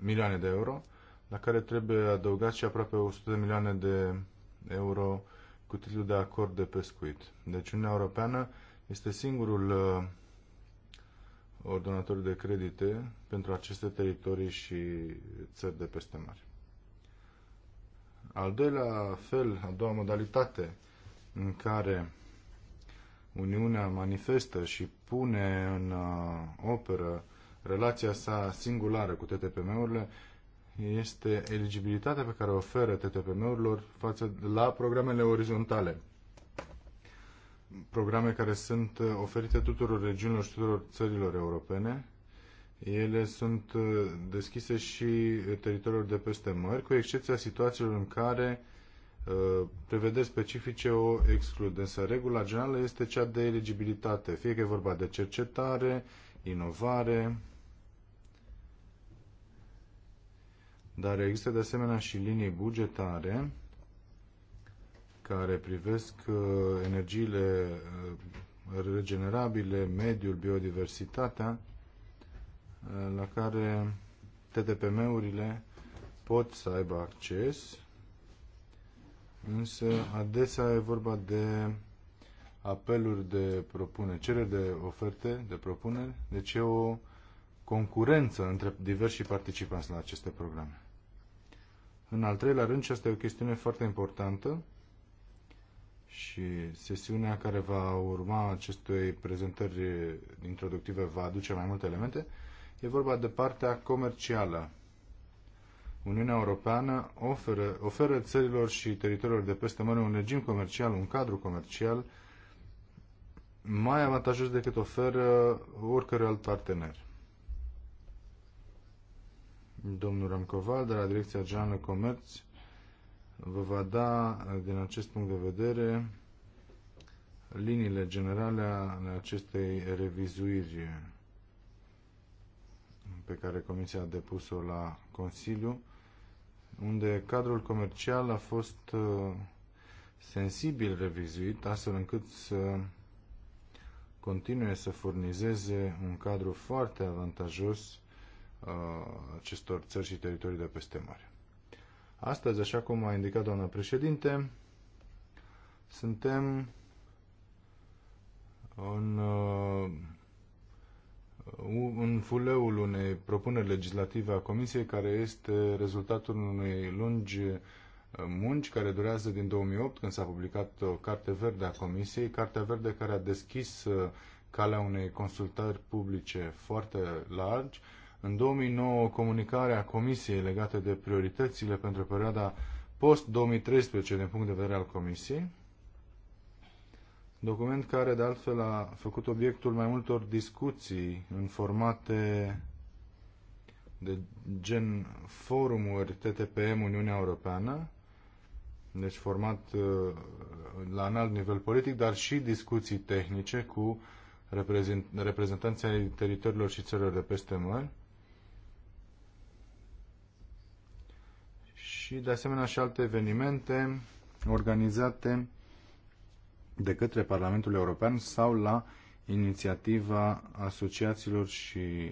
milioane de euro, la care trebuie adăugat și aproape 100 de milioane de euro cu titlul de acord de pescuit. Deci Uniunea Europeană este singurul uh, ordonator de credite pentru aceste teritorii și țări de peste mare. Al doilea fel, a doua modalitate în care Uniunea manifestă și pune în uh, operă relația sa singulară cu TTPM-urile este eligibilitatea pe care o oferă TTPM-urilor față la programele orizontale. Programe care sunt uh, oferite tuturor regiunilor și tuturor țărilor europene. Ele sunt uh, deschise și teritoriilor de peste mări, cu excepția situațiilor în care uh, prevederi specifice o exclud. Însă regula generală este cea de eligibilitate, fie că e vorba de cercetare, inovare, dar există de asemenea și linii bugetare care privesc uh, energiile uh, regenerabile, mediul, biodiversitatea, uh, la care TTPM-urile pot să aibă acces, însă adesea e vorba de apeluri de propuneri, cereri de oferte, de propuneri. Deci e o concurență între diversi participanți la aceste programe. În al treilea rând, și asta e o chestiune foarte importantă, și sesiunea care va urma acestei prezentări introductive va aduce mai multe elemente, e vorba de partea comercială. Uniunea Europeană oferă, oferă țărilor și teritoriilor de peste mare un regim comercial, un cadru comercial mai avantajos decât oferă oricărui alt partener. Domnul Ramcoval de la Direcția Generală Comerț vă va da, din acest punct de vedere, liniile generale ale acestei revizuiri pe care Comisia a depus-o la Consiliu, unde cadrul comercial a fost uh, sensibil revizuit, astfel încât să continue să furnizeze un cadru foarte avantajos uh, acestor țări și teritorii de peste mare. Astăzi, așa cum a indicat doamna președinte, suntem în, uh, în fuleul unei propuneri legislative a Comisiei care este rezultatul unei lungi munci care durează din 2008 când s-a publicat o carte verde a Comisiei, cartea verde care a deschis uh, calea unei consultări publice foarte largi. În 2009, comunicarea Comisiei legată de prioritățile pentru perioada post-2013 din punct de vedere al Comisiei, document care de altfel a făcut obiectul mai multor discuții în formate de gen forumuri TTPM Uniunea Europeană, deci format uh, la înalt nivel politic, dar și discuții tehnice cu reprezentanții teritoriilor și țărilor de peste mări. Și de asemenea și alte evenimente organizate de către Parlamentul European sau la inițiativa asociațiilor și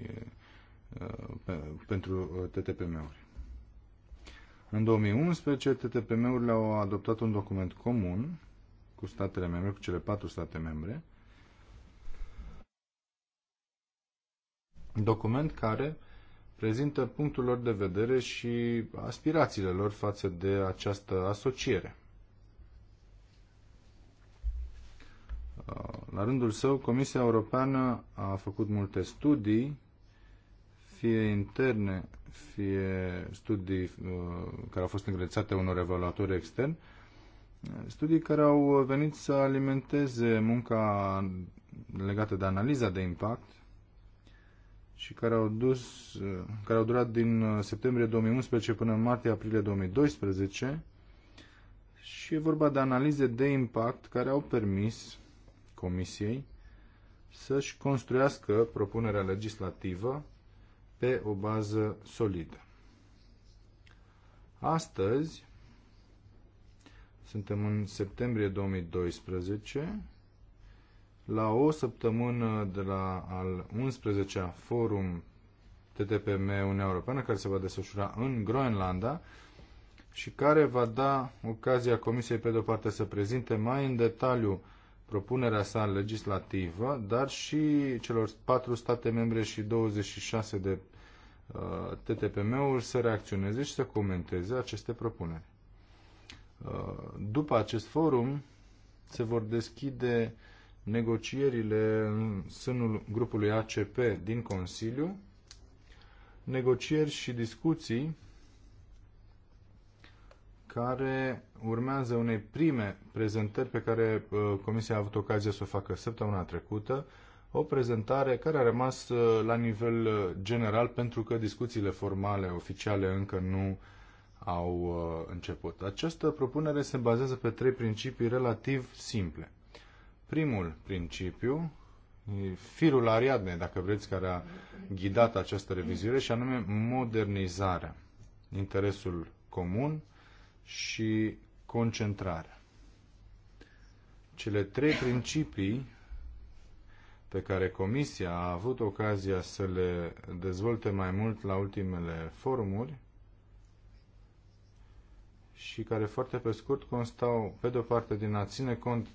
uh, pe, pentru uh, TTPM-uri. În 2011, TTPM-urile au adoptat un document comun cu statele membre, cu cele patru state membre, document care prezintă punctul lor de vedere și aspirațiile lor față de această asociere. La rândul său, Comisia Europeană a făcut multe studii fie interne, fie studii uh, care au fost îngrețate unor evaluatori externi, studii care au venit să alimenteze munca legată de analiza de impact și care au, dus, uh, care au durat din uh, septembrie 2011 până în martie-aprilie 2012 și e vorba de analize de impact care au permis Comisiei să-și construiască propunerea legislativă pe o bază solidă. Astăzi suntem în septembrie 2012, la o săptămână de la al 11-a forum TTPM Uniunea Europeană, care se va desfășura în Groenlanda și care va da ocazia Comisiei, pe de-o parte, să prezinte mai în detaliu propunerea sa legislativă, dar și celor patru state membre și 26 de uh, TTPM-uri să reacționeze și să comenteze aceste propuneri. Uh, după acest forum se vor deschide negocierile în sânul grupului ACP din Consiliu, negocieri și discuții care urmează unei prime prezentări pe care uh, Comisia a avut ocazia să o facă săptămâna trecută, o prezentare care a rămas uh, la nivel uh, general pentru că discuțiile formale, oficiale, încă nu au început. Această propunere se bazează pe trei principii relativ simple. Primul principiu, firul Ariadne, dacă vreți, care a ghidat această revizuire, și anume modernizarea. Interesul comun, și concentrarea. Cele trei principii pe care Comisia a avut ocazia să le dezvolte mai mult la ultimele forumuri și care foarte pe scurt constau, pe de o parte, din a ține cont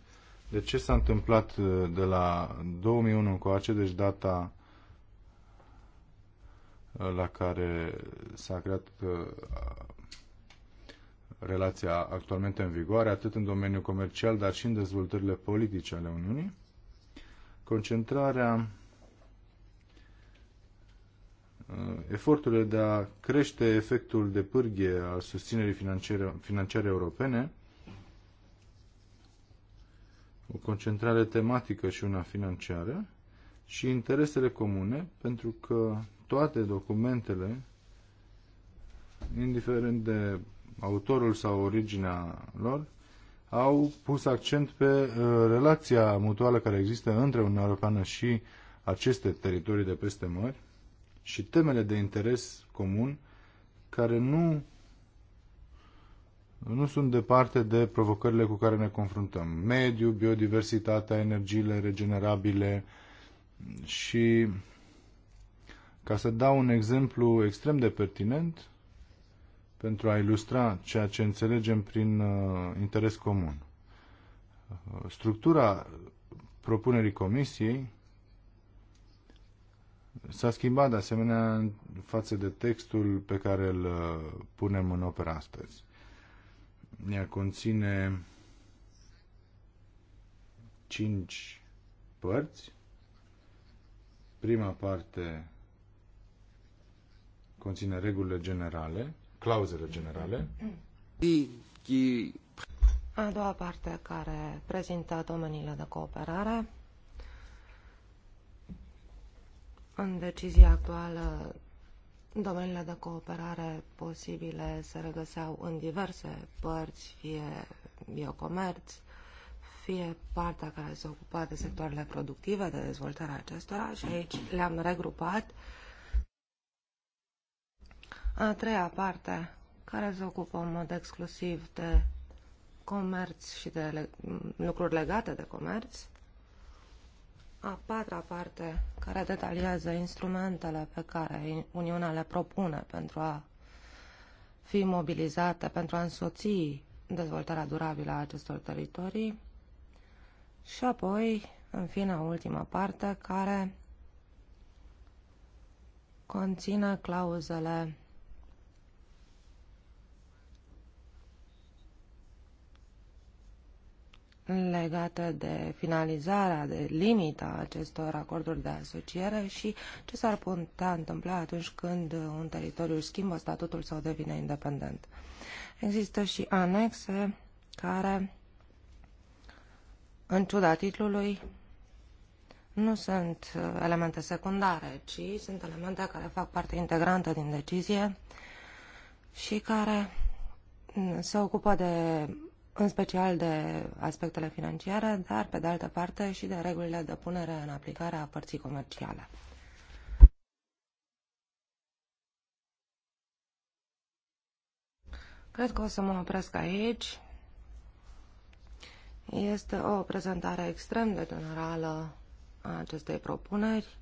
de ce s-a întâmplat uh, de la 2001 încoace, deci data uh, la care s-a creat uh, relația actualmente în vigoare, atât în domeniul comercial, dar și în dezvoltările politice ale Uniunii. Concentrarea uh, eforturile de a crește efectul de pârghie al susținerii financiare, financiare europene, o concentrare tematică și una financiară, și interesele comune, pentru că toate documentele, indiferent de autorul sau originea lor, au pus accent pe uh, relația mutuală care există între Uniunea Europeană și aceste teritorii de peste mări și temele de interes comun care nu, nu sunt departe de provocările cu care ne confruntăm. Mediu, biodiversitatea, energiile regenerabile și ca să dau un exemplu extrem de pertinent, pentru a ilustra ceea ce înțelegem prin uh, interes comun. Structura propunerii comisiei s-a schimbat de asemenea față de textul pe care îl uh, punem în opera astăzi. Ea conține cinci părți. Prima parte conține regulile generale clauzele generale. A doua parte care prezintă domeniile de cooperare. În decizia actuală, domeniile de cooperare posibile se regăseau în diverse părți, fie biocomerț, fie partea care se ocupa de sectoarele productive, de dezvoltarea acestora și aici le-am regrupat uh, a treia parte, care se ocupă în mod exclusiv de comerț și de le lucruri legate de comerț, a patra parte, care detaliază instrumentele pe care Uniunea le propune pentru a fi mobilizate, pentru a însoți dezvoltarea durabilă a acestor teritorii, și apoi, în fine, ultima parte, care conține clauzele legată de finalizarea, de limita acestor acorduri de asociere și ce s-ar putea întâmpla atunci când un teritoriu își schimbă statutul sau devine independent. Există și anexe care, în ciuda titlului, nu sunt uh, elemente secundare, ci sunt elemente care fac parte integrantă din decizie și care mm, se ocupă de în special de aspectele financiare, dar, pe de altă parte, și de regulile de punere în aplicare a părții comerciale. Cred că o să mă opresc aici. Este o prezentare extrem de generală a acestei propuneri.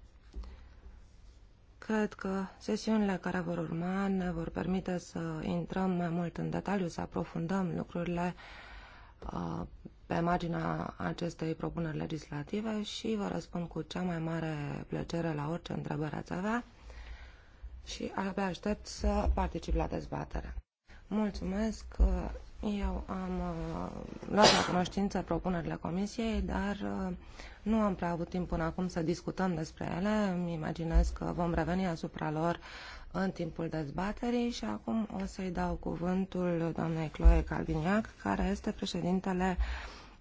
Cred că sesiunile care vor urma ne vor permite să intrăm mai mult în detaliu, să aprofundăm lucrurile pe marginea acestei propuneri legislative și vă răspund cu cea mai mare plăcere la orice întrebări ați avea și abia aștept să particip la dezbatere. Mulțumesc! Eu am luat la cunoștință propunerile Comisiei, dar nu am prea avut timp până acum să discutăm despre ele. Îmi imaginez că vom reveni asupra lor în timpul dezbaterii și acum o să-i dau cuvântul doamnei Chloe Calviniac, care este președintele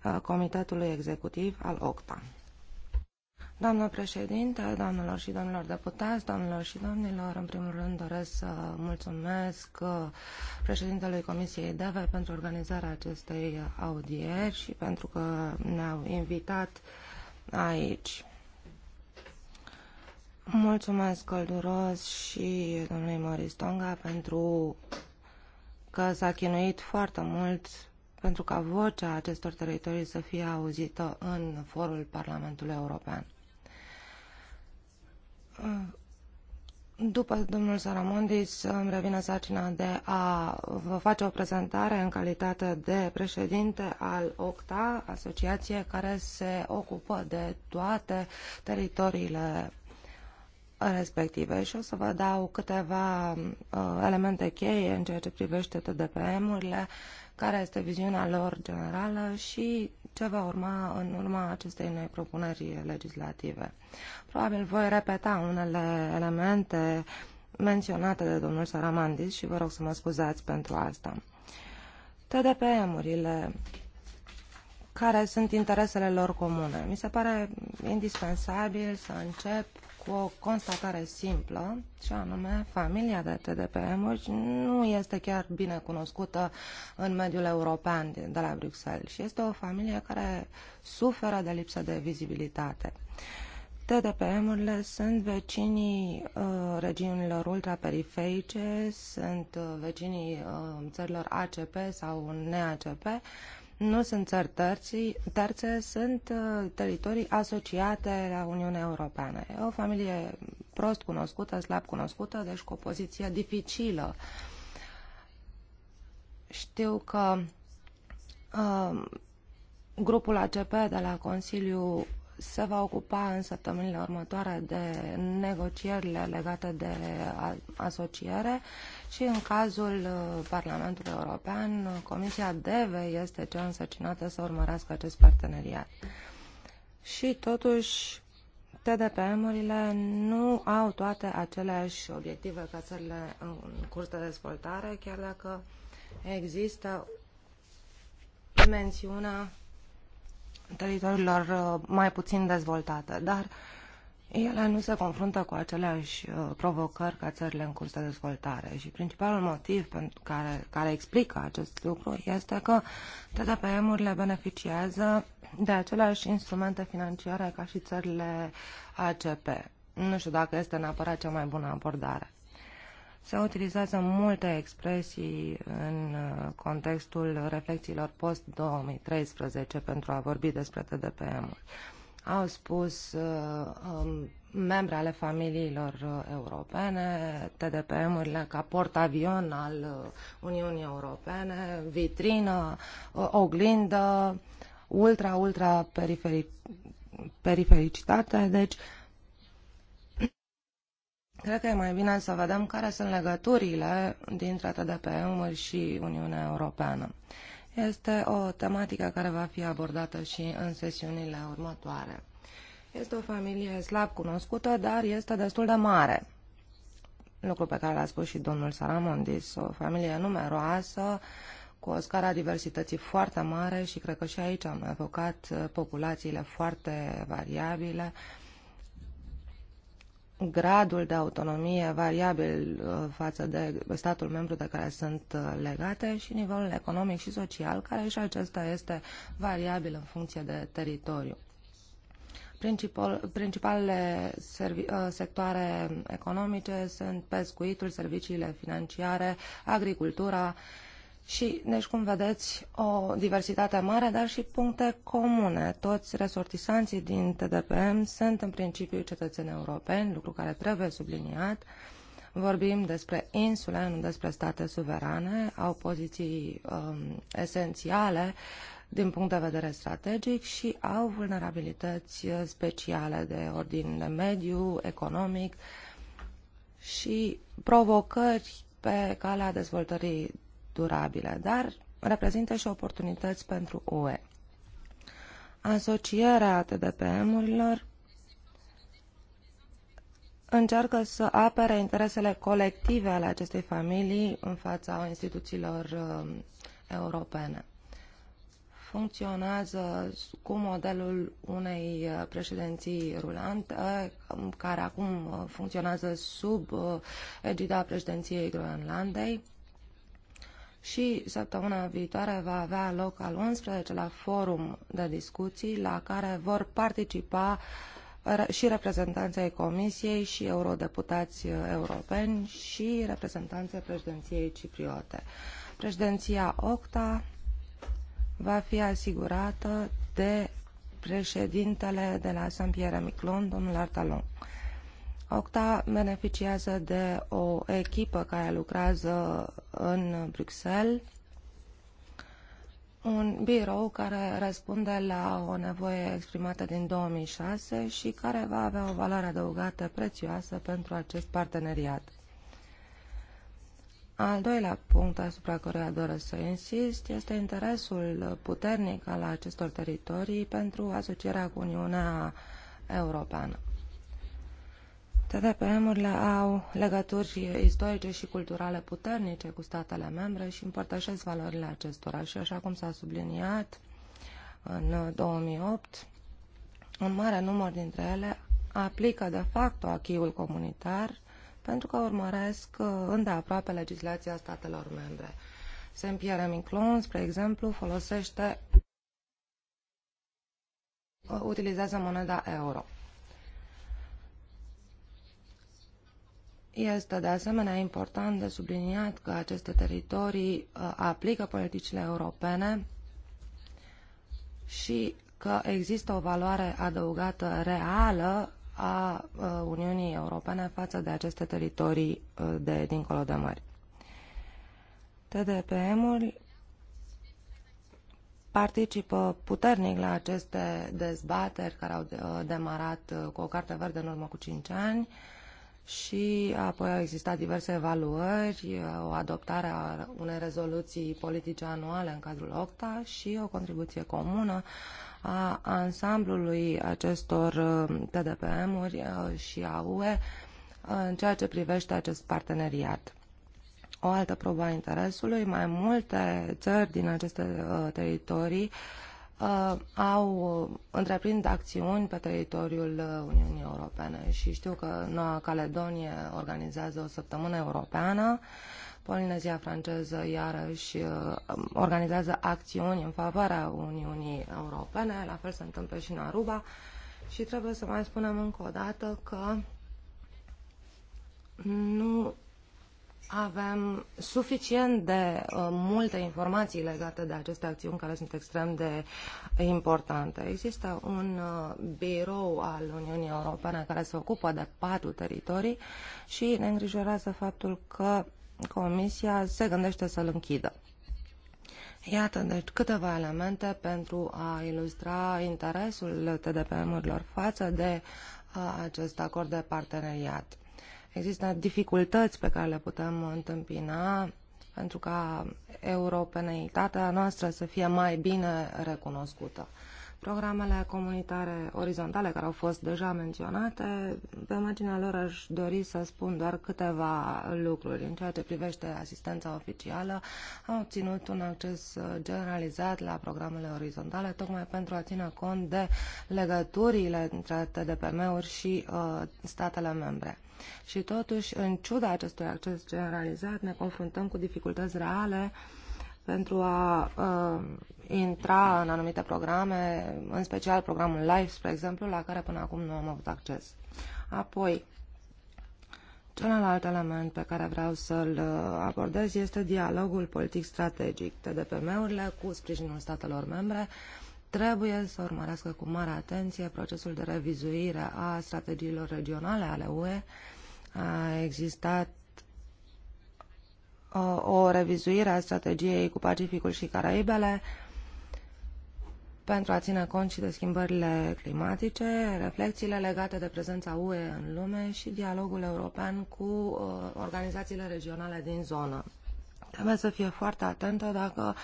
uh, Comitetului Executiv al OCTA. Doamnă președinte, doamnelor și domnilor deputați, doamnelor și domnilor, în primul rând doresc să mulțumesc uh, președintelui Comisiei DEVE pentru organizarea acestei audieri și pentru că ne-au invitat aici. Mulțumesc călduros și domnului Moris Tonga pentru că s-a chinuit foarte mult pentru ca vocea acestor teritorii să fie auzită în forul Parlamentului European. După domnul Saramondis îmi revine sarcina de a vă face o prezentare în calitate de președinte al OCTA, asociație care se ocupă de toate teritoriile respective și o să vă dau câteva uh, elemente cheie în ceea ce privește TDPM-urile, care este viziunea lor generală și ce va urma în urma acestei noi propuneri legislative. Probabil voi repeta unele elemente menționate de domnul Saramandis și vă rog să mă scuzați pentru asta. TDPM-urile, care sunt interesele lor comune. Mi se pare indispensabil să încep cu o constatare simplă, și anume familia de TDPM-uri nu este chiar bine cunoscută în mediul european de la Bruxelles și este o familie care suferă de lipsă de vizibilitate. TDPM-urile sunt vecinii uh, regiunilor ultraperiferice, sunt uh, vecinii uh, țărilor ACP sau NACP, uh, nu sunt țări terții, terțe, sunt uh, teritorii asociate la Uniunea Europeană. E o familie prost cunoscută, slab cunoscută, deci cu o poziție dificilă. Știu că uh, grupul ACP de la Consiliu se va ocupa în săptămânile următoare de negocierile legate de asociere și în cazul uh, Parlamentului European, Comisia DEVE este cea însăcinată să urmărească acest parteneriat. Și totuși, TDPM-urile nu au toate aceleași obiective ca țările în curs de dezvoltare, chiar dacă există dimensiunea teritoriilor uh, mai puțin dezvoltate, dar ele nu se confruntă cu aceleași uh, provocări ca țările în curs de dezvoltare și principalul motiv pentru care, care explică acest lucru este că TTPM-urile beneficiază de aceleași instrumente financiare ca și țările ACP. Nu știu dacă este neapărat cea mai bună abordare. Se utilizează multe expresii în uh, contextul reflexiilor post-2013 pentru a vorbi despre TDPM-uri. Au spus uh, um, membre ale familiilor uh, europene, TDPM-urile ca portavion al uh, Uniunii Europene, vitrină, oglindă, ultra-ultra periferi- perifericitate, deci uh, Cred că e mai bine să vedem care sunt legăturile dintre TDPM-uri și Uniunea Europeană. Este o tematică care va fi abordată și în sesiunile următoare. Este o familie slab cunoscută, dar este destul de mare. Lucru pe care l-a spus și domnul Saramondis, o familie numeroasă, cu o scară a diversității foarte mare și cred că și aici am evocat populațiile foarte variabile, uh, gradul de autonomie variabil uh, față de statul membru de care sunt uh, legate și nivelul economic și social, care și acesta este variabil în funcție de teritoriu. Principal, principalele uh, sectoare economice sunt pescuitul, serviciile financiare, agricultura, uh, și, deci, cum vedeți, o diversitate mare, dar și puncte comune. Toți resortisanții din TDPM sunt, în principiu, cetățeni europeni, lucru care trebuie subliniat. Vorbim despre insule, nu despre state suverane, au poziții um, esențiale din punct de vedere strategic și au vulnerabilități speciale de ordin de mediu, economic și provocări pe calea dezvoltării durabile, dar reprezintă și oportunități pentru UE. Asocierea TDPM-urilor încearcă să apere interesele colective ale acestei familii în fața instituțiilor um, europene. Funcționează cu modelul unei uh, președinții rulante, um, care acum uh, funcționează sub uh, egida președinției Groenlandei și săptămâna viitoare va avea loc al 11-lea forum de discuții la care vor participa și reprezentanții Comisiei și eurodeputați europeni și reprezentanții președinției cipriote. Președinția OCTA va fi asigurată de președintele de la Saint-Pierre-Miquelon, domnul Artalon. Octa beneficiază de o echipă care lucrează în Bruxelles, un birou care răspunde la o nevoie exprimată din 2006 și care va avea o valoare adăugată prețioasă pentru acest parteneriat. Al doilea punct asupra căruia doresc să insist este interesul puternic al acestor teritorii pentru asocierea cu Uniunea Europeană. TDPM-urile au legături istorice și culturale puternice cu statele membre și împărtășesc valorile acestora. Și așa cum s-a subliniat în 2008, un mare număr dintre ele aplică de o achiul comunitar pentru că urmăresc îndeaproape legislația statelor membre. Saint-Pierre Miquelon, spre exemplu, folosește utilizează moneda euro. Este de asemenea important de subliniat că aceste teritorii uh, aplică politicile europene și că există o valoare adăugată reală a uh, Uniunii Europene față de aceste teritorii uh, de dincolo de mări. TDPM-ul participă puternic la aceste dezbateri care au demarat cu o carte verde în urmă cu 5 ani și apoi au existat diverse evaluări, o adoptare a unei rezoluții politice anuale în cadrul OCTA și o contribuție comună a ansamblului acestor uh, TDPM-uri uh, și a UE în ceea ce privește acest parteneriat. O altă probă a interesului, mai multe țări din aceste uh, teritorii uh, au uh, întreprind acțiuni pe teritoriul uh, Uniunii Europene și știu că Noua Caledonie organizează o săptămână europeană, Polinezia franceză iarăși uh, organizează acțiuni în favoarea Uniunii Europene, la fel se întâmplă și în Aruba și trebuie să mai spunem încă o dată că nu avem suficient de uh, multe informații legate de aceste acțiuni care sunt extrem de importante. Există un uh, birou al Uniunii Europene care se ocupă de patru teritorii și ne îngrijorează faptul că Comisia se gândește să-l închidă. Iată, deci câteva elemente pentru a ilustra interesul TDPM-urilor față de uh, acest acord de parteneriat. Există dificultăți pe care le putem întâmpina pentru ca europeneitatea noastră să fie mai bine recunoscută. Programele comunitare orizontale care au fost deja menționate, pe marginea lor aș dori să spun doar câteva lucruri. În ceea ce privește asistența oficială, am obținut un acces generalizat la programele orizontale, tocmai pentru a ține cont de legăturile între TDPM-uri și uh, statele membre. Și totuși, în ciuda acestui acces generalizat, ne confruntăm cu dificultăți reale uh, pentru a uh, intra în anumite programe, în special programul LIFE, spre exemplu, la care până acum nu am avut acces. Apoi, celălalt element pe care vreau să-l uh, abordez este dialogul politic-strategic. TDPM-urile cu sprijinul statelor membre trebuie să urmărească cu mare atenție procesul de revizuire a strategiilor regionale ale UE. A existat Uh, o revizuire a strategiei cu Pacificul și Caraibele pentru a ține cont și de schimbările climatice, reflexiile legate de prezența UE în lume și dialogul european cu uh, organizațiile regionale din zonă. Trebuie să fie foarte atentă dacă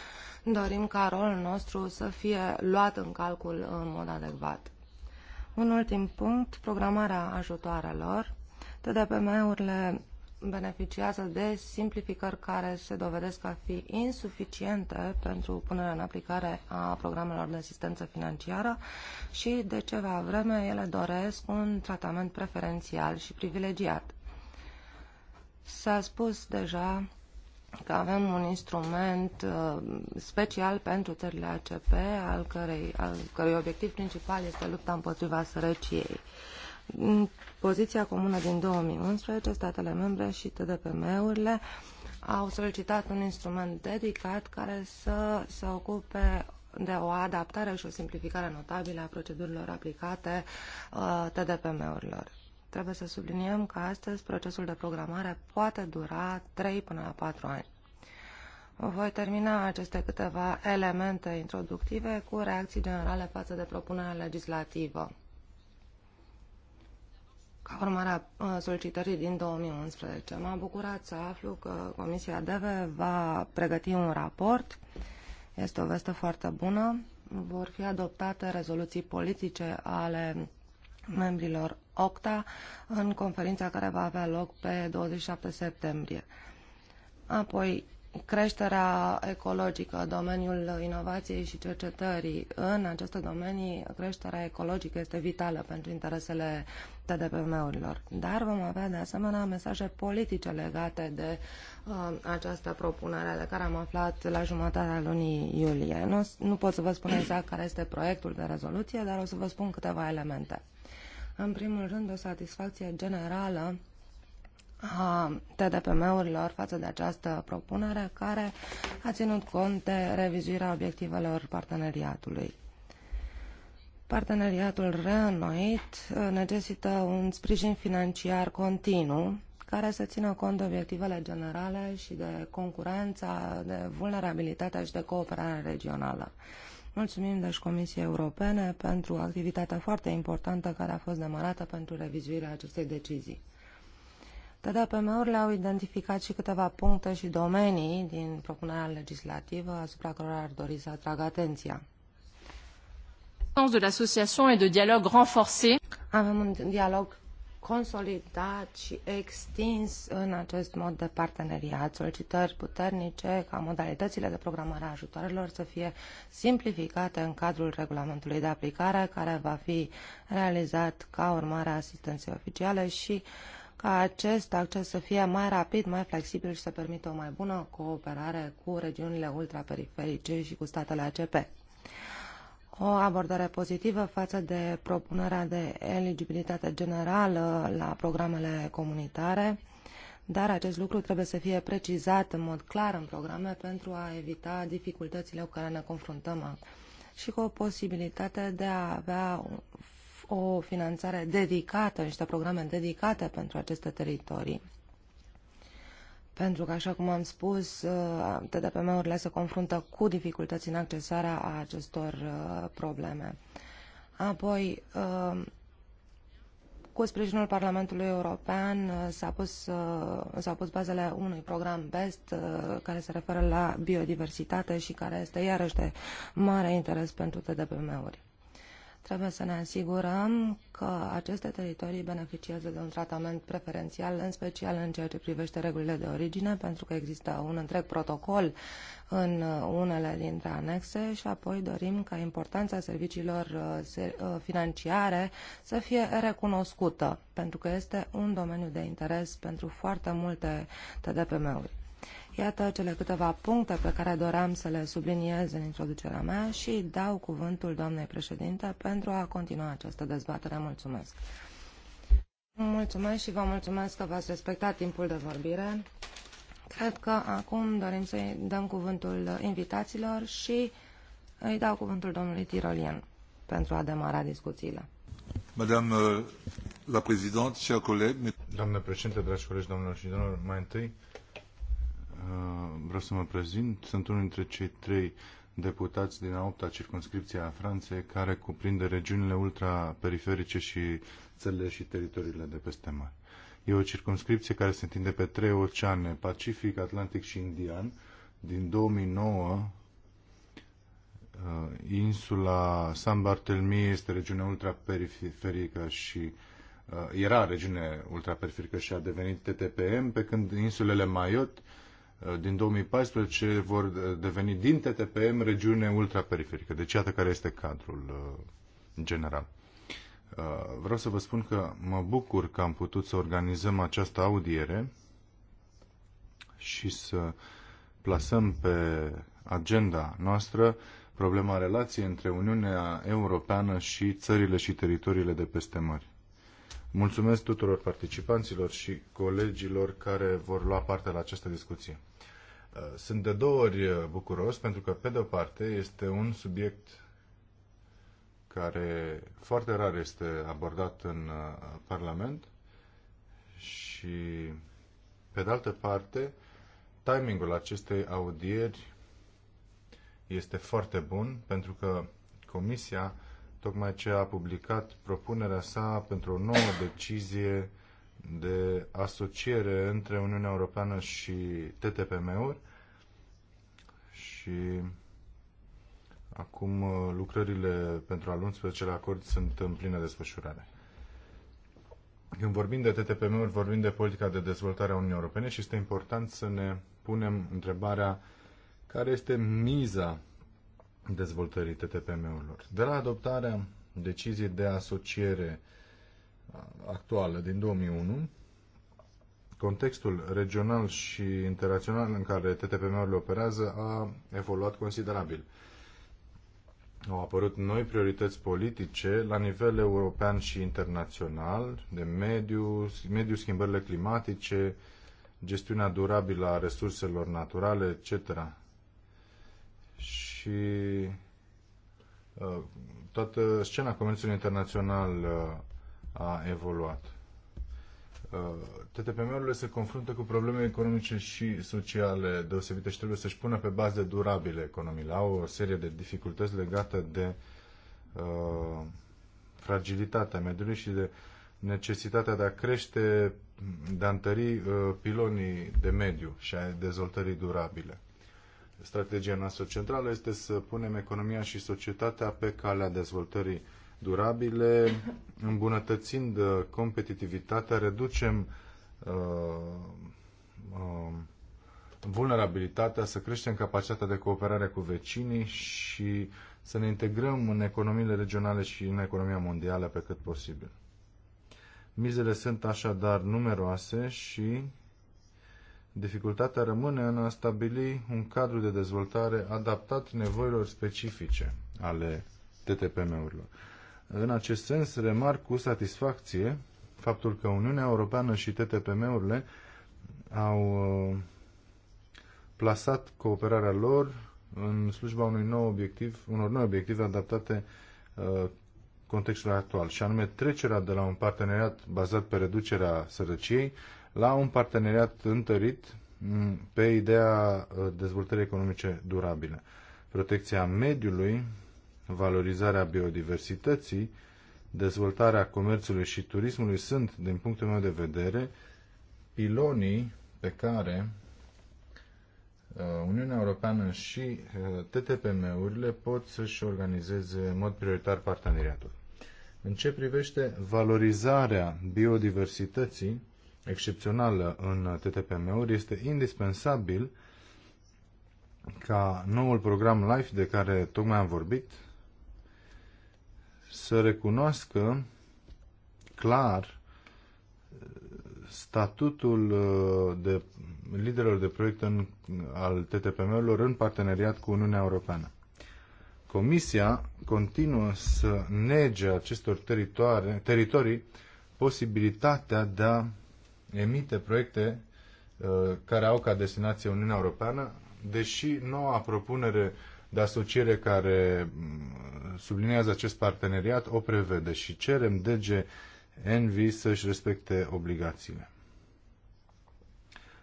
dorim ca rolul nostru să fie luat în calcul în mod adecvat. Un ultim punct, programarea ajutoarelor. TDPM-urile beneficiază de simplificări care se dovedesc a fi insuficiente pentru punerea în aplicare a programelor de asistență financiară și de ceva vreme ele doresc un tratament preferențial și privilegiat. S-a spus deja că avem un instrument uh, special pentru țările ACP, al cărei, al cărei obiectiv principal este lupta împotriva sărăciei poziția comună din 2011, statele membre și TDPM-urile au solicitat un instrument dedicat care să se ocupe de o adaptare și o simplificare notabilă a procedurilor aplicate uh, TDPM-urilor. Trebuie să subliniem că astăzi procesul de programare poate dura 3 până la 4 ani. Voi termina aceste câteva elemente introductive cu reacții generale față de propunerea legislativă ca urmare a uh, solicitării din 2011. M-a bucurat să aflu că Comisia DEVE va pregăti un raport. Este o veste foarte bună. Vor fi adoptate rezoluții politice ale membrilor OCTA în conferința care va avea loc pe 27 septembrie. Apoi, creșterea ecologică, domeniul inovației și cercetării în aceste domenii, creșterea ecologică este vitală pentru interesele TDPM-urilor. Dar vom avea de asemenea mesaje politice legate de uh, această propunere de care am aflat la jumătatea lunii iulie. Nu, nu pot să vă spun exact care este proiectul de rezoluție, dar o să vă spun câteva elemente. În primul rând, o satisfacție generală a TDPM-urilor față de această propunere care a ținut cont de revizuirea obiectivelor parteneriatului. Parteneriatul reînnoit necesită un sprijin financiar continuu care să țină cont de obiectivele generale și de concurența, de vulnerabilitatea și de cooperare regională. Mulțumim deci Comisiei Europene pentru activitatea foarte importantă care a fost demarată pentru revizuirea acestei decizii. TDPM-urile da, au identificat și câteva puncte și domenii din propunerea legislativă asupra cărora ar dori să atragă atenția. de de Avem un dialog consolidat și extins în acest mod de parteneriat, solicitări puternice ca modalitățile de programare a ajutoarelor să fie simplificate în cadrul regulamentului de aplicare care va fi realizat ca urmare a asistenței oficiale și uh, ca acest acces să fie mai rapid, mai flexibil și să permită o mai bună cooperare cu regiunile ultraperiferice și cu statele ACP. O abordare pozitivă față de propunerea de eligibilitate generală la programele comunitare, dar acest lucru trebuie să fie precizat în mod clar în programe pentru a evita dificultățile cu care ne confruntăm și cu o posibilitate de a avea o finanțare dedicată, niște programe dedicate pentru aceste teritorii. Pentru că, așa cum am spus, uh, TDPM-urile se confruntă cu dificultăți în accesarea a acestor uh, probleme. Apoi, uh, cu sprijinul Parlamentului European s-a pus, s-au pus bazele unui program BEST care se referă la biodiversitate și care este iarăși de mare interes pentru TDPM-uri. Trebuie să ne asigurăm că aceste teritorii beneficiază de un tratament preferențial, în special în ceea ce privește regulile de origine, pentru că există un întreg protocol în unele dintre anexe și apoi dorim ca importanța serviciilor uh, uh, financiare să fie recunoscută, pentru că este un domeniu de interes pentru foarte multe TDPM-uri. Iată cele câteva puncte pe care doream să le subliniez în introducerea mea și dau cuvântul doamnei președinte pentru a continua această dezbatere. Mulțumesc! Mulțumesc și vă mulțumesc că v-ați respectat timpul de vorbire. Cred că acum dorim să-i dăm cuvântul invitaților și îi dau cuvântul domnului Tirolien pentru a demara discuțiile. Madame uh, la Présidente, chers collègues, Doamnă președinte, dragi colegi, domnilor și domnilor, mai întâi Uh, vreau să mă prezint. Sunt unul dintre cei trei deputați din a opta circunscripție a Franței, care cuprinde regiunile ultraperiferice și țările și teritoriile de peste mare. E o circunscripție care se întinde pe trei oceane, Pacific, Atlantic și Indian. Din 2009, uh, insula San Bartolomé este regiunea ultraperiferică și uh, era regiune ultraperiferică și a devenit TTPM, pe când insulele Mayotte Uh, din 2014 vor uh, deveni din TTPM regiune ultraperiferică. Deci iată care este cadrul uh, general. Vreau să vă spun că mă bucur că am putut să organizăm această audiere și să plasăm pe agenda noastră problema relației între Uniunea Europeană și țările și teritoriile de peste mări. Mulțumesc tuturor participanților și colegilor care vor lua parte la această discuție. Uh, sunt de două ori uh, bucuros pentru că, pe de o parte, este un subiect care foarte rar este abordat în uh, Parlament și, pe de altă parte, timingul acestei audieri este foarte bun pentru că Comisia tocmai ce a publicat propunerea sa pentru o nouă decizie de asociere între Uniunea Europeană și TTPM-uri și acum uh, lucrările pentru al 11-lea acord sunt în plină desfășurare. Când vorbim de TTPM-uri, vorbim de politica de dezvoltare a Uniunii Europene și este important să ne punem întrebarea care este miza dezvoltării TTPM-urilor. De la adoptarea deciziei de asociere actuală din 2001, contextul regional și internațional în care TTPM-urile operează a evoluat considerabil. Au apărut noi priorități politice la nivel european și internațional, de mediu, mediu schimbările climatice, gestiunea durabilă a resurselor naturale, etc și uh, toată scena comerțului internațional uh, a evoluat. Uh, TTPM-urile se confruntă cu probleme economice și sociale deosebite și trebuie să-și pună pe bază durabile economii, Au o serie de dificultăți legate de uh, fragilitatea mediului și de necesitatea de a crește, de a întări uh, pilonii de mediu și a dezvoltării durabile strategia noastră centrală este să punem economia și societatea pe calea dezvoltării durabile, îmbunătățind uh, competitivitatea, reducem uh, uh, vulnerabilitatea, să creștem capacitatea de cooperare cu vecinii și să ne integrăm în economiile regionale și în economia mondială pe cât posibil. Mizele sunt așadar numeroase și dificultatea rămâne în a stabili un cadru de dezvoltare adaptat nevoilor specifice ale TTPM-urilor. În acest sens, remarc cu satisfacție faptul că Uniunea Europeană și TTPM-urile au uh, plasat cooperarea lor în slujba unui nou obiectiv, unor noi obiective adaptate uh, contextului actual, și anume trecerea de la un parteneriat bazat pe reducerea sărăciei la un parteneriat întărit mm, pe ideea uh, dezvoltării economice durabile. Protecția mediului, valorizarea biodiversității, dezvoltarea comerțului și turismului sunt, din punctul meu de vedere, pilonii pe care uh, Uniunea Europeană și uh, TTPM-urile pot să-și organizeze în mod prioritar parteneriatul. În ce privește valorizarea biodiversității, excepțională în TTPM-uri, este indispensabil ca noul program LIFE de care tocmai am vorbit să recunoască clar uh, statutul uh, de liderilor de proiect în, al TTPM-urilor în parteneriat cu Uniunea Europeană. Comisia continuă să nege acestor teritoare, teritorii posibilitatea de a emite proiecte uh, care au ca destinație Uniunea Europeană, deși noua propunere de asociere care mm, sublinează acest parteneriat o prevede și cerem DG Envi să-și respecte obligațiile.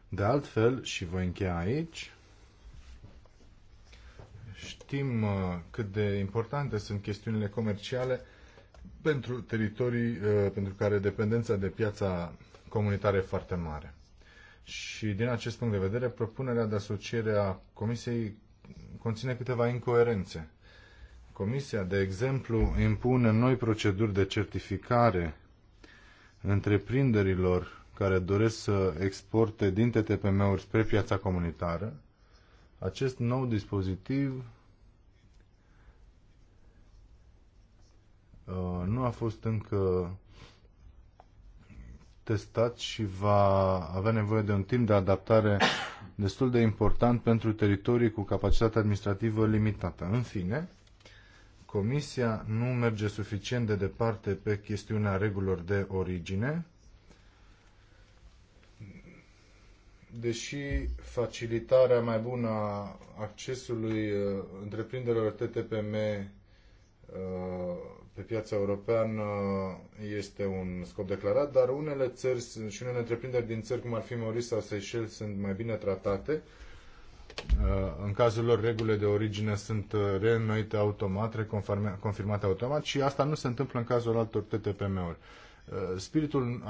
De altfel, și voi încheia aici, știm uh, cât de importante sunt chestiunile comerciale pentru teritorii uh, pentru care dependența de piața comunitare foarte mare. Și din acest punct de vedere, propunerea de asociere a Comisiei conține câteva incoerențe. Comisia, de exemplu, impune noi proceduri de certificare întreprinderilor care doresc să exporte din TTPM-uri spre piața comunitară. Acest nou dispozitiv uh, nu a fost încă testat și va avea nevoie de un timp de adaptare destul de important pentru teritorii cu capacitate administrativă limitată. În fine, Comisia nu merge suficient de departe pe chestiunea regulilor de origine, deși facilitarea mai bună a accesului uh, întreprinderilor TTPM uh, pe piața europeană este un scop declarat, dar unele țări și unele întreprinderi din țări, cum ar fi Maurice sau Seychelles, sunt mai bine tratate. Uh, în cazul lor, regulile de origine sunt uh, reînnoite automat, confirmate automat și asta nu se întâmplă în cazul altor TTPM-uri. Uh, spiritul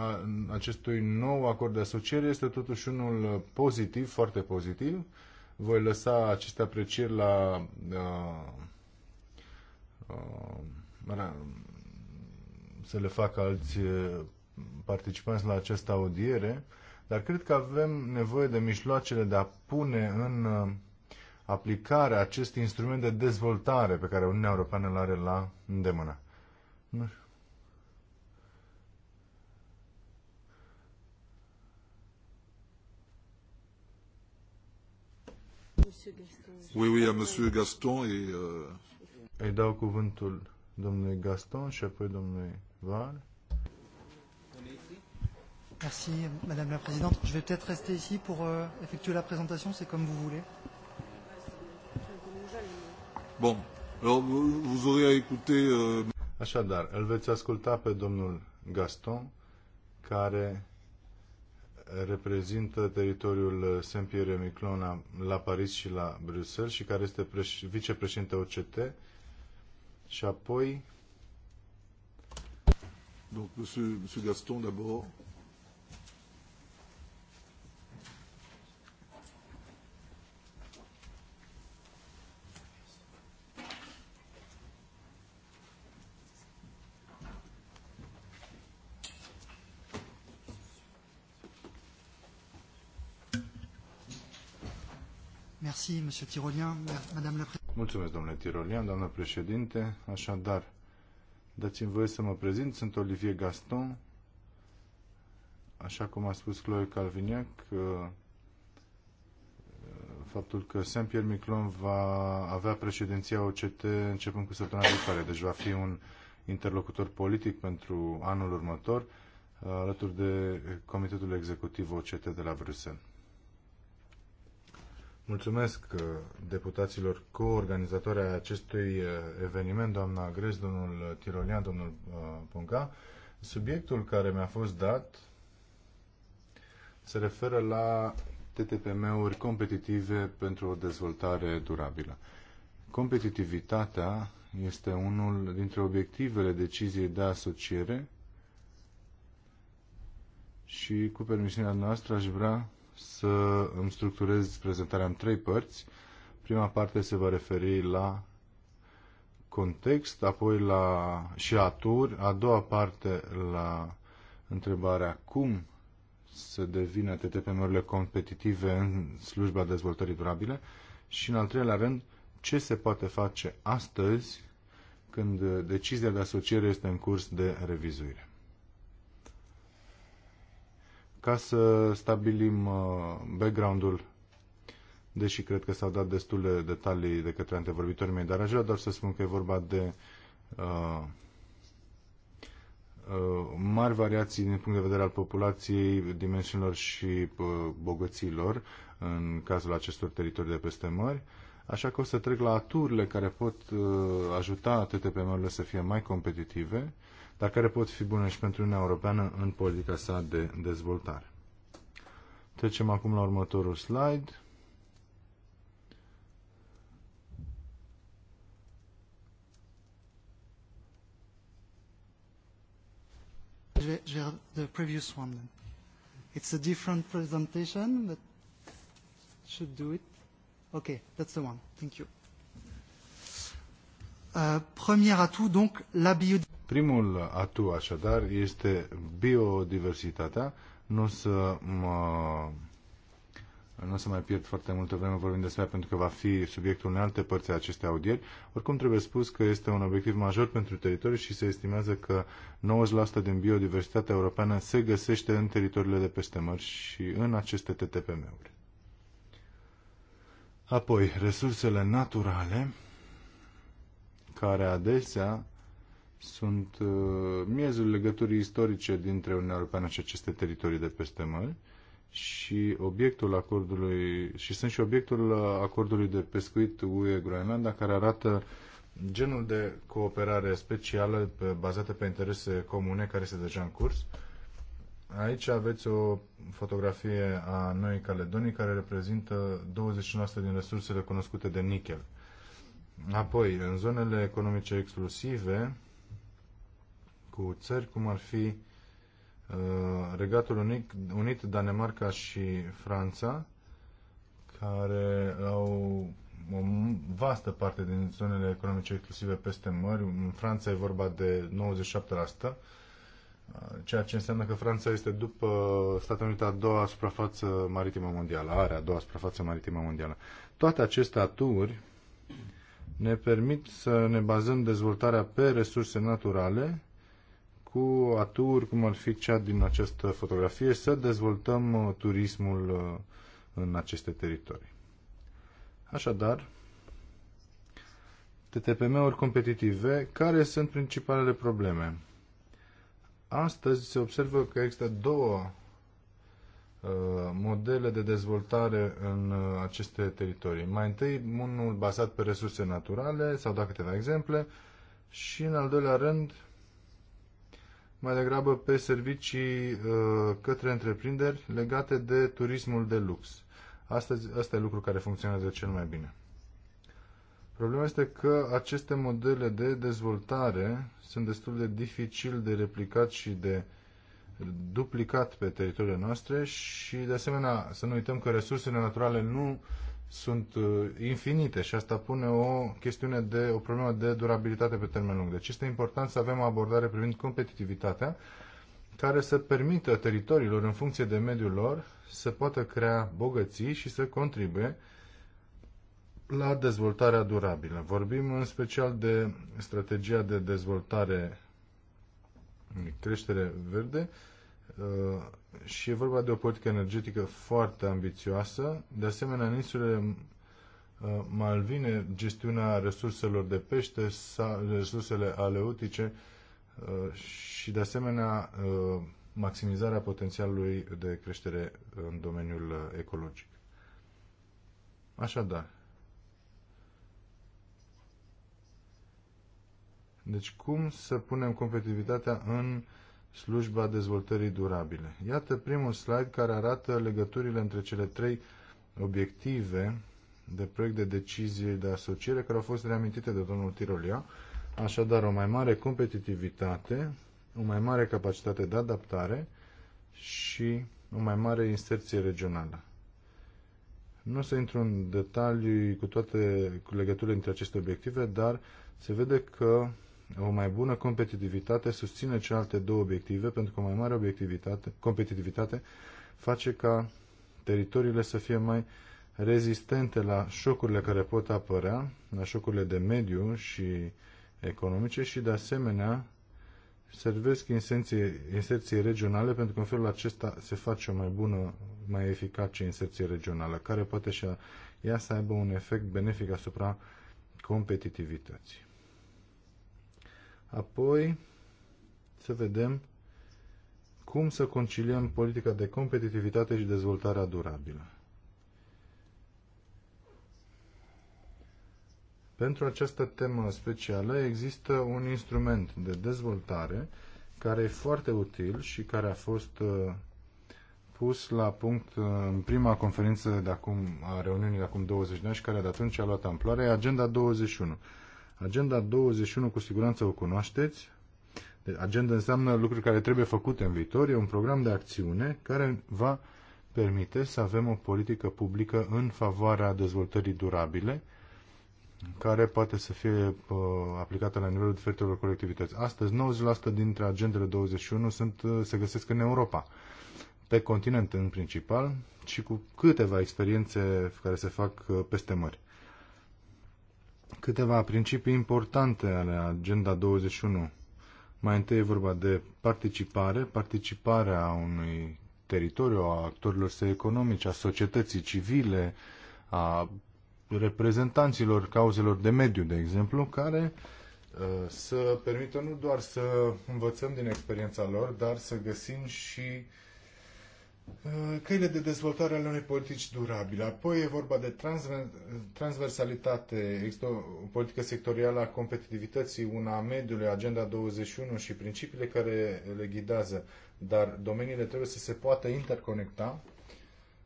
acestui nou acord de asociere este totuși unul pozitiv, foarte pozitiv. Voi lăsa aceste aprecieri la uh, uh, să le facă alți eh, participanți la această audiere, dar cred că avem nevoie de mijloacele de a pune în eh, aplicare acest instrument de dezvoltare pe care Uniunea Europeană îl are la îndemână. Nu știu. Oui, oui, à Monsieur Gaston et. Euh... Îi dau cuvântul domnului Gaston și apoi domnului Val. Merci, Madame la Présidente. Je vais peut-être rester ici pour euh, effectuer la présentation, c'est comme vous voulez. Bon, alors vous aurez à écouter... Euh... Așadar, îl veți asculta pe domnul Gaston, care reprezintă teritoriul Saint-Pierre-Miquelon et la, la Paris și la Bruxelles și care este vicepreședinte OCT și apoi... Donc, monsieur, monsieur Gaston, d'abord. Merci, monsieur Tyrolien, Madame la Présidente. Mulțumesc, domnule Tirolian, doamnă președinte. Așadar, dați-mi voie să mă prezint. Sunt Olivier Gaston. Așa cum a spus Chloe Calviniac, uh, faptul că Saint-Pierre Miquelon va avea președinția OCT începând cu săptămâna viitoare, deci va fi un interlocutor politic pentru anul următor alături de Comitetul Executiv OCT de la Bruxelles. Mulțumesc uh, deputaților coorganizatori ai acestui uh, eveniment, doamna Gres, domnul Tirolian, domnul uh, Ponca. Subiectul care mi-a fost dat se referă la TTPM-uri competitive pentru o dezvoltare durabilă. Competitivitatea este unul dintre obiectivele deciziei de asociere și, cu permisiunea noastră, aș vrea să îmi structurez prezentarea în trei părți. Prima parte se va referi la context, apoi la și aturi, a doua parte la întrebarea cum să devină TTPM-urile competitive în slujba dezvoltării durabile și în al treilea rând ce se poate face astăzi când decizia de asociere este în curs de revizuire ca să stabilim uh, background-ul, deși cred că s-au dat destule detalii de către antevorbitorii mei, dar aș vrea doar să spun că e vorba de uh, uh mari variații din punct de vedere al populației, dimensiunilor și uh, bogăților în cazul acestor teritorii de peste mări. Așa că o să trec la aturile care pot ajuta TTPM-urile să fie mai competitive dar care pot fi bune și pentru Uniunea Europeană în politica sa de dezvoltare. Trecem acum la următorul slide. The previous one. It's a different presentation, but should do it. Okay, that's the one. Thank you. Uh, premier atout, donc, la biodiversité. Primul atu, așadar, este biodiversitatea. Nu să mă... Nu o să mai pierd foarte multă vreme vorbind despre ea, pentru că va fi subiectul în alte părți a acestei audieri. Oricum trebuie spus că este un obiectiv major pentru teritoriu și se estimează că 90% din biodiversitatea europeană se găsește în teritoriile de peste mări și în aceste TTPM-uri. Apoi, resursele naturale, care adesea sunt uh, miezul legăturii istorice dintre Uniunea Europeană și aceste teritorii de peste mări și obiectul acordului și sunt și obiectul acordului de pescuit UE Groenlanda care arată genul de cooperare specială bazată pe interese comune care se deja în curs. Aici aveți o fotografie a Noii Caledonii care reprezintă 29% din resursele cunoscute de nichel. Apoi, în zonele economice exclusive, cu țări cum ar fi uh, Regatul Unic, Unit, Danemarca și Franța, care au o vastă parte din zonele economice exclusive peste mări. În Franța e vorba de 97%, uh, ceea ce înseamnă că Franța este după Statele Unite a doua suprafață maritimă mondială, are a doua suprafață maritimă mondială. Toate aceste aturi ne permit să ne bazăm dezvoltarea pe resurse naturale, cu aturi cum ar fi cea din această fotografie să dezvoltăm uh, turismul uh, în aceste teritorii. Așadar, TTPM-uri competitive, care sunt principalele probleme? Astăzi se observă că există două uh, modele de dezvoltare în aceste teritorii. Mai întâi, unul bazat pe resurse naturale, sau dacă câteva exemple, și în al doilea rând, mai degrabă pe servicii uh, către întreprinderi legate de turismul de lux. Astăzi, asta e lucru care funcționează cel mai bine. Problema este că aceste modele de dezvoltare sunt destul de dificil de replicat și de duplicat pe teritoriile noastre și, de asemenea, să nu uităm că resursele naturale nu sunt uh, infinite și asta pune o chestiune de o problemă de durabilitate pe termen lung. Deci este important să avem o abordare privind competitivitatea care să permită teritoriilor în funcție de mediul lor să poată crea bogății și să contribuie la dezvoltarea durabilă. Vorbim în special de strategia de dezvoltare creștere verde, și e vorba de o politică energetică foarte ambițioasă. De asemenea, în insulele uh, Malvine, gestiunea resurselor de pește, resursele aleutice uh, și, de asemenea, uh, maximizarea potențialului de creștere în domeniul ecologic. Așadar, deci cum să punem competitivitatea în uh, slujba dezvoltării durabile. Iată primul slide care arată legăturile între cele trei obiective de proiect de decizie de asociere care au fost reamintite de domnul Tirolia. Așadar, o mai mare competitivitate, o mai mare capacitate de adaptare și o mai mare inserție regională. Nu o să intru în detalii cu toate cu legăturile între aceste obiective, dar se vede că o mai bună competitivitate susține celelalte două obiective, pentru că o mai mare obiectivitate, competitivitate face ca teritoriile să fie mai rezistente la șocurile care pot apărea, la șocurile de mediu și economice și, de asemenea, servesc inserții, inserții regionale pentru că în felul acesta se face o mai bună, mai eficace inserție regională, care poate și ea să aibă un efect benefic asupra competitivității. Apoi să vedem cum să conciliem politica de competitivitate și dezvoltarea durabilă. Pentru această temă specială există un instrument de dezvoltare care e foarte util și care a fost uh, pus la punct uh, în prima conferință de acum, a reuniunii de acum 20 de ani și care de atunci a luat amploare, e Agenda 21. Agenda 21 cu siguranță o cunoașteți. Deci, agenda înseamnă lucruri care trebuie făcute în viitor. E un program de acțiune care va permite să avem o politică publică în favoarea dezvoltării durabile, care poate să fie uh, aplicată la nivelul diferitelor colectivități. Astăzi, 90% dintre agendele 21 sunt, uh, se găsesc în Europa, pe continent în principal, și cu câteva experiențe care se fac uh, peste mări câteva principii importante ale Agenda 21. Mai întâi e vorba de participare, participarea unui teritoriu, a actorilor săi economici, a societății civile, a reprezentanților cauzelor de mediu, de exemplu, care uh, să permită nu doar să învățăm din experiența lor, dar să găsim și Uh, căile de dezvoltare ale unei politici durabile. Apoi e vorba de transversalitate, există o politică sectorială a competitivității, una a mediului, Agenda 21 și principiile care le ghidează. Dar domeniile trebuie să se poată interconecta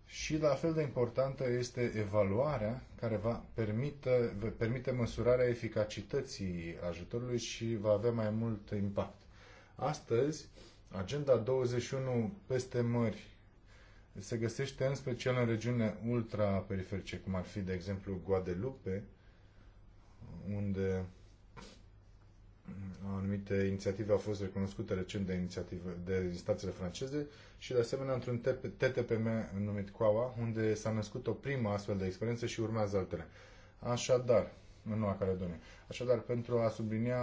și la fel de importantă este evaluarea care va permite, permite măsurarea eficacității ajutorului și va avea mai mult impact. Astăzi, Agenda 21 peste mări se găsește în special în regiunile ultraperiferice, cum ar fi, de exemplu, Guadeloupe, unde anumite inițiative au fost recunoscute recent de, inițiative, de instanțele franceze și de asemenea într-un TTPM numit COAUA, unde s-a născut o primă astfel de experiență și urmează altele. Așadar, în Noua Caledonie. Așadar, pentru a sublinia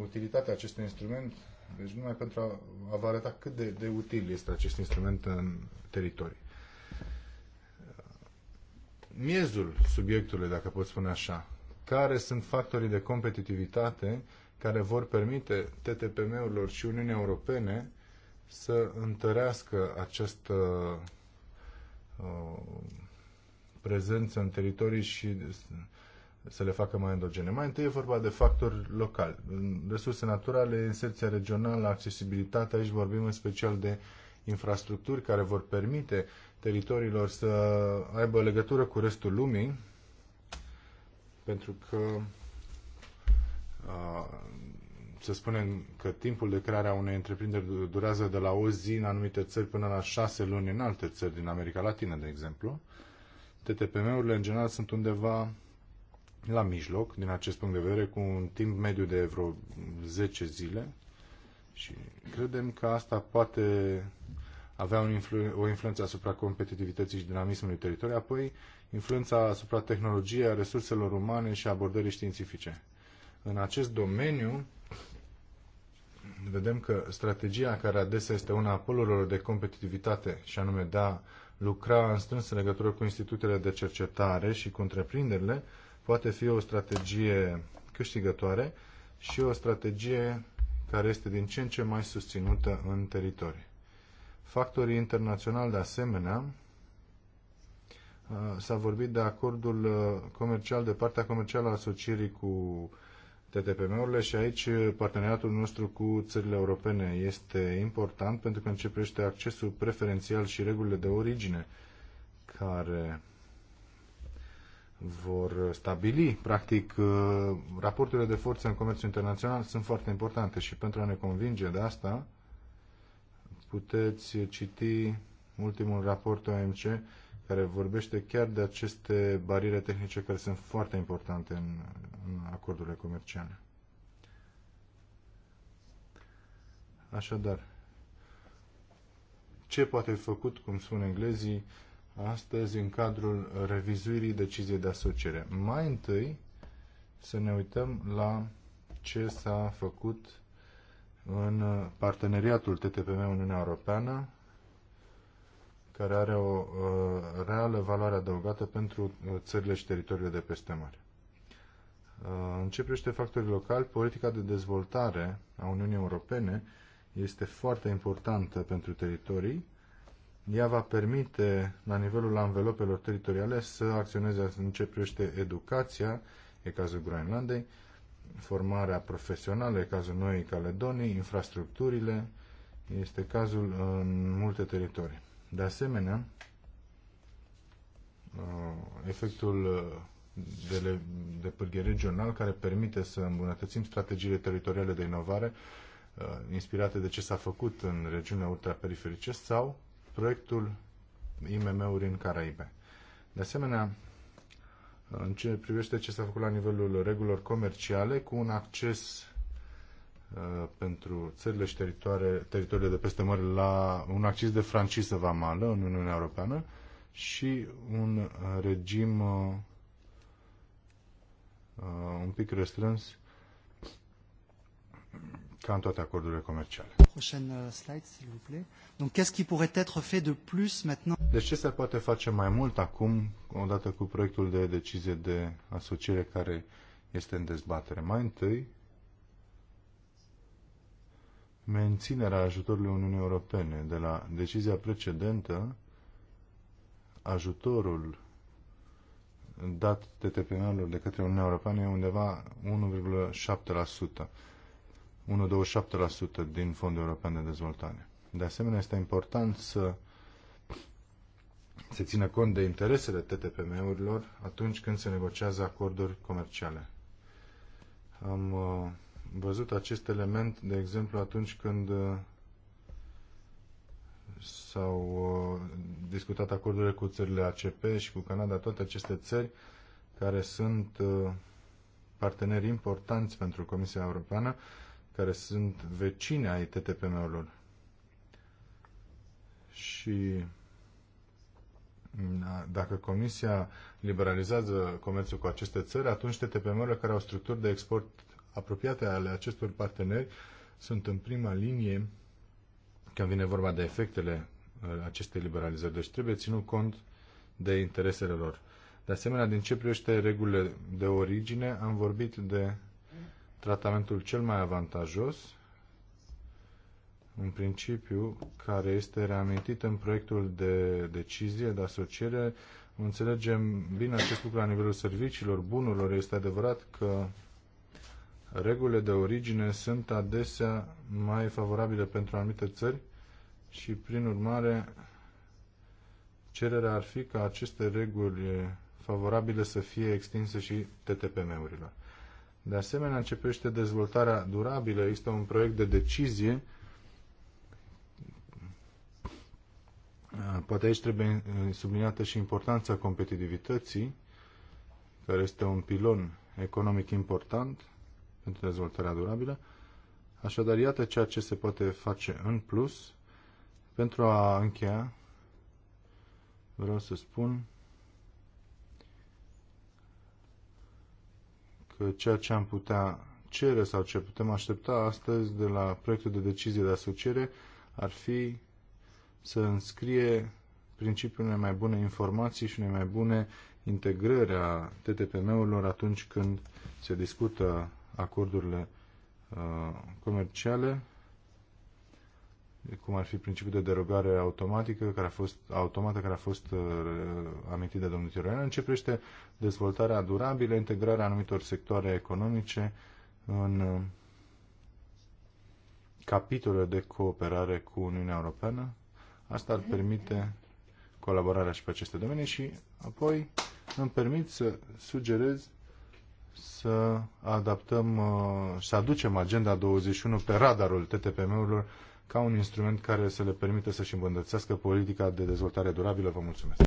utilitatea acestui instrument, deci numai pentru a, a vă arăta cât de, de util este acest instrument în teritorii. Miezul subiectului, dacă pot spune așa, care sunt factorii de competitivitate care vor permite TTPM-urilor și Uniunii Europene să întărească această uh, prezență în teritorii și să le facă mai endogene. Mai întâi e vorba de factori locali. Resurse naturale, inserția regională, accesibilitate. aici vorbim în special de infrastructuri care vor permite teritoriilor să aibă legătură cu restul lumii, pentru că să spunem că timpul de creare a unei întreprinderi durează de la o zi în anumite țări până la șase luni în alte țări din America Latină, de exemplu. TTPM-urile în general sunt undeva la mijloc, din acest punct de vedere, cu un timp mediu de vreo 10 zile și credem că asta poate avea un influ- o influență asupra competitivității și dinamismului teritoriului, apoi influența asupra tehnologiei, a resurselor umane și a abordării științifice. În acest domeniu, vedem că strategia care adesea este una a polurilor de competitivitate, și anume de a lucra în strânsă legătură cu institutele de cercetare și cu întreprinderile, poate fi o strategie câștigătoare și o strategie care este din ce în ce mai susținută în teritoriu. Factorii internaționali, de asemenea, uh, s-a vorbit de acordul uh, comercial, de partea comercială a asocierii cu TTPM-urile și aici uh, parteneriatul nostru cu țările europene este important pentru că începește accesul preferențial și regulile de origine care vor stabili. Practic, uh, raporturile de forță în comerțul internațional sunt foarte importante și pentru a ne convinge de asta, puteți citi ultimul raport OMC care vorbește chiar de aceste bariere tehnice care sunt foarte importante în, în acordurile comerciale. Așadar, ce poate fi făcut, cum spun englezii, astăzi în cadrul revizuirii deciziei de asociere. Mai întâi să ne uităm la ce s-a făcut în parteneriatul TTPM Uniunea Europeană, care are o uh, reală valoare adăugată pentru uh, țările și teritoriile de peste mare. Uh, în ce privește factorii locali, politica de dezvoltare a Uniunii Europene este foarte importantă pentru teritorii ea va permite, la nivelul anvelopelor teritoriale, să acționeze în ce privește educația, e cazul Groenlandei, formarea profesională, e cazul Noii Caledonii, infrastructurile, este cazul în multe teritorii. De asemenea, uh, efectul uh, de, de pârghie regional care permite să îmbunătățim strategiile teritoriale de inovare uh, inspirate de ce s-a făcut în regiunea ultraperiferice sau proiectul IMM-uri în Caraibe. De asemenea, în ce privește ce s-a făcut la nivelul regulilor comerciale, cu un acces uh, pentru țările și teritoare, teritoriile de peste mări la un acces de franciză vamală în Uniunea Europeană și un regim uh, uh un pic restrâns ca în toate acordurile comerciale. Euh, deci ce se poate face mai mult acum, odată cu proiectul de decizie de asociere care este în dezbatere? Mai întâi, menținerea ajutorului Uniunii Europene. De la decizia precedentă, ajutorul dat de TPM-urilor de către Uniunea Europeană e undeva 1,7%. 1,27% din Fondul European de Dezvoltare. De asemenea, este important să se țină cont de interesele TTPM-urilor atunci când se negociază acorduri comerciale. Am uh, văzut acest element, de exemplu, atunci când uh, s-au uh, discutat acordurile cu țările ACP și cu Canada, toate aceste țări care sunt parteneri importanți pentru Comisia Europeană care sunt vecine ai ttpm ului Și dacă Comisia liberalizează comerțul cu aceste țări, atunci TTPM-urile care au structuri de export apropiate ale acestor parteneri sunt în prima linie când vine vorba de efectele uh, acestei liberalizări. Deci trebuie ținut cont de interesele lor. De asemenea, din ce privește regulile de origine, am vorbit de tratamentul cel mai avantajos, un principiu care este reamintit în proiectul de decizie de asociere. Înțelegem bine acest lucru la nivelul serviciilor, bunurilor. Este adevărat că regulile de origine sunt adesea mai favorabile pentru anumite țări și, prin urmare, cererea ar fi ca aceste reguli favorabile să fie extinse și TTPM-urilor. De asemenea, începește dezvoltarea durabilă. este un proiect de decizie. Poate aici trebuie subliniată și importanța competitivității, care este un pilon economic important pentru dezvoltarea durabilă. Așadar, iată ceea ce se poate face în plus. Pentru a încheia, vreau să spun ceea ce am putea cere sau ce putem aștepta astăzi de la proiectul de decizie de asociere ar fi să înscrie principiul unei mai bune informații și unei mai bune integrări a TTPM-urilor atunci când se discută acordurile uh, comerciale cum ar fi principiul de derogare automatică, care a fost, automată care a fost uh, amintit de domnul Tiroian, începește dezvoltarea durabilă, integrarea anumitor sectoare economice în uh, capitolul de cooperare cu Uniunea Europeană. Asta ar permite colaborarea și pe aceste domenii și apoi îmi permit să sugerez să adaptăm, uh, să aducem agenda 21 pe radarul TTPM-urilor ca un instrument care să le permită să-și îmbunătățească politica de dezvoltare durabilă. Vă mulțumesc!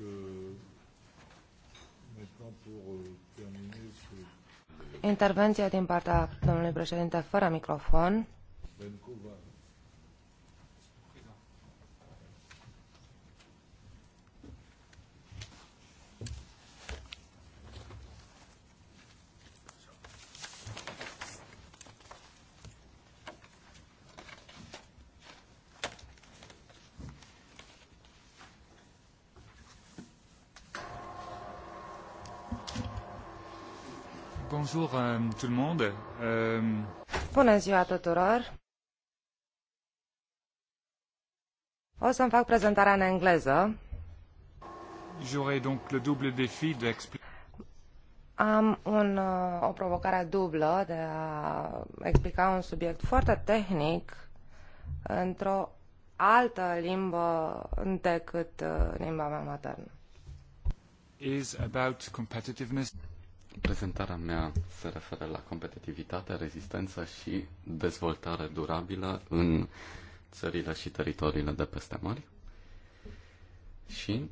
Euh, euh, Intervenția din partea domnului președinte fără microfon. Bonjour euh, tout le monde. Euh, Bună ziua tuturor. O să-mi fac prezentarea în engleză. J'aurai donc le double défi d'expliquer am un, uh, o provocare dublă de a explica un subiect foarte tehnic într-o altă limbă decât uh, limba mea maternă. Is about competitiveness. Prezentarea mea se referă la competitivitate, rezistență și dezvoltare durabilă în țările și teritoriile de peste mări și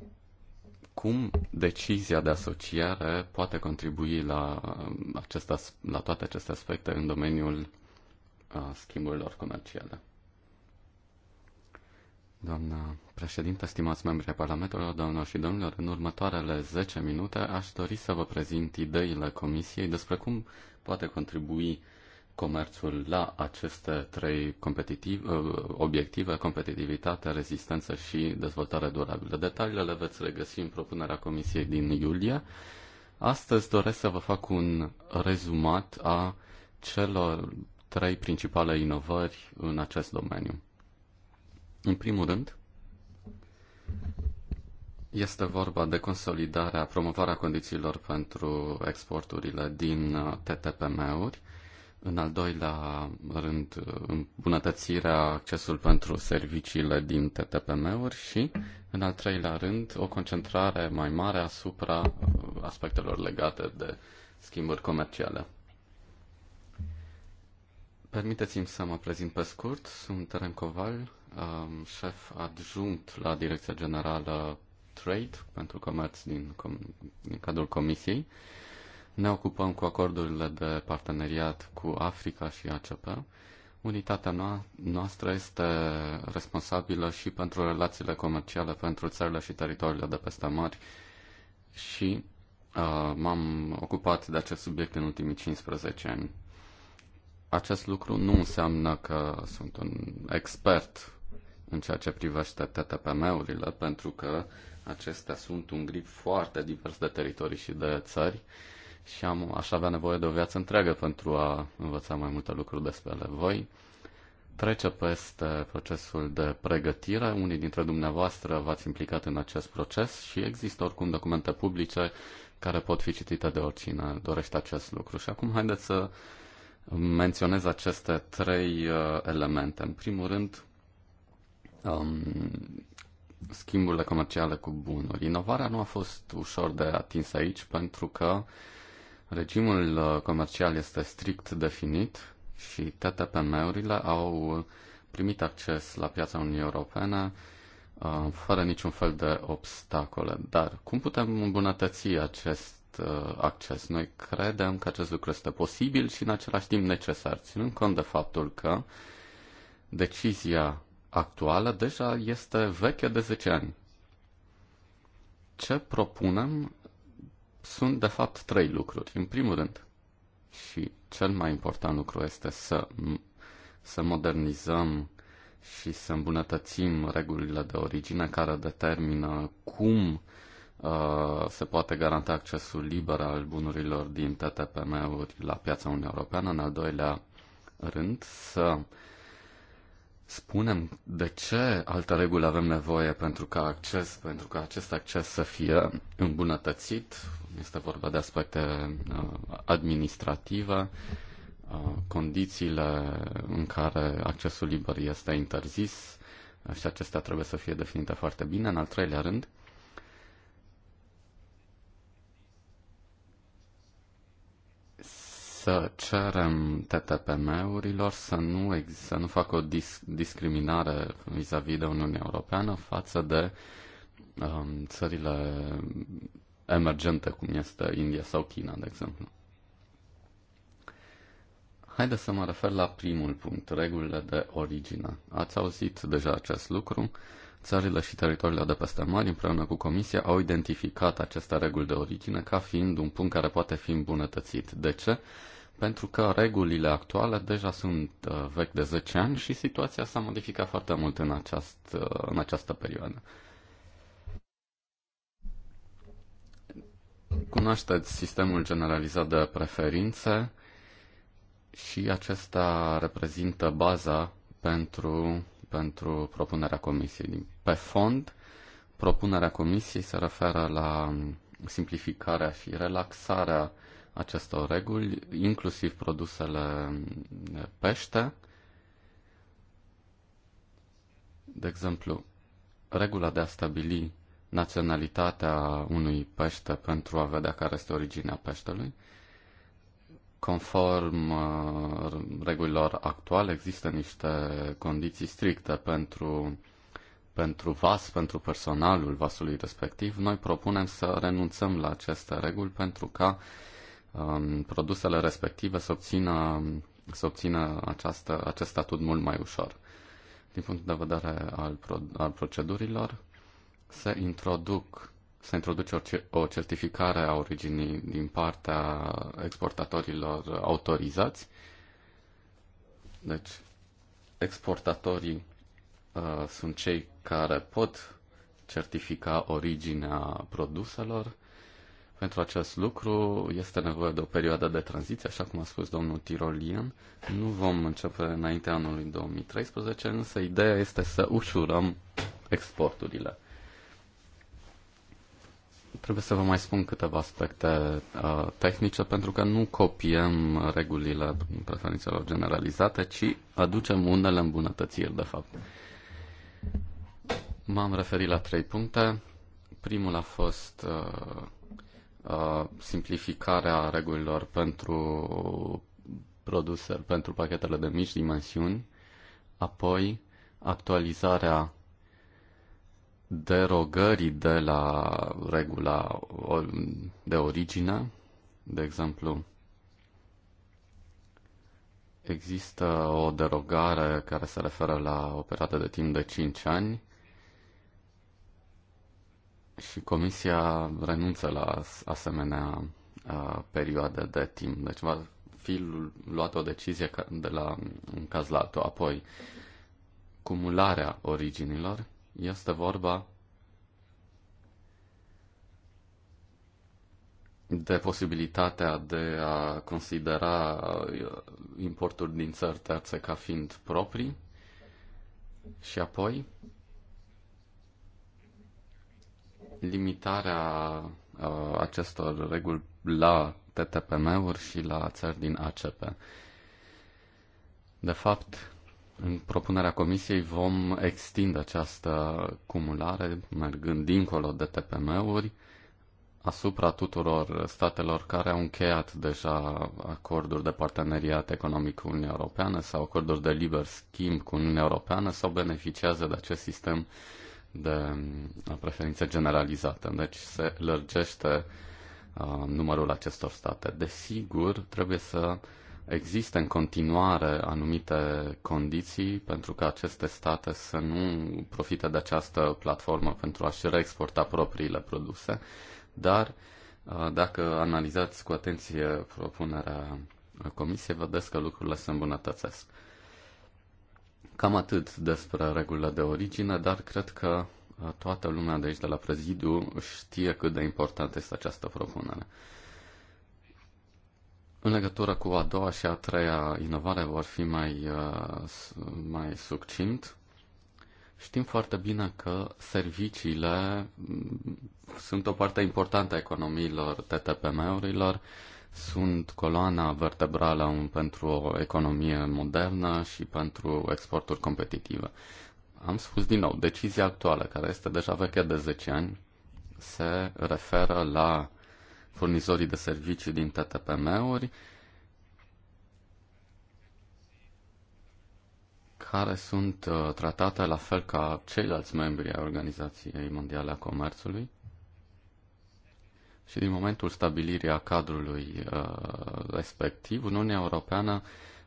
cum decizia de asociere poate contribui la, aceste la toate aceste aspecte în domeniul uh, schimburilor comerciale. Doamna președintă, stimați membri ai Parlamentului, doamnelor și domnilor, în următoarele 10 minute aș dori să vă prezint ideile Comisiei despre cum poate contribui comerțul la aceste trei competitiv, ă, obiective, competitivitate, rezistență și dezvoltare durabilă. Detaliile le veți regăsi în propunerea Comisiei din iulie. Astăzi doresc să vă fac un rezumat a celor trei principale inovări în acest domeniu. În primul rând, este vorba de consolidarea, promovarea condițiilor pentru exporturile din uh, TTPM-uri. În al doilea rând, uh, îmbunătățirea accesul pentru serviciile din TTPM-uri și, în al treilea rând, o concentrare mai mare asupra uh, aspectelor legate de schimburi comerciale. Permiteți-mi să mă prezint pe scurt. Sunt Teren Coval, um, șef adjunct la Direcția Generală Trade pentru Comerț din, com- din cadrul Comisiei. Ne ocupăm cu acordurile de parteneriat cu Africa și ACP. Unitatea noastră este responsabilă și pentru relațiile comerciale pentru țările și teritoriile de peste mari și uh, m-am ocupat de acest subiect în ultimii 15 ani. Acest lucru nu înseamnă că sunt un expert în ceea ce privește TTPM-urile, pentru că acestea sunt un grip foarte divers de teritorii și de țări și am, aș avea nevoie de o viață întreagă pentru a învăța mai multe lucruri despre ele. Voi trece peste procesul de pregătire. Unii dintre dumneavoastră v-ați implicat în acest proces și există oricum documente publice care pot fi citite de oricine dorește acest lucru. Și acum haideți să menționez aceste trei uh, elemente. În primul rând, um, schimburile comerciale cu bunuri. Inovarea nu a fost ușor de atins aici pentru că regimul uh, comercial este strict definit și TTPM-urile au primit acces la piața Uniunii Europene uh, fără niciun fel de obstacole. Dar cum putem îmbunătăți acest Uh, acces. Noi credem că acest lucru este posibil și în același timp necesar, ținând cont de faptul că decizia actuală deja este veche de 10 ani. Ce propunem sunt de fapt trei lucruri. În primul rând, și cel mai important lucru este să, să modernizăm și să îmbunătățim regulile de origine care determină cum uh, Uh, se poate garanta accesul liber al bunurilor din TTPM-uri la piața Uniunii Europeană. În al doilea rând, să spunem de ce alte reguli avem nevoie pentru ca, acces, pentru ca acest acces să fie îmbunătățit. Este vorba de aspecte uh, administrative, uh, condițiile în care accesul liber este interzis și acestea trebuie să fie definite foarte bine. În al treilea rând, să cerem TTPM-urilor să nu, să nu facă o dis- discriminare vis-a-vis -vis de Uniunea Europeană față de um, țările emergente, cum este India sau China, de exemplu. Haideți să mă refer la primul punct, regulile de origine. Ați auzit deja acest lucru. Țările și teritoriile de peste mari, împreună cu Comisia, au identificat aceste reguli de origine ca fiind un punct care poate fi îmbunătățit. De ce? pentru că regulile actuale deja sunt uh, vechi de 10 ani și situația s-a modificat foarte mult în, aceast, uh, în această perioadă. Cunoașteți sistemul generalizat de preferințe și acesta reprezintă baza pentru, pentru propunerea comisiei. Pe fond, propunerea comisiei se referă la simplificarea și relaxarea acestor reguli, inclusiv produsele pește. De exemplu, regula de a stabili naționalitatea unui pește pentru a vedea care este originea peștelui, conform uh, regulilor actuale, există niște condiții stricte pentru, pentru vas, pentru personalul vasului respectiv. Noi propunem să renunțăm la aceste reguli pentru ca uh, um, produsele respective să obțină, să obțină această, acest statut mult mai ușor. Din punct de vedere al, pro, al procedurilor, se introduc se introduce o, o certificare a originii din partea exportatorilor autorizați. Deci, exportatorii uh, sunt cei care pot certifica originea produselor pentru acest lucru este nevoie de o perioadă de tranziție, așa cum a spus domnul Tirolian. Nu vom începe înainte anului 2013, însă ideea este să ușurăm exporturile. Trebuie să vă mai spun câteva aspecte uh, tehnice, pentru că nu copiem regulile preferințelor generalizate, ci aducem unele îmbunătățiri, de fapt. M-am referit la trei puncte. Primul a fost uh, Uh, simplificarea regulilor pentru produse, pentru pachetele de mici dimensiuni, apoi actualizarea derogării de la regula de origine, de exemplu, există o derogare care se referă la o perioadă de timp de 5 ani și Comisia renunță la asemenea perioadă de timp. Deci va fi luată o decizie de la un caz la altul. Apoi, cumularea originilor este vorba de posibilitatea de a considera uh, importuri din țări terțe ca fiind proprii și apoi limitarea uh, acestor reguli la TTPM-uri și la țări din ACP. De fapt, în propunerea comisiei vom extinde această cumulare, mergând dincolo de TPM-uri, asupra tuturor statelor care au încheiat deja acorduri de parteneriat economic cu Uniunea Europeană sau acorduri de liber schimb cu Uniunea Europeană sau beneficiază de acest sistem uh, de uh, preferințe generalizate. Deci se lărgește uh, numărul acestor state. Desigur, trebuie să există în continuare anumite condiții pentru ca aceste state să nu profite de această platformă pentru a-și reexporta propriile produse, dar uh, dacă analizați cu atenție propunerea Comisiei, vedeți că lucrurile se îmbunătățesc. Cam atât despre regulile de origine, dar cred că uh, toată lumea de aici, de la prezidiu, știe cât de importantă este această propunere. În legătură cu a doua și a treia inovare vor fi mai, uh, mai succint. Știm foarte bine că serviciile mm, sunt o parte importantă a economiilor TTPM-urilor. Uh, sunt coloana vertebrală pentru o economie modernă și pentru exporturi competitive. Am spus din nou, decizia actuală, care este deja veche de 10 ani, se referă la furnizorii de servicii din TTPM-uri, care sunt uh, tratate la fel ca ceilalți membri ai Organizației Mondiale a Comerțului, și din momentul stabilirii a cadrului uh, respectiv, Uniunea Europeană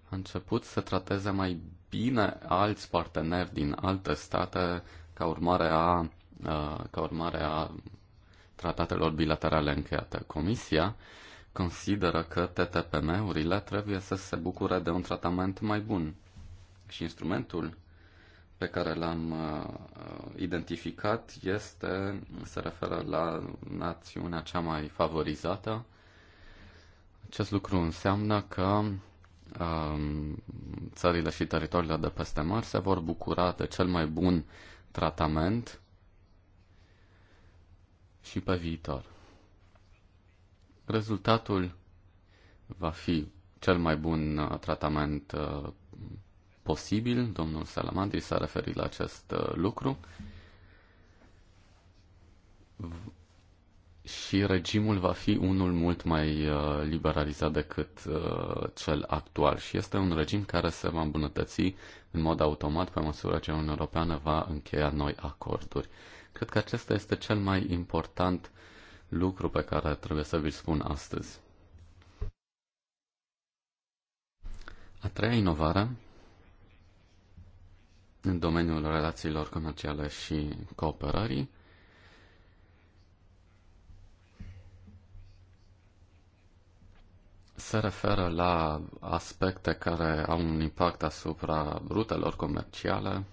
a început să trateze mai bine alți parteneri din alte state ca urmare a, uh, ca urmare a tratatelor bilaterale încheiate. Comisia consideră că TTPM-urile trebuie să se bucure de un tratament mai bun și instrumentul pe care l-am uh, identificat este, se referă la națiunea cea mai favorizată. Acest lucru înseamnă că uh, țările și teritoriile de peste mări se vor bucura de cel mai bun tratament și pe viitor. Rezultatul va fi cel mai bun uh, tratament uh, posibil. Domnul Salamandri s-a referit la acest uh, lucru. Și regimul va fi unul mult mai uh, liberalizat decât uh, cel actual și este un regim care se va îmbunătăți în mod automat pe măsură ce Uniunea Europeană va încheia noi acorduri. Cred că acesta este cel mai important lucru pe care trebuie să vi-l spun astăzi. A treia inovare în domeniul relațiilor comerciale și cooperării. se referă la aspecte care au un impact asupra rutelor comerciale.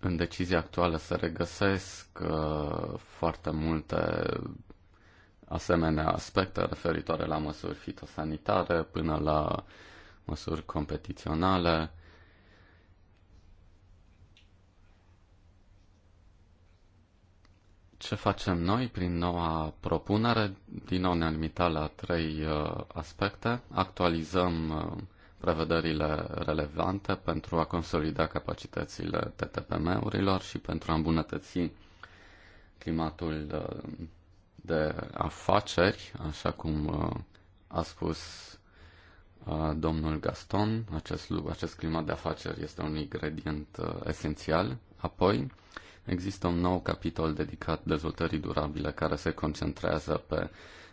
În decizia actuală se regăsesc uh, foarte multe asemenea aspecte referitoare la măsuri fitosanitare până la măsuri competiționale. Ce facem noi prin noua propunere? Din nou ne-am limitat la trei uh, aspecte. Actualizăm uh, prevederile relevante pentru a consolida capacitățile TTPM-urilor și pentru a îmbunătăți climatul uh, de afaceri, așa cum a spus domnul Gaston. Acest, acest climat de afaceri este un ingredient uh, esențial. Apoi, există un nou capitol dedicat dezvoltării durabile care se concentrează pe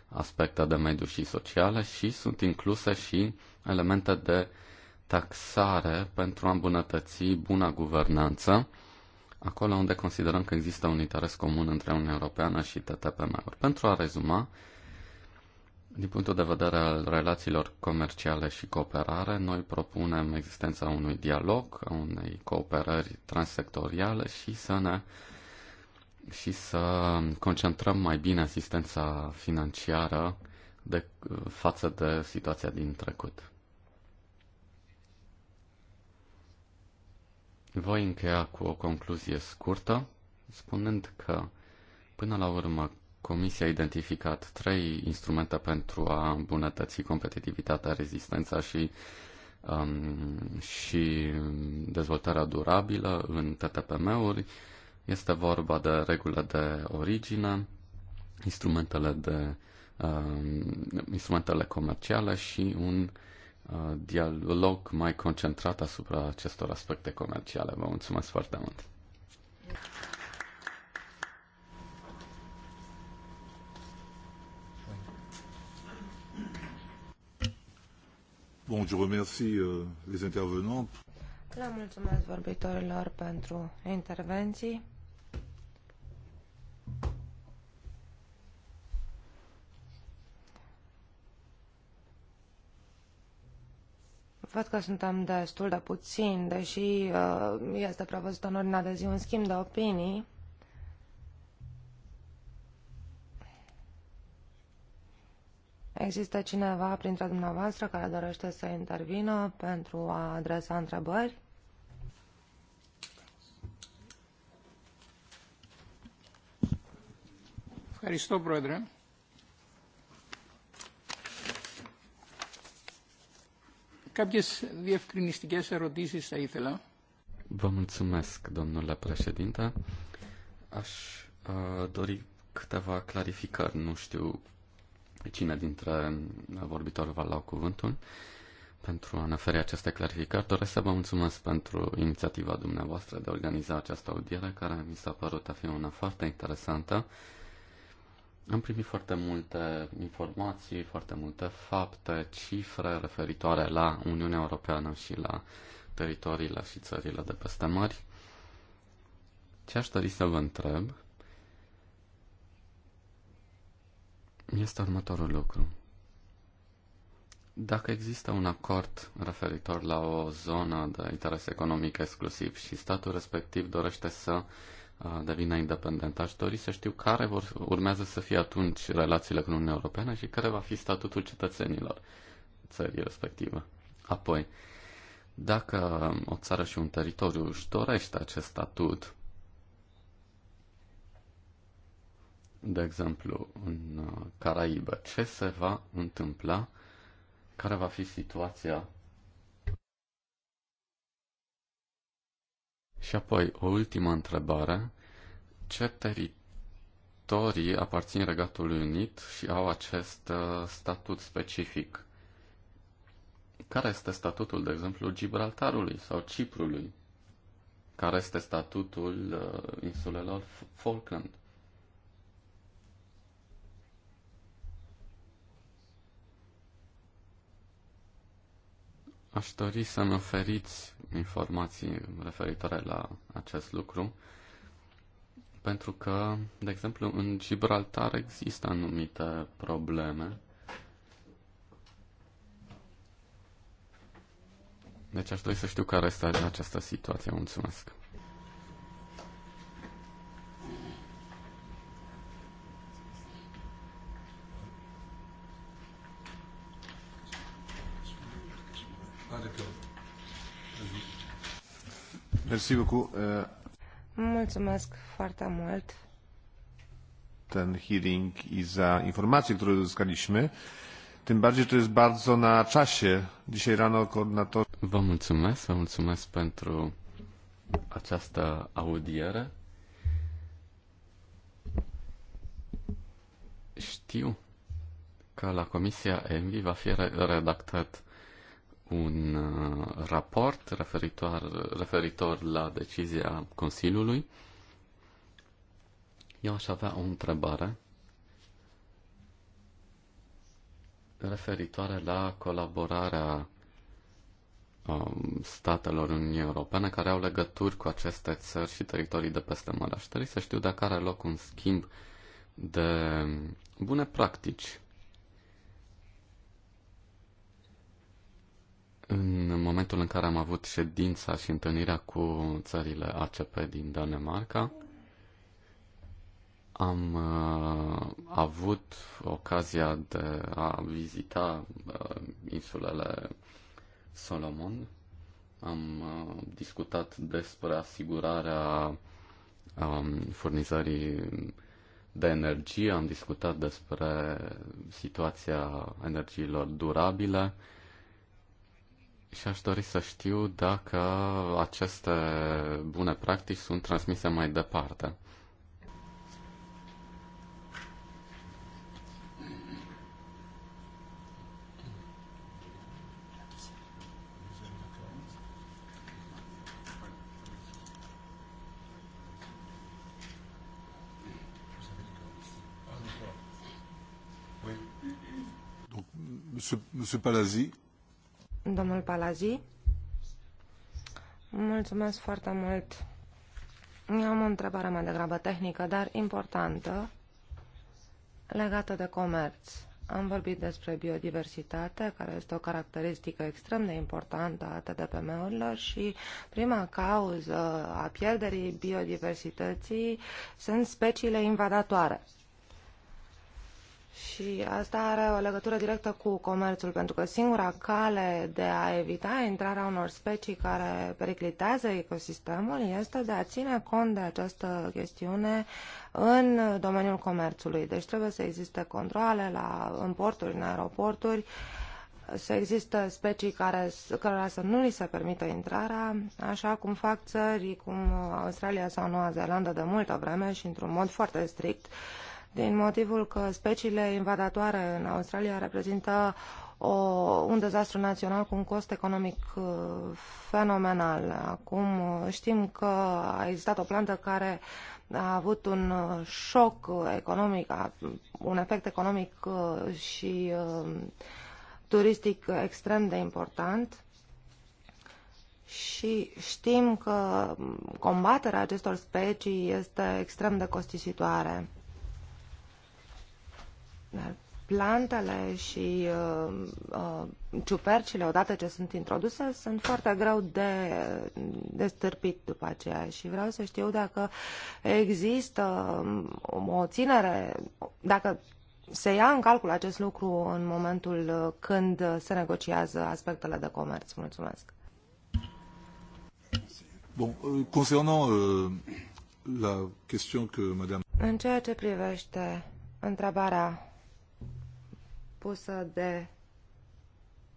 aspecte de mediu și sociale și sunt incluse și elemente de taxare pentru a îmbunătăți buna guvernanță, acolo unde considerăm că există un interes comun între Uniunea Europeană și TTPM-uri. Pentru a rezuma, din punctul de vedere al relațiilor comerciale și cooperare, noi propunem existența unui dialog, a unei cooperări transsectoriale și să ne și să concentrăm mai bine asistența financiară de, față de situația din trecut. Voi încheia cu o concluzie scurtă, spunând că, până la urmă, Comisia a identificat trei instrumente pentru a îmbunătăți competitivitatea, rezistența și, um, și dezvoltarea durabilă în TTPM-uri. Este vorba de regulă de origine, instrumentele, de, um, instrumentele comerciale și un uh, dialog mai concentrat asupra acestor aspecte comerciale. Vă mulțumesc foarte mult! je remercie euh, les Le mulțumesc vorbitorilor pentru intervenții. Văd că suntem destul de puțini, deși uh, este prevăzut în ordinea de zi un schimb de opinii. Există cineva printre dumneavoastră care dorește să intervină pentru a adresa întrebări? Ευχαριστώ, Πρόεδρε. Κάποιες διευκρινιστικές ερωτήσεις θα ήθελα. Vă mulțumesc, domnule președinte. Aș uh, dori câteva clarificări. Nu știu pe cine dintre vorbitori va lua cuvântul? Pentru a ne oferi aceste clarificări, doresc să vă mulțumesc pentru inițiativa dumneavoastră de a organiza această audiere, care mi s-a părut a fi una foarte interesantă. Am primit foarte multe informații, foarte multe fapte, cifre referitoare la Uniunea Europeană și la teritoriile și țările de peste mări. Ce aș dori să vă întreb este următorul lucru. Dacă există un acord referitor la o zonă de interes economic exclusiv și statul respectiv dorește să uh, devină independent, aș dori să știu care vor, urmează să fie atunci relațiile cu Uniunea Europeană și care va fi statutul cetățenilor țării respective. Apoi, dacă o țară și un teritoriu își dorește acest statut, de exemplu, în uh, Caraibe, ce se va întâmpla, care va fi situația. Și apoi, o ultimă întrebare. Ce teritorii aparțin Regatului Unit și au acest uh, statut specific? Care este statutul, de exemplu, Gibraltarului sau Ciprului? Care este statutul uh, insulelor Falkland? Aș dori să-mi oferiți informații referitoare la acest lucru, pentru că, de exemplu, în Gibraltar există anumite probleme. Deci aș dori să știu care este această situație. Mulțumesc. Uh, mulțumesc foarte mult. Ten hearing i za informacje, które uzyskaliśmy. Tym bardziej to jest bardzo na czasie. Dzisiaj rano koordynator... Vă mulțumesc, vă mulțumesc pentru această audiere. Știu că la Comisia ENVI va fi redactat un uh, raport referitor, referitor la decizia Consiliului. Eu aș avea o întrebare referitoare la colaborarea um, statelor Uniunii Europene care au legături cu aceste țări și teritorii de peste mare. Aș trebui să știu dacă are loc un schimb de bune practici În momentul în care am avut ședința și întâlnirea cu țările ACP din Danemarca, am uh, avut ocazia de a vizita uh, insulele Solomon. Am uh, discutat despre asigurarea um, furnizării de energie, am discutat despre situația energiilor durabile, uh, și aș dori să știu dacă aceste bune practici sunt transmise mai departe. Donc, Monsieur, Monsieur Palazzi, Domnul Palazi. Mulțumesc foarte mult. Eu am o întrebare mai degrabă tehnică, dar importantă, legată de comerț. Am vorbit despre biodiversitate, care este o caracteristică extrem de importantă a TDPM-urilor și prima cauză a pierderii biodiversității sunt speciile invadatoare. Și asta are o legătură directă cu comerțul, pentru că singura cale de a evita intrarea unor specii care periclitează ecosistemul este de a ține cont de această chestiune în domeniul comerțului. Deci trebuie să existe controle la, în porturi, în aeroporturi, să există specii care, cărora să nu li se permită intrarea, așa cum fac țări cum Australia sau Noua Zeelandă de multă vreme și într-un mod foarte strict, uh, din motivul că speciile invadatoare în Australia reprezintă o, un dezastru național cu un cost economic uh, fenomenal. Acum uh, știm că a existat o plantă care a avut un uh, șoc economic, un efect economic și turistic extrem de important și știm că combaterea acestor specii este extrem de costisitoare plantele și uh, uh, ciupercile, odată ce sunt introduse, sunt foarte greu de, de stârpit după aceea și vreau să știu dacă există um, o ținere, dacă se ia în calcul acest lucru în momentul uh, când se negociază aspectele de comerț. Mulțumesc. Bon, euh, concernant euh, la question que madame... În ceea ce privește întrebarea spusă de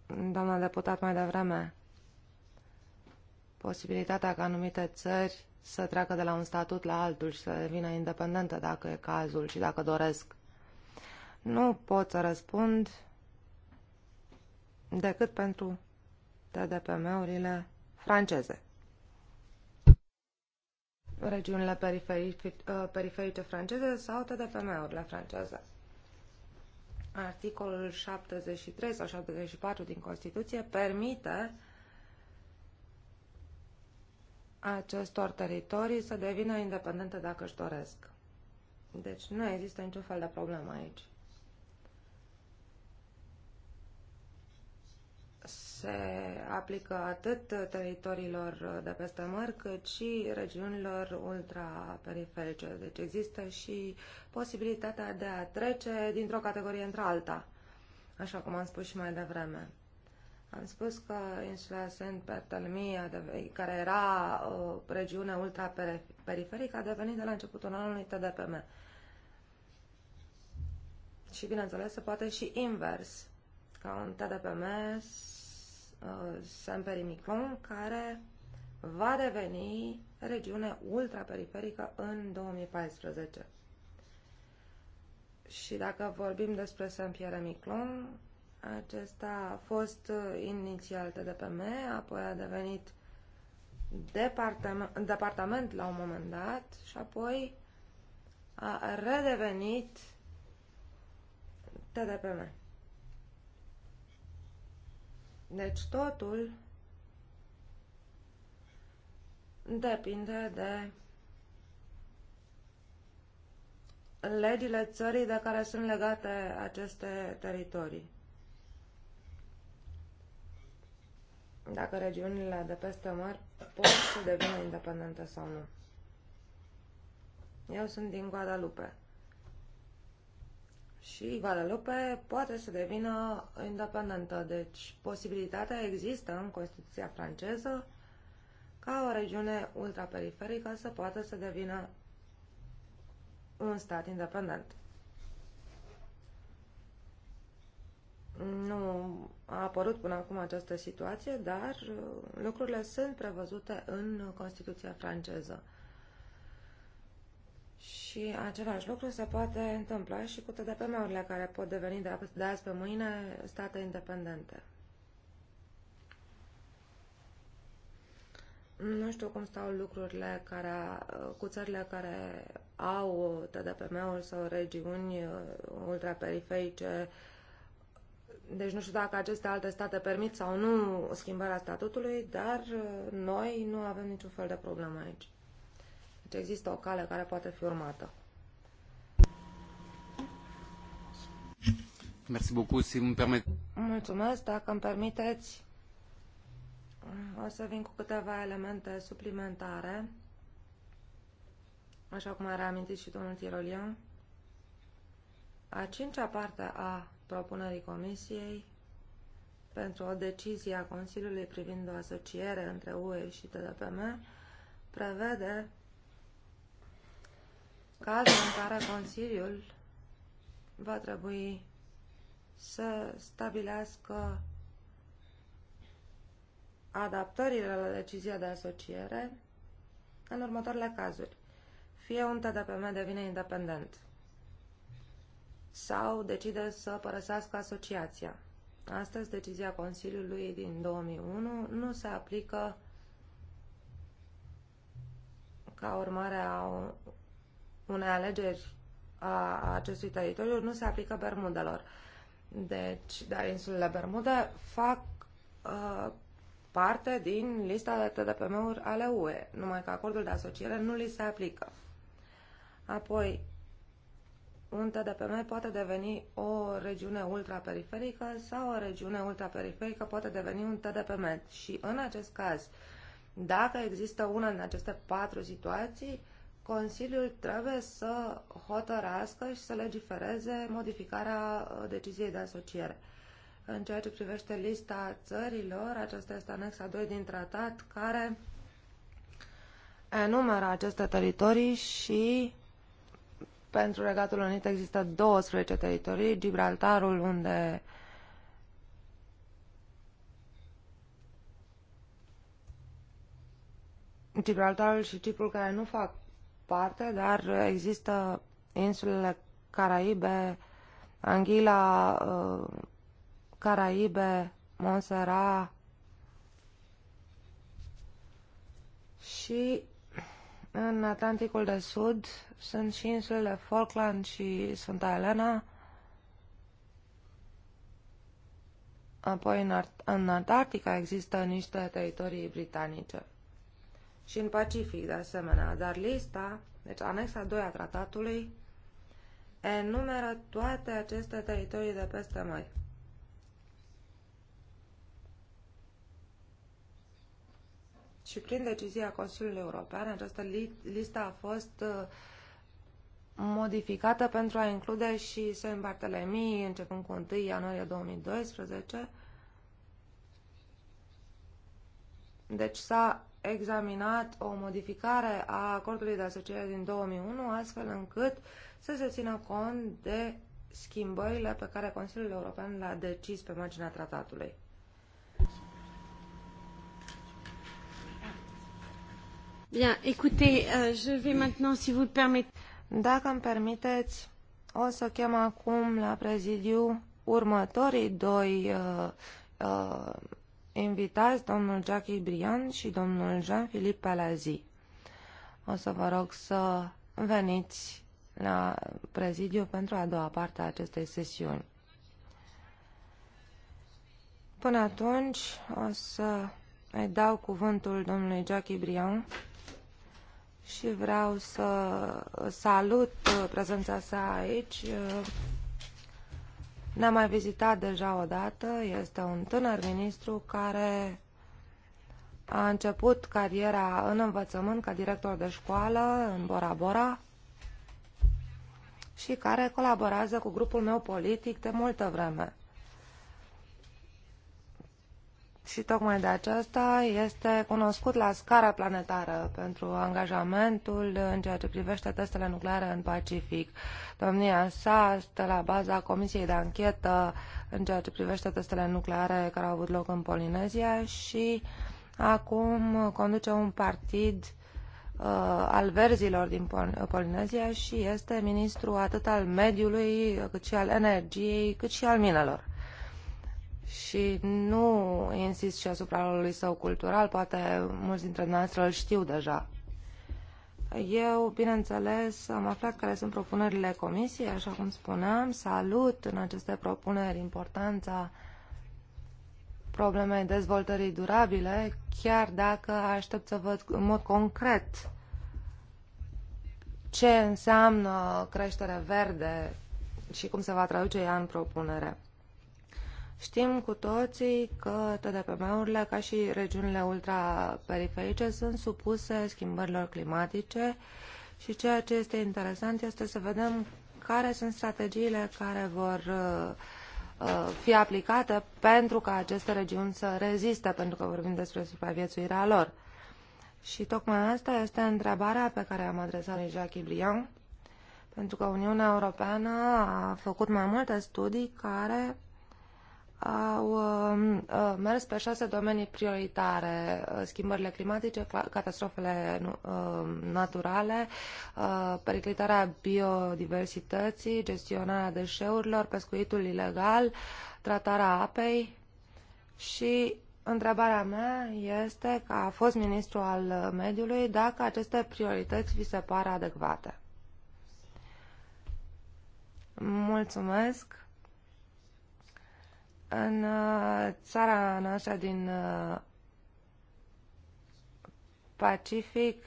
doamna deputat mai devreme, posibilitatea ca anumite țări să treacă de la un statut la altul și să devină independente dacă e cazul și dacă doresc. Nu pot să răspund decât pentru TDPM-urile franceze. Regiunile periferice franceze sau TDPM-urile franceze. Articolul 73 sau 74 din Constituție permite acestor teritorii să devină independente dacă își doresc. Deci nu există niciun fel de problemă aici. se aplică atât teritoriilor de peste mări, cât și regiunilor ultraperiferice. Deci există și posibilitatea de a trece dintr-o categorie într-alta, așa cum am spus și mai devreme. Am spus că insula Saint Bartholomew, care era o uh, regiune ultraperiferică, a devenit de la începutul anului TDPM. Și, bineînțeles, se poate și invers ca un TDPM Semperimicon, care va deveni regiune ultraperiferică în 2014. Și dacă vorbim despre Saint-Pierre-Miquelon, acesta a fost uh, inițial TDPM, apoi a devenit departament, departament la un moment dat și apoi a redevenit TDPM. Deci totul depinde de legile țării de care sunt legate aceste teritorii. Dacă regiunile de peste mări pot să devină independente sau nu. Eu sunt din Guadalupe și Guadalupe poate să devină independentă. Deci posibilitatea există în Constituția franceză ca o regiune ultraperiferică să poată să devină un stat independent. Nu a apărut până acum această situație, dar lucrurile sunt prevăzute în Constituția franceză. Și același lucru se poate întâmpla și cu TDPM-urile care pot deveni de azi pe mâine state independente. Nu știu cum stau lucrurile care, cu țările care au TDPM-uri sau regiuni uh, ultraperiferice. Deci nu știu dacă aceste alte state permit sau nu schimbarea statutului, dar uh, noi nu avem niciun fel de problemă aici. Deci există o cale care poate fi urmată. beaucoup, si permet... Mulțumesc, dacă îmi permiteți, o să vin cu câteva elemente suplimentare, așa cum a reamintit și domnul Tirolian. A cincea parte a propunerii Comisiei pentru o decizie a Consiliului privind o asociere între UE și TDPM prevede cazul în care Consiliul va trebui să stabilească adaptările la decizia de asociere în următoarele cazuri. Fie un TDPM devine independent sau decide să părăsească asociația. Astăzi, decizia Consiliului din 2001 nu se aplică ca urmare a unei alegeri a acestui teritoriu nu se aplică Bermudelor. Deci, dar insulele Bermude fac uh, parte din lista de TDPM-uri ale UE, numai că acordul de asociere nu li se aplică. Apoi, un TDPM poate deveni o regiune ultraperiferică sau o regiune ultraperiferică poate deveni un TDPM. Și în acest caz, dacă există una din aceste patru situații, Consiliul trebuie să hotărască și să legifereze modificarea uh, deciziei de asociere. În ceea ce privește lista țărilor, aceasta este anexa 2 din tratat, care enumeră aceste teritorii și pentru Regatul Unit există 12 teritorii, Gibraltarul unde Gibraltarul și Ciprul care nu fac parte, dar există insulele Caraibe, Anghila, uh, Caraibe, Montserrat și în Atlanticul de Sud sunt și insulele Falkland și Santa Elena, apoi în, Ar în Antarctica există niște teritorii britanice și în Pacific de asemenea, dar lista, deci anexa 2 a tratatului, enumeră toate aceste teritorii de peste mări. Și prin decizia Consiliului European, această li listă a fost uh, modificată pentru a include și Saint Barthélemy începând cu 1 ianuarie 2012. Deci s-a examinat o modificare a acordului de asociere din 2001, astfel încât să se țină cont de schimbările pe care Consiliul European le-a decis pe marginea tratatului. Bine, écoutez, euh, je vais maintenant, si vous permettez. Dacă îmi permiteți, o să chem acum la prezidiu următorii doi uh, uh, invitați domnul Jackie Brian și domnul Jean-Philippe Palazzi. O să vă rog să veniți la prezidiu pentru a doua parte a acestei sesiuni. Până atunci o să îi dau cuvântul domnului Jackie Brian și vreau să salut prezența sa aici ne-am mai vizitat deja o dată. Este un tânăr ministru care a început cariera în învățământ ca director de școală în Bora Bora și care colaborează cu grupul meu politic de multă vreme. și tocmai de aceasta este cunoscut la scară planetară pentru angajamentul în ceea ce privește testele nucleare în Pacific. Domnia sa stă la baza Comisiei de Anchetă în ceea ce privește testele nucleare care au avut loc în Polinezia și acum conduce un partid uh, al verzilor din Pol Polinezia și este ministru atât al mediului cât și al energiei cât și al minelor și nu insist și asupra rolului său cultural, poate mulți dintre noastre îl știu deja. Eu, bineînțeles, am aflat care sunt propunerile comisiei, așa cum spuneam, salut în aceste propuneri importanța problemei dezvoltării durabile, chiar dacă aștept să văd în mod concret ce înseamnă creștere verde și cum se va traduce ea în propunere. Știm cu toții că TDPM-urile, ca și regiunile ultraperiferice, sunt supuse schimbărilor climatice și ceea ce este interesant este să vedem care sunt strategiile care vor uh, uh, fi aplicate pentru ca aceste regiuni să reziste, pentru că vorbim despre supraviețuirea lor. Și tocmai asta este întrebarea pe care am adresat-o Jacques Briand, pentru că Uniunea Europeană a făcut mai multe studii care au um, uh, mers pe șase domenii prioritare, uh, schimbările climatice, catastrofele uh, naturale, uh, periclitarea biodiversității, gestionarea deșeurilor, pescuitul ilegal, tratarea apei și întrebarea mea este, că a fost ministru al mediului, dacă aceste priorități vi se par adecvate. Mulțumesc! În uh, țara noastră din uh, Pacific,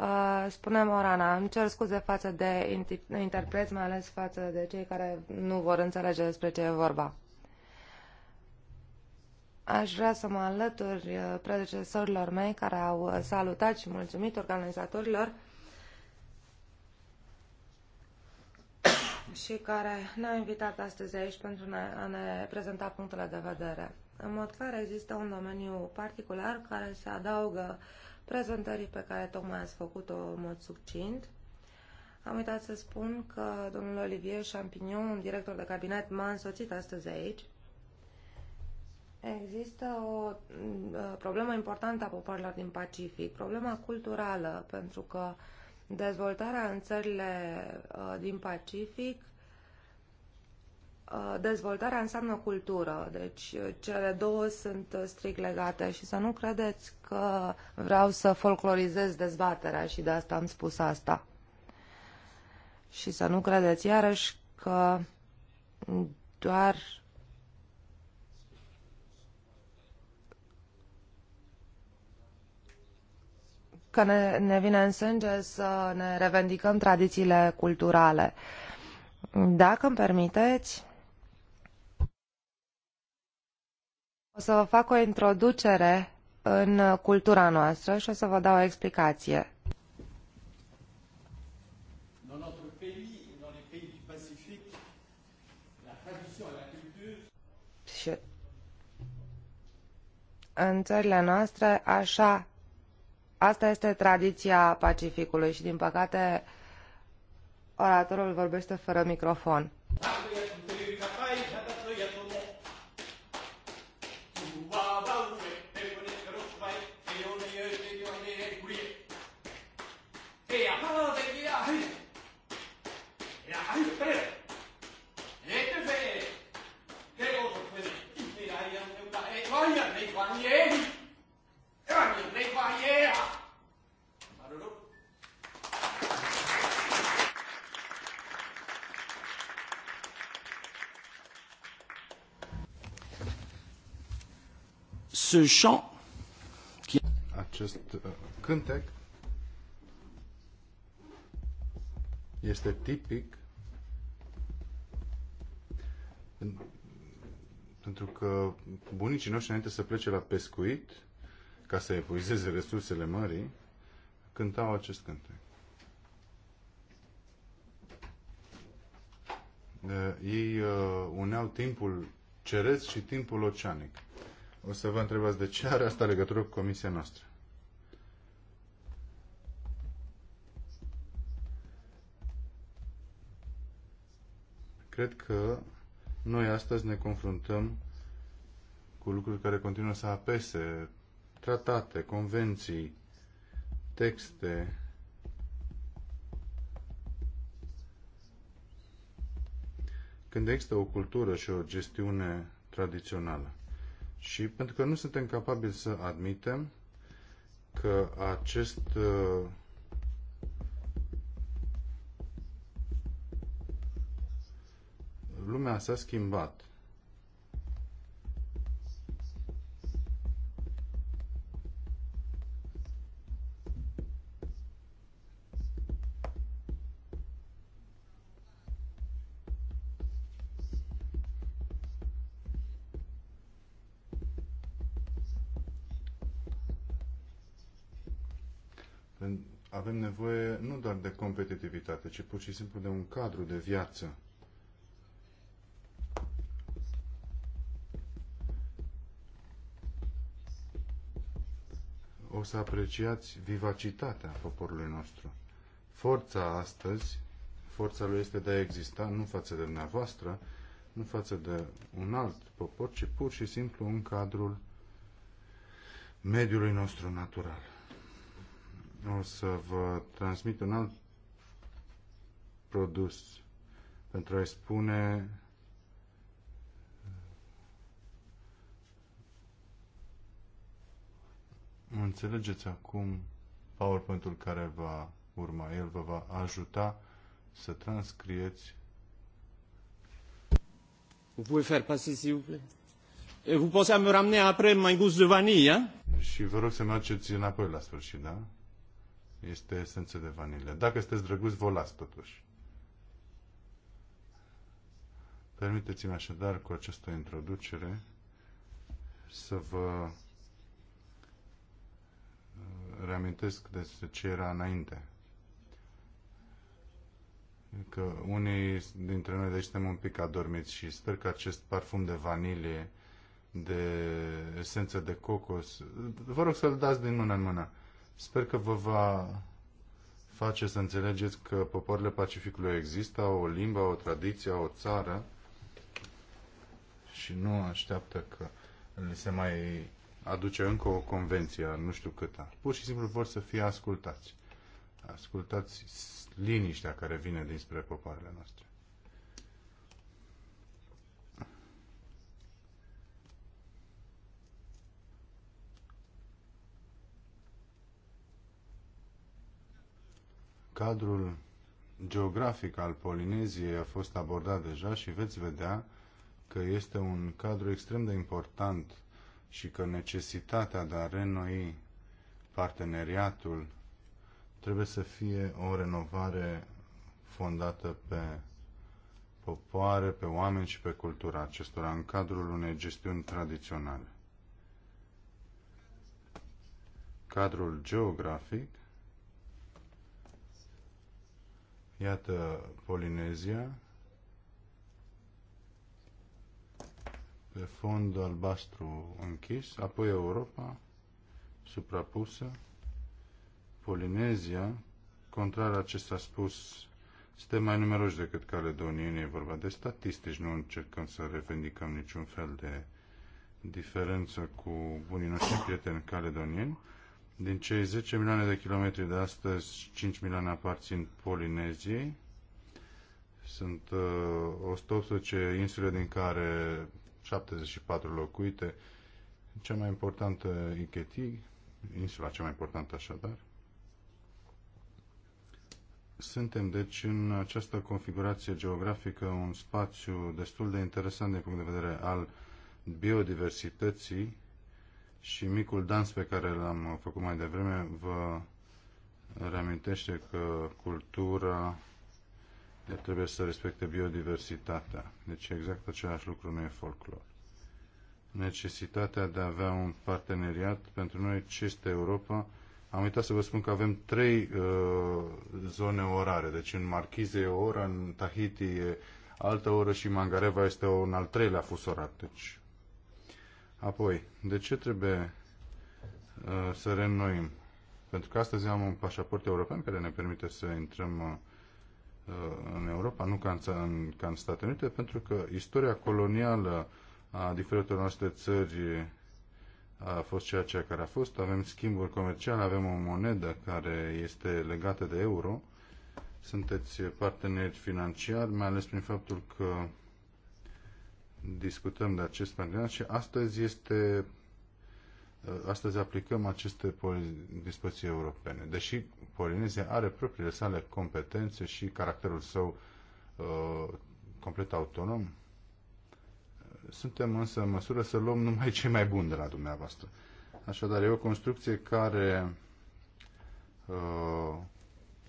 uh, spunem Orana, îmi cer scuze față de interpreți, mai ales față de cei care nu vor înțelege despre ce e vorba. Aș vrea să mă alătur predecesorilor mei care au salutat și mulțumit organizatorilor și care ne-a invitat astăzi aici pentru a ne prezenta punctele de vedere. În mod clar, există un domeniu particular care se adaugă prezentării pe care tocmai ați făcut-o în mod succint. Am uitat să spun că domnul Olivier Champignon, director de cabinet, m-a însoțit astăzi aici. Există o problemă importantă a popoarelor din Pacific, problema culturală, pentru că uh, dezvoltarea în țările uh, din Pacific uh, dezvoltarea înseamnă cultură, deci uh, cele două sunt strict legate și să nu credeți că vreau să folclorizez dezbaterea și de asta am spus asta. Și să nu credeți iarăși că doar că ne, ne vine în sânge să ne revendicăm tradițiile culturale. Dacă îmi permiteți, o să vă fac o introducere în cultura noastră și o să vă dau o explicație. în țările noastre, așa Asta este tradiția Pacificului și, din păcate, oratorul vorbește fără microfon. ce chant qui... Acest uh, cântec este tipic pentru că bunicii noștri înainte să plece la pescuit, ca să epuizeze resursele mării, cântau acest cântec. Uh, ei uh, uneau timpul ceresc și timpul oceanic o să vă întrebați de ce are asta legătură cu comisia noastră. Cred că noi astăzi ne confruntăm cu lucruri care continuă să apese, tratate, convenții, texte, când există o cultură și o gestiune tradițională și pentru că nu suntem capabili să admitem că acest uh, lumea s-a schimbat politică, ci deci pur și simplu de un cadru de viață. O să apreciați vivacitatea poporului nostru. Forța astăzi, forța lui este de a exista nu față de dumneavoastră, nu față de un alt popor, ci pur și simplu în cadrul mediului nostru natural. O să vă transmit un alt produs pentru a-i spune Înțelegeți acum PowerPoint-ul care va urma. El vă va ajuta să transcrieți. Vă pouvez faire passer, s'il vă plaît. Vă poți să à ramne apre mai gust de vanille, hein? Și vă rog să mă aduceți înapoi la sfârșit, da? Este esență de vanilă. Dacă sunteți drăguți, vă las totuși. Permiteți-mi așadar cu această introducere să vă uh, reamintesc despre ce era înainte. Că unii dintre noi deci suntem un pic adormiți și sper că acest parfum de vanilie, de esență de cocos, vă rog să-l dați din mână în mână. Sper că vă va face să înțelegeți că popoarele Pacificului există, au o limbă, au o tradiție, au o țară, și nu așteaptă că le se mai aduce încă o convenție, nu știu câta. Pur și simplu vor să fie ascultați. Ascultați liniștea care vine dinspre popoarele noastre. Cadrul geografic al Polineziei a fost abordat deja și veți vedea că este un cadru extrem de important și că necesitatea de a renoi parteneriatul trebuie să fie o renovare fondată pe popoare, pe oameni și pe cultura acestora în cadrul unei gestiuni tradiționale. Cadrul geografic Iată Polinezia, pe fond albastru închis, apoi Europa suprapusă, Polinezia, contrar a ce s-a spus, suntem mai numeroși decât caledonienii, e vorba de statistici, nu încercăm să revendicăm niciun fel de diferență cu bunii noștri prieteni caledonieni. Din cei 10 milioane de kilometri de astăzi, 5 milioane aparțin Polineziei. Sunt uh, 118 insule din care 74 locuite, cea mai importantă Icheti, insula cea mai importantă așadar. Suntem deci în această configurație geografică un spațiu destul de interesant din punct de vedere al biodiversității și micul dans pe care l-am făcut mai devreme vă reamintește că cultura trebuie să respecte biodiversitatea. Deci exact același lucru nu e folclor. Necesitatea de a avea un parteneriat, pentru noi ce este Europa, am uitat să vă spun că avem trei uh, zone orare. Deci în Marchize e o oră, în Tahiti e altă oră și Mangareva este un al treilea fus orar. Deci... Apoi, de ce trebuie uh, să reînnoim? Pentru că astăzi am un pașaport european care ne permite să intrăm uh, Uh, în Europa, nu ca în, în, ca în Statele Unite, pentru că istoria colonială a diferitelor noastre țări a fost ceea ce care a fost. Avem schimburi comerciale, avem o monedă care este legată de euro. Sunteți parteneri financiari, mai ales prin faptul că discutăm de acest parteneriat și astăzi este astăzi aplicăm aceste dispoziții europene. Deși Polinezia are propriile sale competențe și caracterul său uh, complet autonom, suntem însă în măsură să luăm numai cei mai buni de la dumneavoastră. Așadar, e o construcție care uh,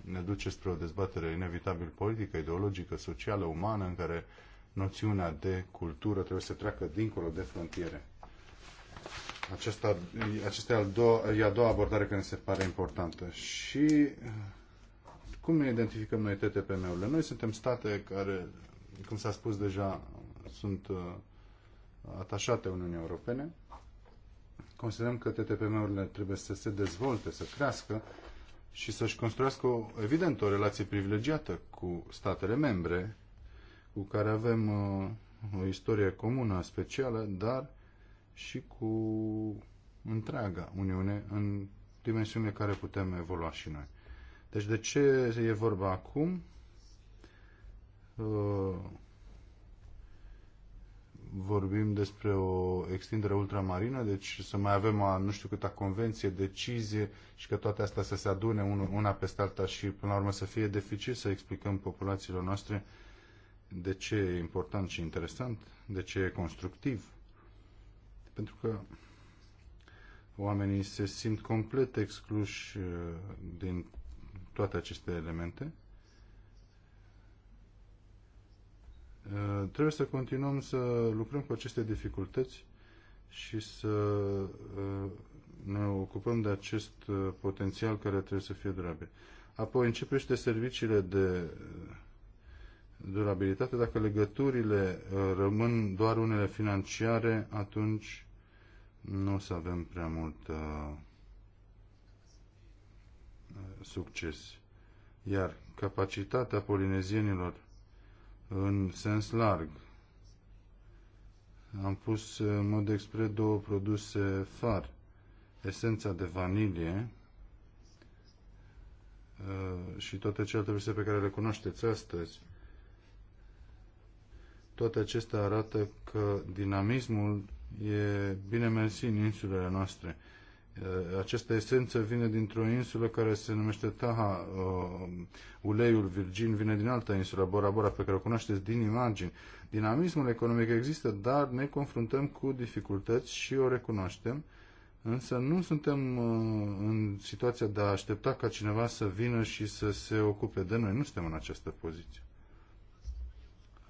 ne duce spre o dezbatere inevitabil politică, ideologică, socială, umană, în care noțiunea de cultură trebuie să treacă dincolo de frontiere. Aceasta, aceasta e, al doua, e a doua abordare care ne se pare importantă. Și uh, cum ne identificăm noi TTPM-urile? Noi suntem state care, cum s-a spus deja, sunt uh, atașate Uniunii Europene. Considerăm că TTPM-urile trebuie să se dezvolte, să crească și să-și construiască, o, evident, o relație privilegiată cu statele membre, cu care avem uh, o istorie comună specială, dar și cu întreaga Uniune în dimensiunile care putem evolua și noi. Deci de ce e vorba acum? Uh, vorbim despre o extindere ultramarină, deci să mai avem o nu știu câta convenție, decizie și că toate astea să se adune una peste alta și până la urmă să fie dificil să explicăm populațiilor noastre de ce e important și interesant, de ce e constructiv pentru că oamenii se simt complet excluși uh, din toate aceste elemente. Uh, trebuie să continuăm să lucrăm cu aceste dificultăți și să uh, ne ocupăm de acest potențial care trebuie să fie drabe. Apoi începește serviciile de durabilitate, dacă legăturile uh, rămân doar unele financiare, atunci nu o să avem prea mult uh, succes. Iar capacitatea polinezienilor în sens larg. Am pus uh, în mod expre două produse far. Esența de vanilie și toate celelalte produse pe care le cunoașteți astăzi toate acestea arată că dinamismul e bine mers în insulele noastre. Uh, această esență vine dintr-o insulă care se numește Taha. Uh, uleiul virgin vine din alta insulă, Bora Bora, pe care o cunoașteți din imagini. Dinamismul economic există, dar ne confruntăm cu dificultăți și o recunoaștem. Însă nu suntem uh, în situația de a aștepta ca cineva să vină și să se ocupe de noi. Nu suntem în această poziție.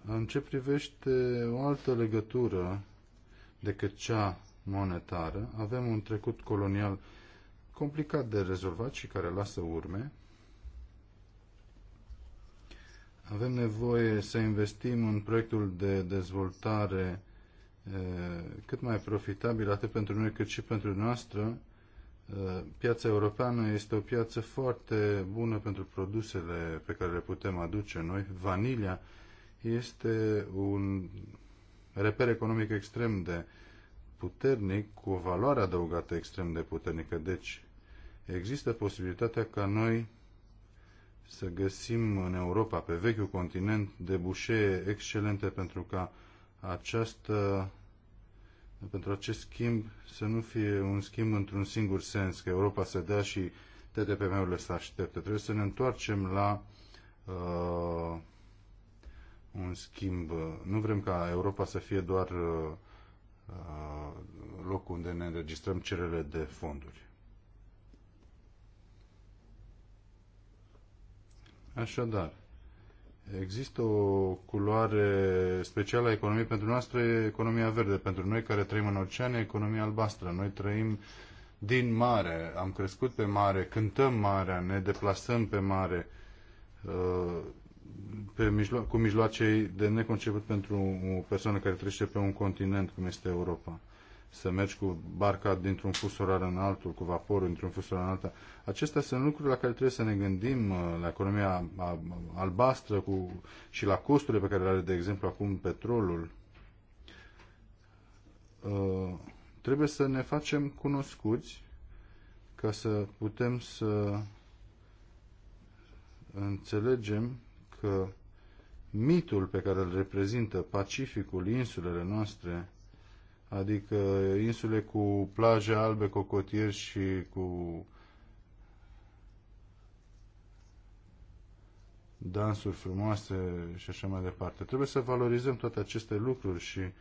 În ce privește o altă legătură decât cea monetară, avem un trecut colonial complicat de rezolvat și care lasă urme. Avem nevoie să investim în proiectul de dezvoltare cât mai profitabil atât pentru noi cât și pentru noastră. Piața europeană este o piață foarte bună pentru produsele pe care le putem aduce noi. Vanilia este un reper economic extrem de puternic, cu o valoare adăugată extrem de puternică. Deci există posibilitatea ca noi să găsim în Europa, pe vechiul continent, debușee excelente pentru ca această pentru acest schimb să nu fie un schimb într-un singur sens, că Europa să dea și TTPM-urile să aștepte. Trebuie să ne întoarcem la uh, un schimb. Nu vrem ca Europa să fie doar uh, uh, locul unde ne înregistrăm cerele de fonduri. Așadar, există o culoare specială a economiei. Pentru noastră e economia verde. Pentru noi care trăim în ocean e economia albastră. Noi trăim din mare, am crescut pe mare, cântăm marea, ne deplasăm pe mare. Uh, pe mijlo- cu mijloace de neconceput pentru o persoană care trece pe un continent cum este Europa. Să mergi cu barca dintr-un fus orar în altul, cu vaporul dintr-un fus orar în altul Acestea sunt lucruri la care trebuie să ne gândim, uh, la economia albastră cu, și la costurile pe care le are, de exemplu, acum petrolul. Uh, trebuie să ne facem cunoscuți ca să putem să înțelegem că mitul pe care îl reprezintă Pacificul, insulele noastre, adică insule cu plaje albe, cocotieri și cu dansuri frumoase și așa mai departe. Trebuie să valorizăm toate aceste lucruri și uh,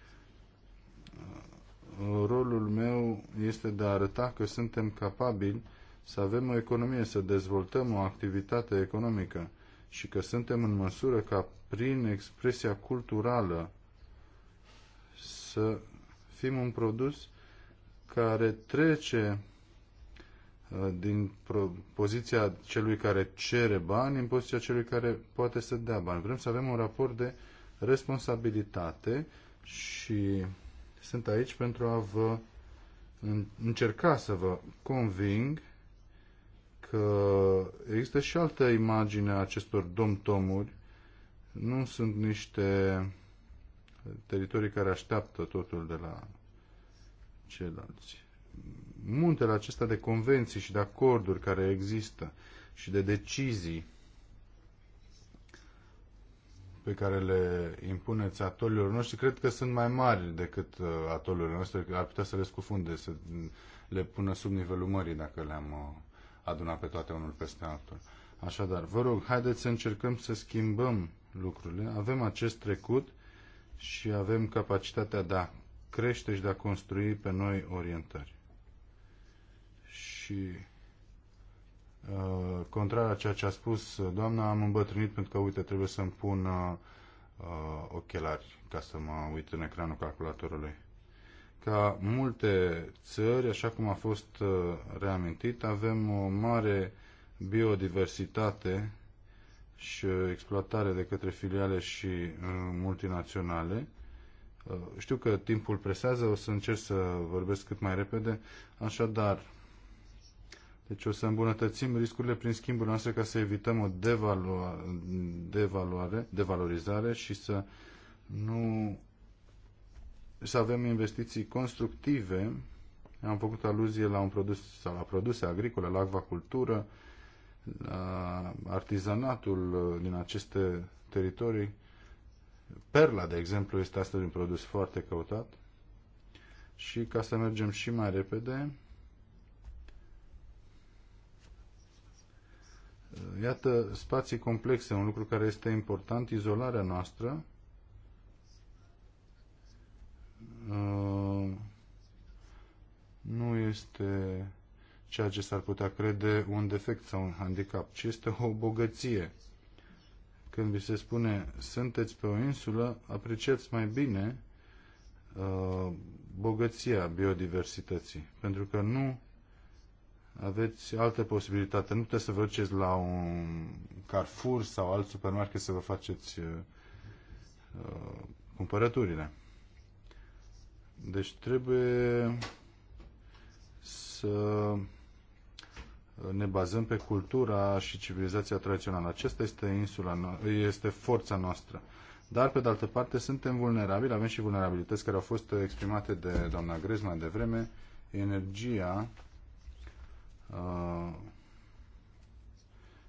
rolul meu este de a arăta că suntem capabili să avem o economie, să dezvoltăm o activitate economică și că suntem în măsură ca prin expresia culturală să fim un produs care trece uh, din poziția celui care cere bani în poziția celui care poate să dea bani. Vrem să avem un raport de responsabilitate și sunt aici pentru a vă încerca să vă conving că Există și altă imagine a acestor domtomuri. Nu sunt niște teritorii care așteaptă totul de la ceilalți. Muntele acesta de convenții și de acorduri care există și de decizii pe care le impuneți atolurilor noștri, cred că sunt mai mari decât uh, atolurile noastre, ar putea să le scufunde, să le pună sub nivelul mării dacă le-am uh, aduna pe toate unul peste altul. Așadar, vă rog, haideți să încercăm să schimbăm lucrurile. Avem acest trecut și avem capacitatea de a crește și de a construi pe noi orientări. Și uh, contrar a ceea ce a spus doamna, am îmbătrânit pentru că, uite, trebuie să-mi pun uh, uh ochelari ca să mă uit în ecranul calculatorului ca multe țări, așa cum a fost uh, reamintit, avem o mare biodiversitate și uh, exploatare de către filiale și uh, multinaționale. Știu că timpul presează, o să încerc să vorbesc cât mai repede. Așadar, deci o să îmbunătățim riscurile prin schimburile noastre ca să evităm o devalua, devaluare, devalorizare și să nu să avem investiții constructive. Am făcut aluzie la un produs sau la produse agricole, la acvacultură, la artizanatul din aceste teritorii. Perla, de exemplu, este astăzi un produs foarte căutat. Și ca să mergem și mai repede, Iată, spații complexe, un lucru care este important, izolarea noastră Uh, nu este ceea ce s-ar putea crede un defect sau un handicap, ci este o bogăție. Când vi se spune sunteți pe o insulă, apreciați mai bine uh, bogăția biodiversității, pentru că nu aveți altă posibilitate. Nu puteți să vă duceți la un Carrefour sau alt supermarket să vă faceți uh, cumpărăturile. Deci trebuie să ne bazăm pe cultura și civilizația tradițională. Aceasta este insula, este forța noastră. Dar, pe de altă parte, suntem vulnerabili, avem și vulnerabilități care au fost exprimate de doamna Grez mai devreme. Energia, uh,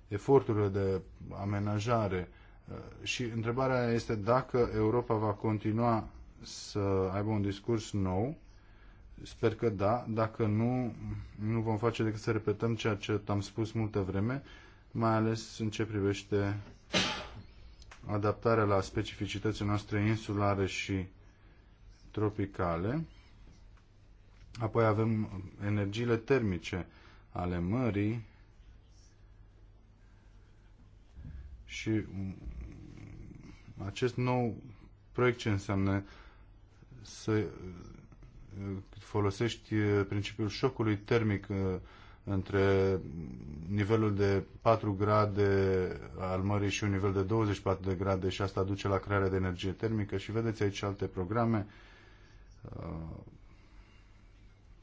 eforturile de amenajare uh, și întrebarea este dacă Europa va continua să aibă un discurs nou. Sper că da. Dacă nu, nu vom face decât să repetăm ceea ce am spus multă vreme, mai ales în ce privește adaptarea la specificitățile noastre insulare și tropicale. Apoi avem energiile termice ale mării și acest nou proiect ce înseamnă să uh, folosești uh, principiul șocului termic uh, între nivelul de 4 grade al mării și un nivel de 24 de grade și asta duce la crearea de energie termică și vedeți aici alte programe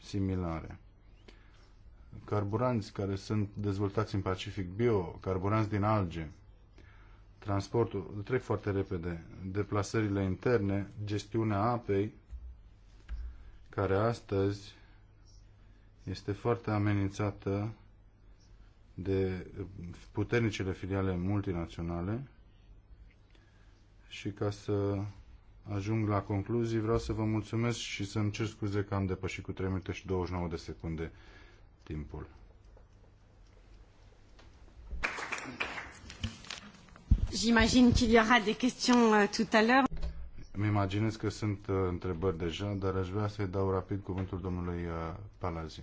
similare. Carburanți care sunt dezvoltați în Pacific Bio, carburanți din alge, transportul, trec foarte repede, deplasările interne, gestiunea apei, care astăzi este foarte amenințată de puternicele filiale multinaționale și ca să ajung la concluzii, vreau să vă mulțumesc și să-mi cer scuze că am depășit cu 3 minute și 29 de secunde timpul. J'imagine qu'il y aura des questions euh, tout à l'heure. Îmi imaginez că sunt euh, întrebări déjà, dar aș vrea să-i dau rapid cuvântul domnului uh, Palazzi.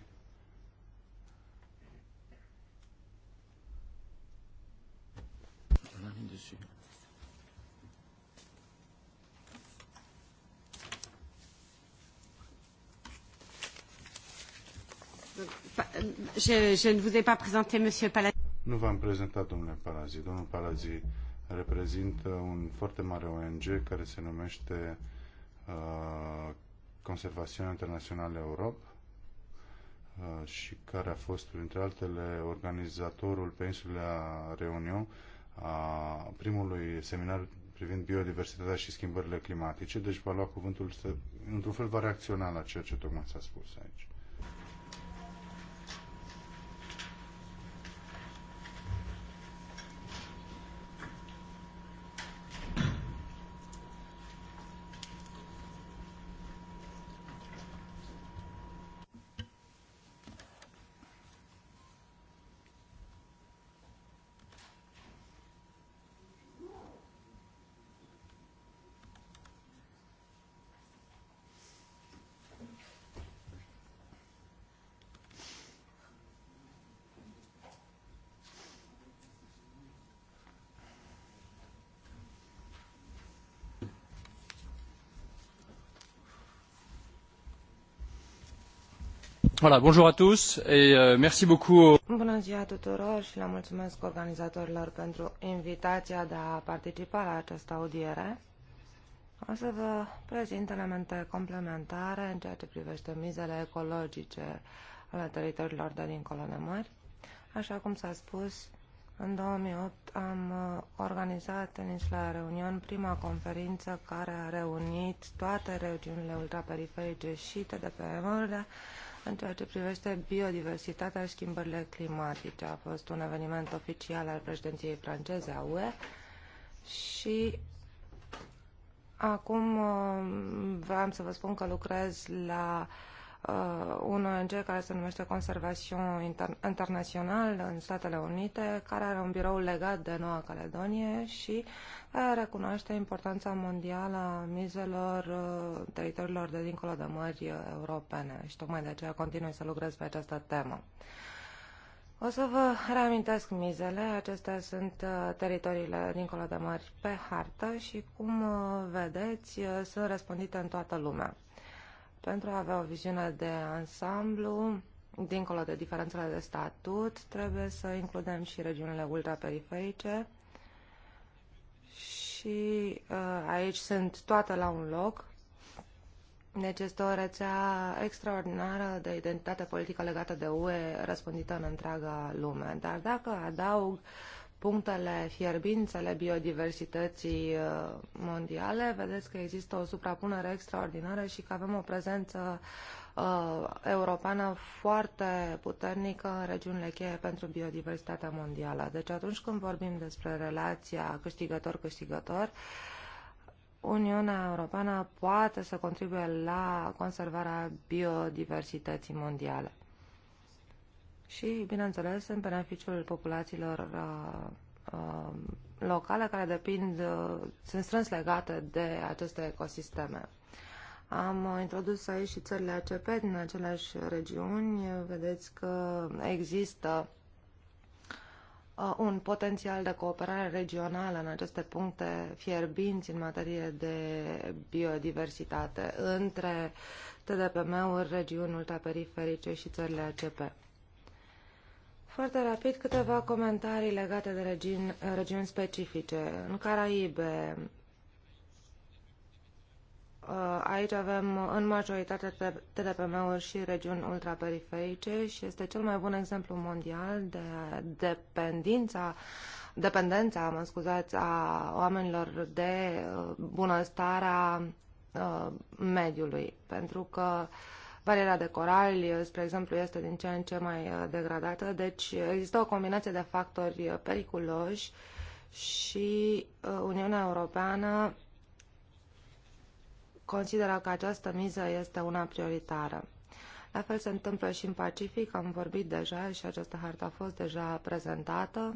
Euh, je, je ne vous ai pas présenté Monsieur Palazzi. Nous vous présenter, prezentat, Palazzi. Domnul Palazzi reprezintă un foarte mare ONG care se numește uh, Conservation Internațională Europe uh, și care a fost, printre altele, organizatorul pe insula Reunion a primului seminar privind biodiversitatea și schimbările climatice, deci va lua cuvântul să, într-un fel, va reacționa la ceea ce tocmai s-a spus aici. Voilà, bonjour à tous et euh, merci beaucoup. Bună ziua tuturor și le mulțumesc organizatorilor pentru invitația de a participa la această audiere. O să vă prezint elemente complementare în ceea ce privește mizele ecologice ale teritoriilor de dincolo de mări. Așa cum s-a spus, în 2008 am uh, organizat în Isla Reunion prima conferință care a reunit toate regiunile ultraperiferice și TDPM-urile în ceea ce privește biodiversitatea și schimbările climatice, a fost un eveniment oficial al președinției franceze a UE și acum uh, vreau să vă spun că lucrez la uh, uh, un ONG care se numește Conservation Inter International în Statele Unite, care are un birou legat de Noua Caledonie și uh, recunoaște importanța mondială a mizelor uh, teritoriilor de dincolo de mări uh, europene și tocmai de aceea continui să lucrez pe această temă. O să vă reamintesc mizele. Acestea sunt uh, teritoriile dincolo de mări pe hartă și, cum uh, vedeți, sunt răspândite în toată lumea. Pentru a avea o viziune de ansamblu, dincolo de diferențele de statut, trebuie să includem și regiunile ultraperiferice și uh, aici sunt toate la un loc. Deci este o rețea extraordinară de identitate politică legată de UE răspândită în întreaga lume. Dar dacă adaug punctele fierbințele biodiversității uh, mondiale, vedeți că există o suprapunere extraordinară și că avem o prezență uh, europeană foarte puternică în regiunile cheie pentru biodiversitatea mondială. Deci atunci când vorbim despre relația câștigător-câștigător, Uniunea Europeană poate să contribuie la conservarea biodiversității mondiale și, bineînțeles, în beneficiul populațiilor uh, uh, locale care depind, uh, sunt strâns legate de aceste ecosisteme. Am introdus aici și țările ACP din aceleași regiuni. Vedeți că există un potențial de cooperare regională în aceste puncte fierbinți în materie de biodiversitate între TDPM-uri, regiuni ultraperiferice și țările ACP. Foarte rapid, câteva comentarii legate de regiuni, regiuni specifice. În Caraibe, uh, aici avem în majoritate TDPM-uri și regiuni ultraperiferice și este cel mai bun exemplu mondial de dependința dependența, mă scuzați, a oamenilor de uh, bunăstarea uh, mediului, pentru că uh, Bariera de corali, spre exemplu, este din ce în ce mai uh, degradată, deci uh, există o combinație de factori uh, periculoși și Uniunea Europeană consideră că această miză este una prioritară. La fel se întâmplă și în Pacific, am vorbit deja și această hartă a fost deja prezentată.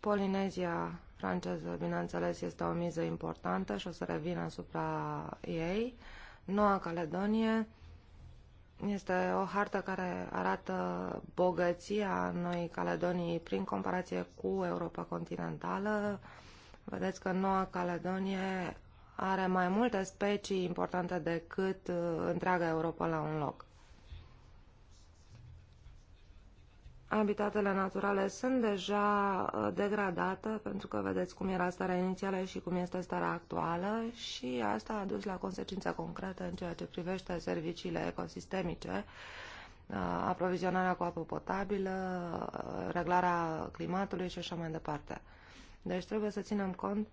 Polinezia franceză, bineînțeles, este o miză importantă și o să revin asupra ei. Uh, Noua Caledonie este o hartă care arată bogăția Noii Caledonii prin comparație cu Europa continentală. Vedeți că Noua Caledonie are mai multe specii importante decât uh, întreaga Europa la un loc. habitatele naturale sunt deja uh, degradate, pentru că vedeți cum era starea inițială și cum este starea actuală și asta a dus la consecințe concrete în ceea ce privește serviciile ecosistemice, uh, aprovizionarea cu apă potabilă, uh, reglarea climatului și așa mai departe. Deci trebuie să ținem cont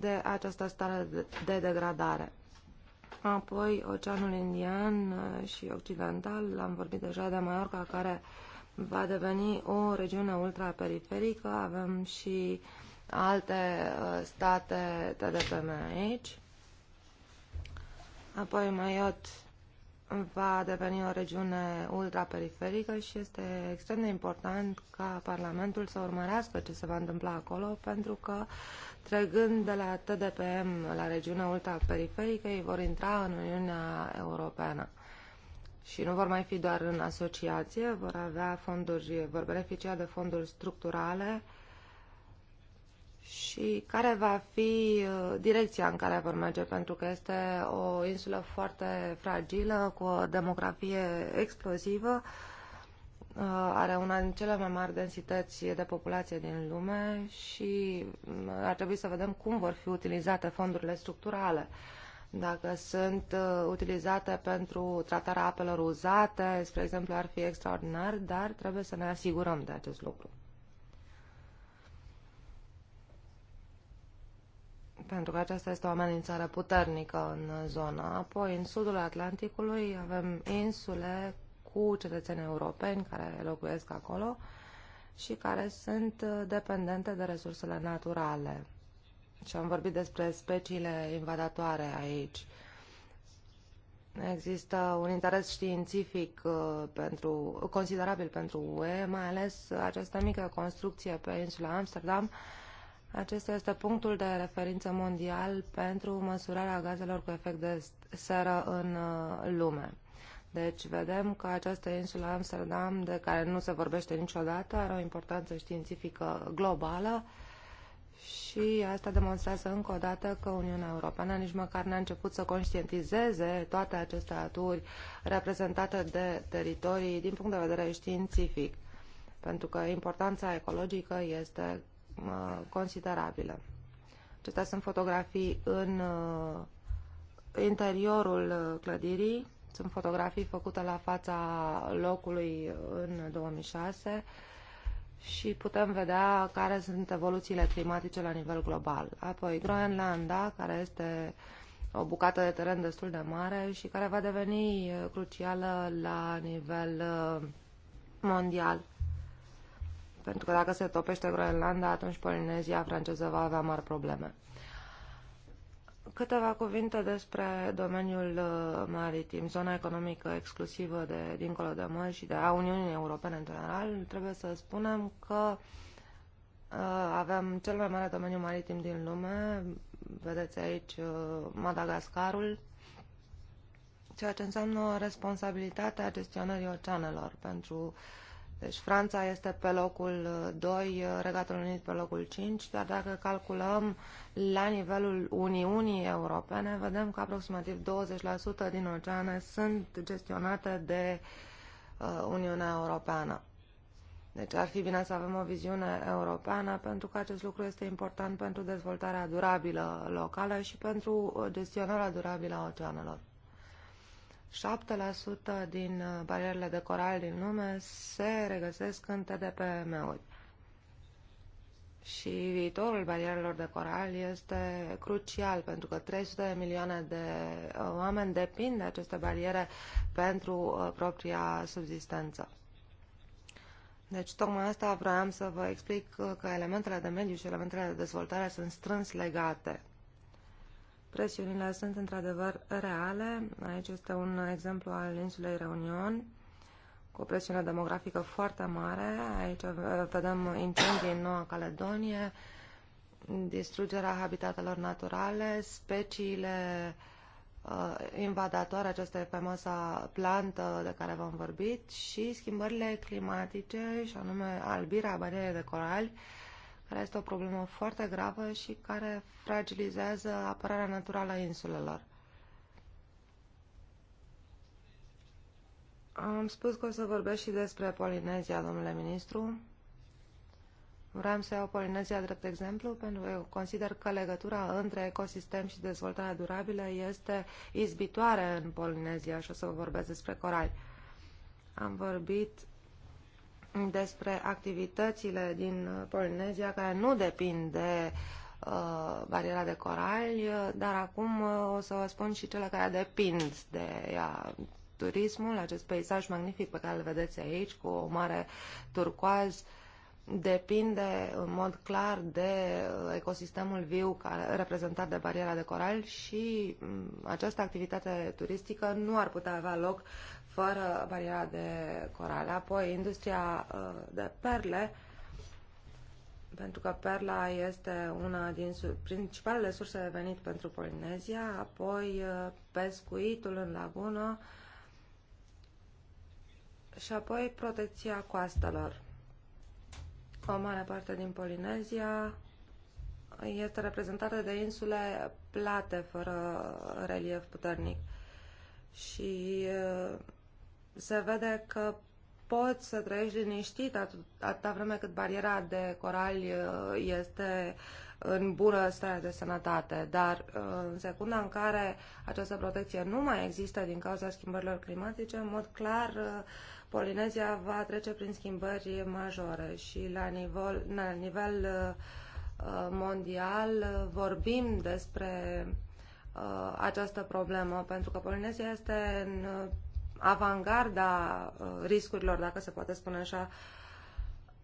de această stare de degradare. Apoi, Oceanul Indian și Occidental, am vorbit deja de Mallorca, care va deveni o regiune ultraperiferică, avem și alte uh, state TDPM aici. Apoi Maiot va deveni o regiune ultraperiferică și este extrem de important ca Parlamentul să urmărească ce se va întâmpla acolo, pentru că trecând de la TDPM la regiunea ultraperiferică, ei vor intra în Uniunea Europeană și nu vor mai fi doar în asociație, vor avea fonduri, vor beneficia de fonduri structurale și care va fi uh, direcția în care vor merge, pentru că este o insulă foarte fragilă, cu o demografie explozivă, uh, are una din cele mai mari densități de populație din lume și mm, ar trebui să vedem cum vor fi utilizate fondurile structurale dacă sunt uh, utilizate pentru tratarea apelor uzate, spre exemplu, ar fi extraordinar, dar trebuie să ne asigurăm de acest lucru. pentru că aceasta este o amenințare puternică în zona. Apoi, în sudul Atlanticului avem insule cu cetățeni europeni care locuiesc acolo și care sunt uh, dependente de resursele naturale și am vorbit despre speciile invadatoare aici. Există un interes științific uh, pentru, considerabil pentru UE, mai ales această mică construcție pe insula Amsterdam. Acesta este punctul de referință mondial pentru măsurarea gazelor cu efect de seră în uh, lume. Deci vedem că această insulă Amsterdam, de care nu se vorbește niciodată, are o importanță științifică globală și asta demonstrează încă o dată că Uniunea Europeană nici măcar n-a început să conștientizeze toate aceste aturi reprezentate de teritorii din punct de vedere științific, pentru că importanța ecologică este considerabilă. Acestea sunt fotografii în uh, interiorul uh, clădirii, sunt fotografii făcute la fața locului în 2006, și putem vedea care sunt evoluțiile climatice la nivel global. Apoi Groenlanda, care este o bucată de teren destul de mare și care va deveni eh, crucială la nivel eh, mondial. Pentru că dacă se topește Groenlanda, atunci Polinezia franceză va avea mari probleme. Câteva cuvinte despre domeniul uh, maritim, zona economică exclusivă de dincolo de mări și de a Uniunii Europene în general. Trebuie să spunem că uh, avem cel mai mare domeniu maritim din lume, vedeți aici uh, Madagascarul, ceea ce înseamnă responsabilitatea gestionării oceanelor pentru uh, deci Franța este pe locul 2, Regatul Unit pe locul 5, dar dacă calculăm la nivelul Uniunii Europene, vedem că aproximativ 20% din oceane sunt gestionate de uh, Uniunea Europeană. Deci ar fi bine să avem o viziune europeană pentru că acest lucru este important pentru dezvoltarea durabilă locală și pentru uh, gestionarea durabilă a oceanelor. 7% din uh, barierele de coral din lume se regăsesc în TDPM-uri. Și viitorul barierelor de coral este crucial pentru că 300 de milioane de uh, oameni depind de aceste bariere pentru uh, propria subsistență. Deci tocmai asta vreau să vă explic că elementele de mediu și elementele de dezvoltare sunt strâns legate Presiunile sunt într-adevăr reale. Aici este un exemplu al insulei Reunion, cu o presiune demografică foarte mare. Aici uh, vedem incendii în Noua Caledonie, distrugerea habitatelor naturale, speciile uh, invadatoare, aceasta e faimoasa plantă de care v-am vorbit, și schimbările climatice, și anume albirea barierei de corali, care este o problemă foarte gravă și care fragilizează apărarea naturală a insulelor. Am spus că o să vorbesc și despre Polinezia, domnule ministru. Vreau să iau Polinezia drept exemplu, pentru că eu consider că legătura între ecosistem și dezvoltarea durabilă este izbitoare în Polinezia și o să vorbesc despre corali. Am vorbit despre activitățile din uh, Polinezia care nu depind de uh, bariera de corali, uh, dar acum uh, o să vă spun și cele care depind de ea. Turismul, acest peisaj magnific pe care îl vedeți aici, cu o mare turcoaz, depinde în mod clar de uh, ecosistemul viu care, reprezentat de bariera de coral și mm, această activitate turistică nu ar putea avea loc fără bariera de coral. Apoi, industria uh, de perle, pentru că perla este una din principalele surse de venit pentru Polinezia, apoi uh, pescuitul în lagună și apoi protecția coastelor. O mare parte din Polinezia este reprezentată de insule plate fără relief puternic și uh, se vede că poți să trăiești liniștit atâta vreme cât bariera de corali uh, este în bună stare de sănătate, dar uh, în secunda în care această protecție nu mai există din cauza schimbărilor climatice, în mod clar uh, Polinezia va trece prin schimbări majore și la nivel, la nivel mondial vorbim despre această problemă, pentru că Polinezia este în avangarda uh, riscurilor, dacă se poate spune așa,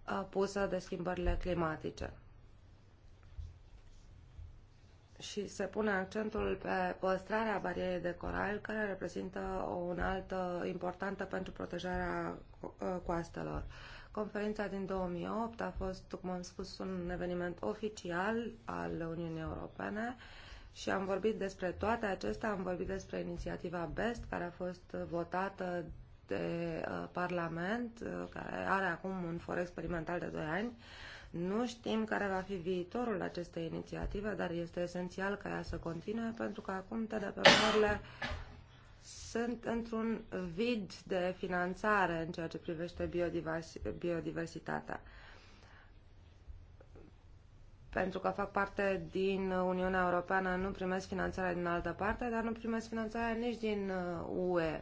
uh, pusă de schimbările climatice. Și se pune accentul pe păstrarea barierei de coral, care reprezintă o altă importantă pentru protejarea uh, coastelor. Conferința din 2008 a fost, cum am spus, un eveniment oficial al Uniunii Europene, uh, și am vorbit despre toate acestea, am vorbit despre inițiativa BEST, care a fost votată de uh, Parlament, uh, care are acum un for experimental de 2 ani. Nu știm care va fi viitorul acestei inițiative, dar este esențial ca ea să continue, pentru că acum TDP-urile sunt într-un vid de finanțare în ceea ce privește biodiversitatea. Uh, pentru că fac parte din Uniunea Europeană, nu primesc finanțarea din altă parte, dar nu primesc finanțarea nici din UE. Uh,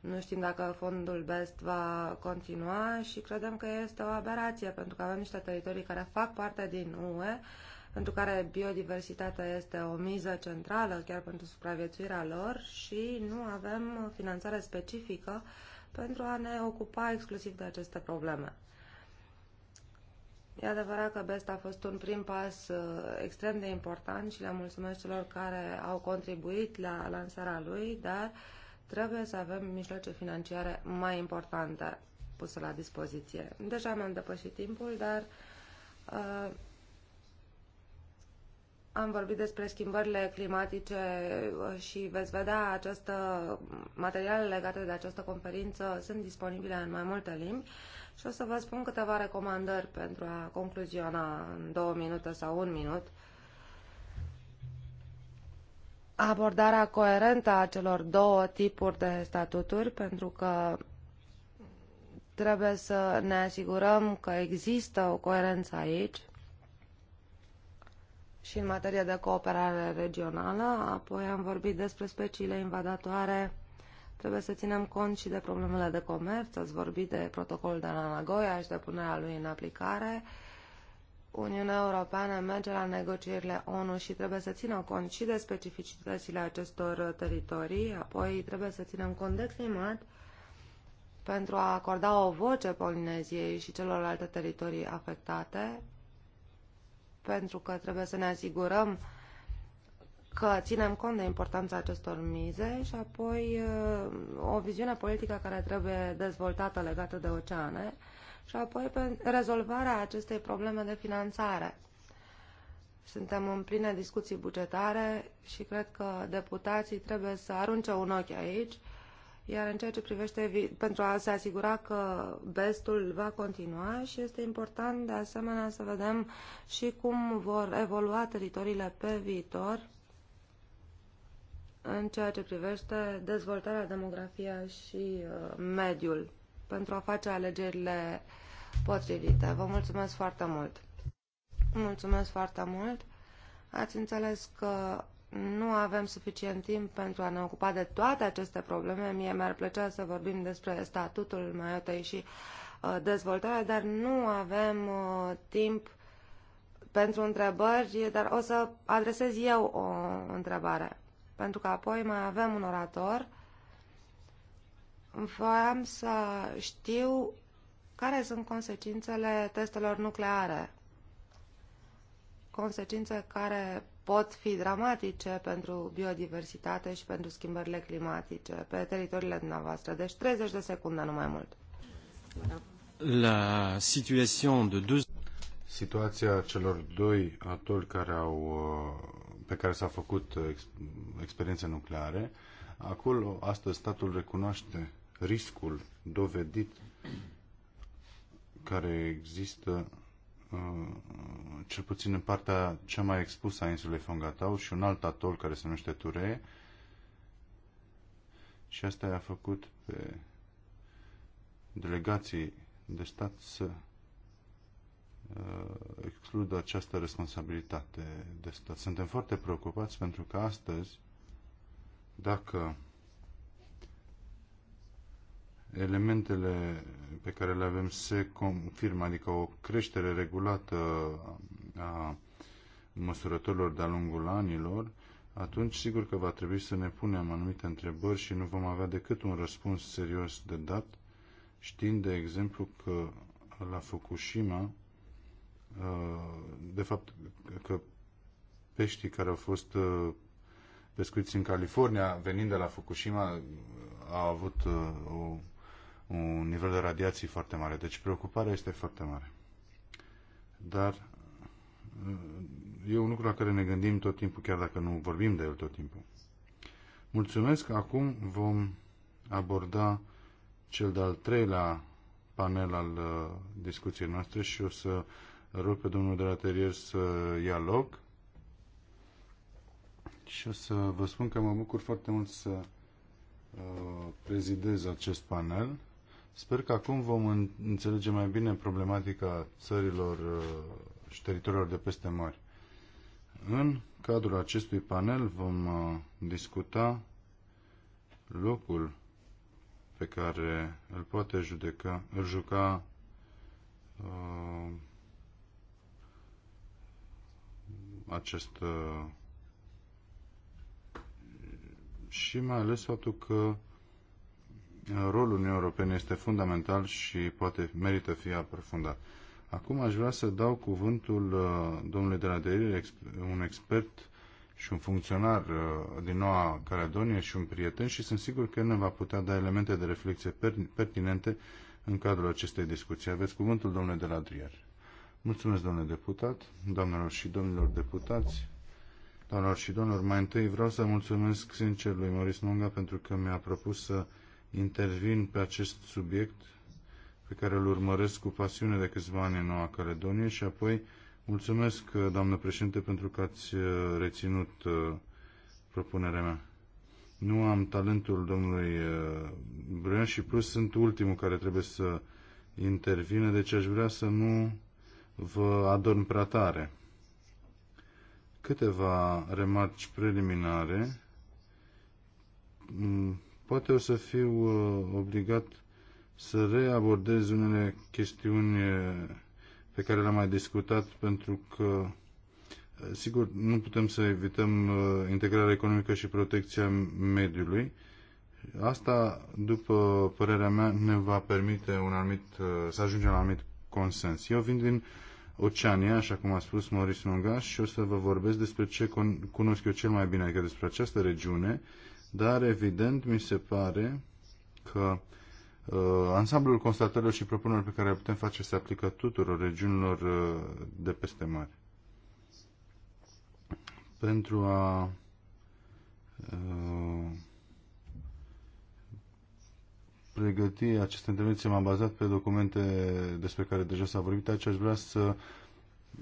nu știm dacă fondul BEST va continua și credem că este o aberație, pentru că avem niște teritorii care fac parte din UE, pentru care biodiversitatea este o miză centrală chiar pentru supraviețuirea lor și nu avem finanțare specifică pentru a ne ocupa exclusiv de aceste probleme. E adevărat că BEST a fost un prim pas uh, extrem de important și le mulțumesc celor care au contribuit la lansarea lui, dar trebuie să avem mijloace financiare mai importante puse la dispoziție. Deja mi-am depășit timpul, dar uh, am vorbit despre schimbările climatice uh, și veți vedea această, materiale legate de această conferință sunt disponibile în mai multe limbi și o să vă spun câteva recomandări pentru a concluziona în două minute sau un minut abordarea coerentă a celor două tipuri de statuturi, pentru că trebuie să ne asigurăm că există o coerență aici și în materie de cooperare regională. Apoi am vorbit despre speciile invadatoare Trebuie să ținem cont și de problemele de comerț. Ați vorbit de protocolul de la Nagoya și de punerea lui în aplicare. Uniunea Europeană merge la negocierile ONU și trebuie să țină cont și de specificitățile acestor teritorii, apoi trebuie să ținem cont de climat pentru a acorda o voce Polineziei și celorlalte teritorii afectate, pentru că trebuie să ne asigurăm uh, că ținem cont de importanța acestor mize și apoi uh, o viziune politică care trebuie dezvoltată legată de oceane și apoi rezolvarea acestei probleme de finanțare. Suntem în pline discuții bugetare și cred că deputații trebuie să arunce un ochi aici, iar în ceea ce privește pentru a se asigura că bestul va continua și este important de asemenea să vedem și cum vor evolua teritoriile pe viitor în ceea ce privește dezvoltarea, demografia și uh, mediul pentru a face alegerile potrivite. Vă mulțumesc foarte mult! Mulțumesc foarte mult! Ați înțeles că nu avem suficient timp pentru a ne ocupa de toate aceste probleme. Mie mi-ar plăcea să vorbim despre statutul Maiotei și uh, dezvoltarea, dar nu avem uh, timp pentru întrebări, dar o să adresez eu o întrebare pentru că apoi mai avem un orator, voiam să știu care sunt consecințele testelor nucleare. Consecințe care pot fi dramatice pentru biodiversitate și pentru schimbările climatice pe teritoriile dumneavoastră. Deci 30 de secunde, nu mai mult. La situația de deux... Situația celor doi atoli care au uh, pe care s-a făcut uh, experiențe nucleare, acolo astăzi statul recunoaște riscul dovedit care există uh, cel puțin în partea cea mai expusă a insulei Fongatau și un alt atol care se numește Ture. Și asta i-a făcut pe delegații de stat să Uh, excludă această responsabilitate de stat. Suntem foarte preocupați pentru că astăzi, dacă elementele pe care le avem se confirmă, adică o creștere regulată a măsurătorilor de-a lungul anilor, atunci sigur că va trebui să ne punem anumite întrebări și nu vom avea decât un răspuns serios de dat, știind de exemplu că la Fukushima de fapt că peștii care au fost pescuiți uh, în California, venind de la Fukushima, au avut uh, o, un nivel de radiații foarte mare. Deci preocuparea este foarte mare. Dar uh, e un lucru la care ne gândim tot timpul, chiar dacă nu vorbim de el tot timpul. Mulțumesc. Acum vom aborda cel de-al treilea panel al discuției noastre și o să rog pe domnul de la Terier să ia loc. Și o să vă spun că mă bucur foarte mult să uh, prezidez acest panel. Sper că acum vom înțelege mai bine problematica țărilor uh, și teritoriilor de peste mari. În cadrul acestui panel vom uh, discuta locul pe care îl poate judeca, îl juca uh, acest uh, și mai ales faptul că uh, rolul Uniunii Europene este fundamental și poate merită fi aprofundat. Acum aș vrea să dau cuvântul uh, domnului de la Deire, un expert și un funcționar din Noua Caledonie și un prieten și sunt sigur că ne va putea da elemente de reflexie pertinente în cadrul acestei discuții. Aveți cuvântul, domnule de la Drier. Mulțumesc, domnule deputat, doamnelor și domnilor deputați. Doamnelor și domnilor, mai întâi vreau să mulțumesc sincer lui Moris Monga pentru că mi-a propus să intervin pe acest subiect pe care îl urmăresc cu pasiune de câțiva ani în Noua Caledonie și apoi mulțumesc, doamnă președinte, pentru că ați uh, reținut uh, propunerea mea. Nu am talentul domnului uh, Brian și plus sunt ultimul care trebuie să intervine, deci aș vrea să nu vă adorm prea tare. Câteva remarci preliminare. Mm, poate o să fiu uh, obligat să reabordez unele chestiuni uh, pe care le-am mai discutat, pentru că, uh, sigur, nu putem să evităm integrarea economică și protecția mediului. Asta, după părerea mea, ne va permite un anumit, să ajungem la un anumit consens. Eu vin din Oceania, așa cum a spus Maurice Longa, și o să vă vorbesc despre ce cunosc eu cel mai bine, adică despre această regiune, dar evident mi se pare că uh, ansamblul constatărilor și propunerilor pe care le putem face se aplică tuturor regiunilor uh, de peste mare. Pentru a uh, pregăti această intervenție m-am bazat pe documente despre care deja s-a vorbit. Aici aș vrea să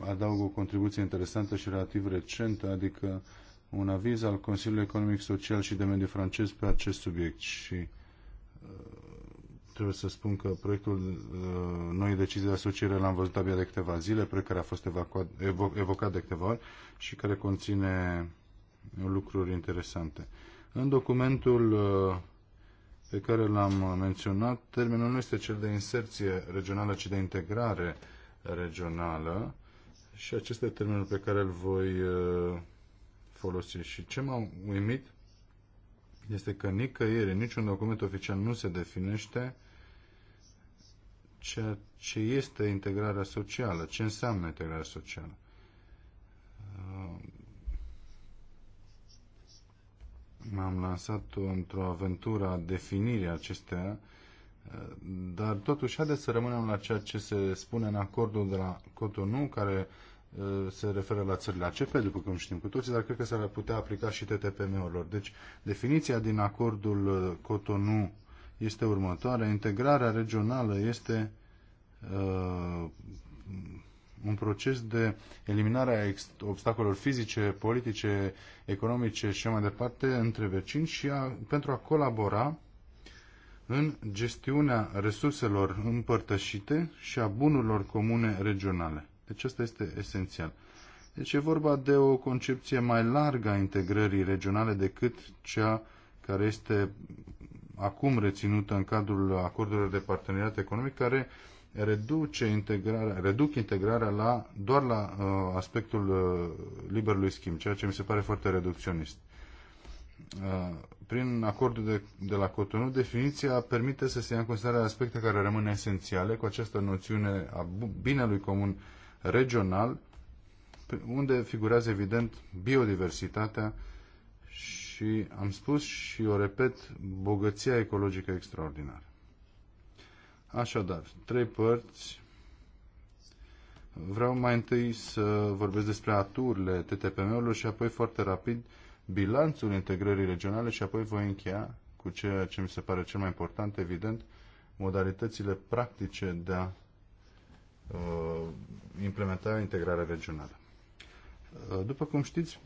adaug o contribuție interesantă și relativ recentă, adică un aviz al Consiliului Economic, Social și de Mediu francez pe acest subiect și uh, trebuie să spun că proiectul uh, noi decizii de asociere l-am văzut abia de câteva zile, proiect care a fost evacuat, evo, evocat de câteva ori și care conține lucruri interesante. În documentul uh, pe care l-am menționat, termenul nu este cel de inserție regională, ci de integrare regională și acesta termenul pe care îl voi uh, folosi. Și ce m-a uimit este că nicăieri, niciun document oficial nu se definește ceea ce este integrarea socială, ce înseamnă integrarea socială. Uh, M-am lansat într-o aventură a definirii acestea, dar totuși haideți să rămânem la ceea ce se spune în acordul de la Cotonou, care uh, se referă la țările ACP, după cum știm cu toții, dar cred că s-ar putea aplica și TTPM-urilor. Deci, definiția din acordul uh, Cotonou este următoarea. Integrarea regională este uh, un proces de eliminare a obstacolelor fizice, politice, economice și mai departe între vecini și a, pentru a colabora în gestiunea resurselor împărtășite și a bunurilor comune regionale. Deci asta este esențial. Deci e vorba de o concepție mai largă a integrării regionale decât cea care este acum reținută în cadrul acordurilor de parteneriat economic, care reduce integrarea, reduc integrarea la, doar la uh, aspectul uh, liberului schimb, ceea ce mi se pare foarte reducționist. Uh, prin acordul de, de la Cotonou, definiția permite să se ia în considerare aspecte care rămân esențiale cu această noțiune a binelui comun regional, unde figurează evident biodiversitatea și, am spus și o repet, bogăția ecologică extraordinară. Așadar, trei părți. Vreau mai întâi să vorbesc despre aturile TTPM-ului și apoi foarte rapid bilanțul integrării regionale și apoi voi încheia cu ceea ce mi se pare cel mai important, evident, modalitățile practice de a uh, implementa integrarea regională. Uh, după cum știți,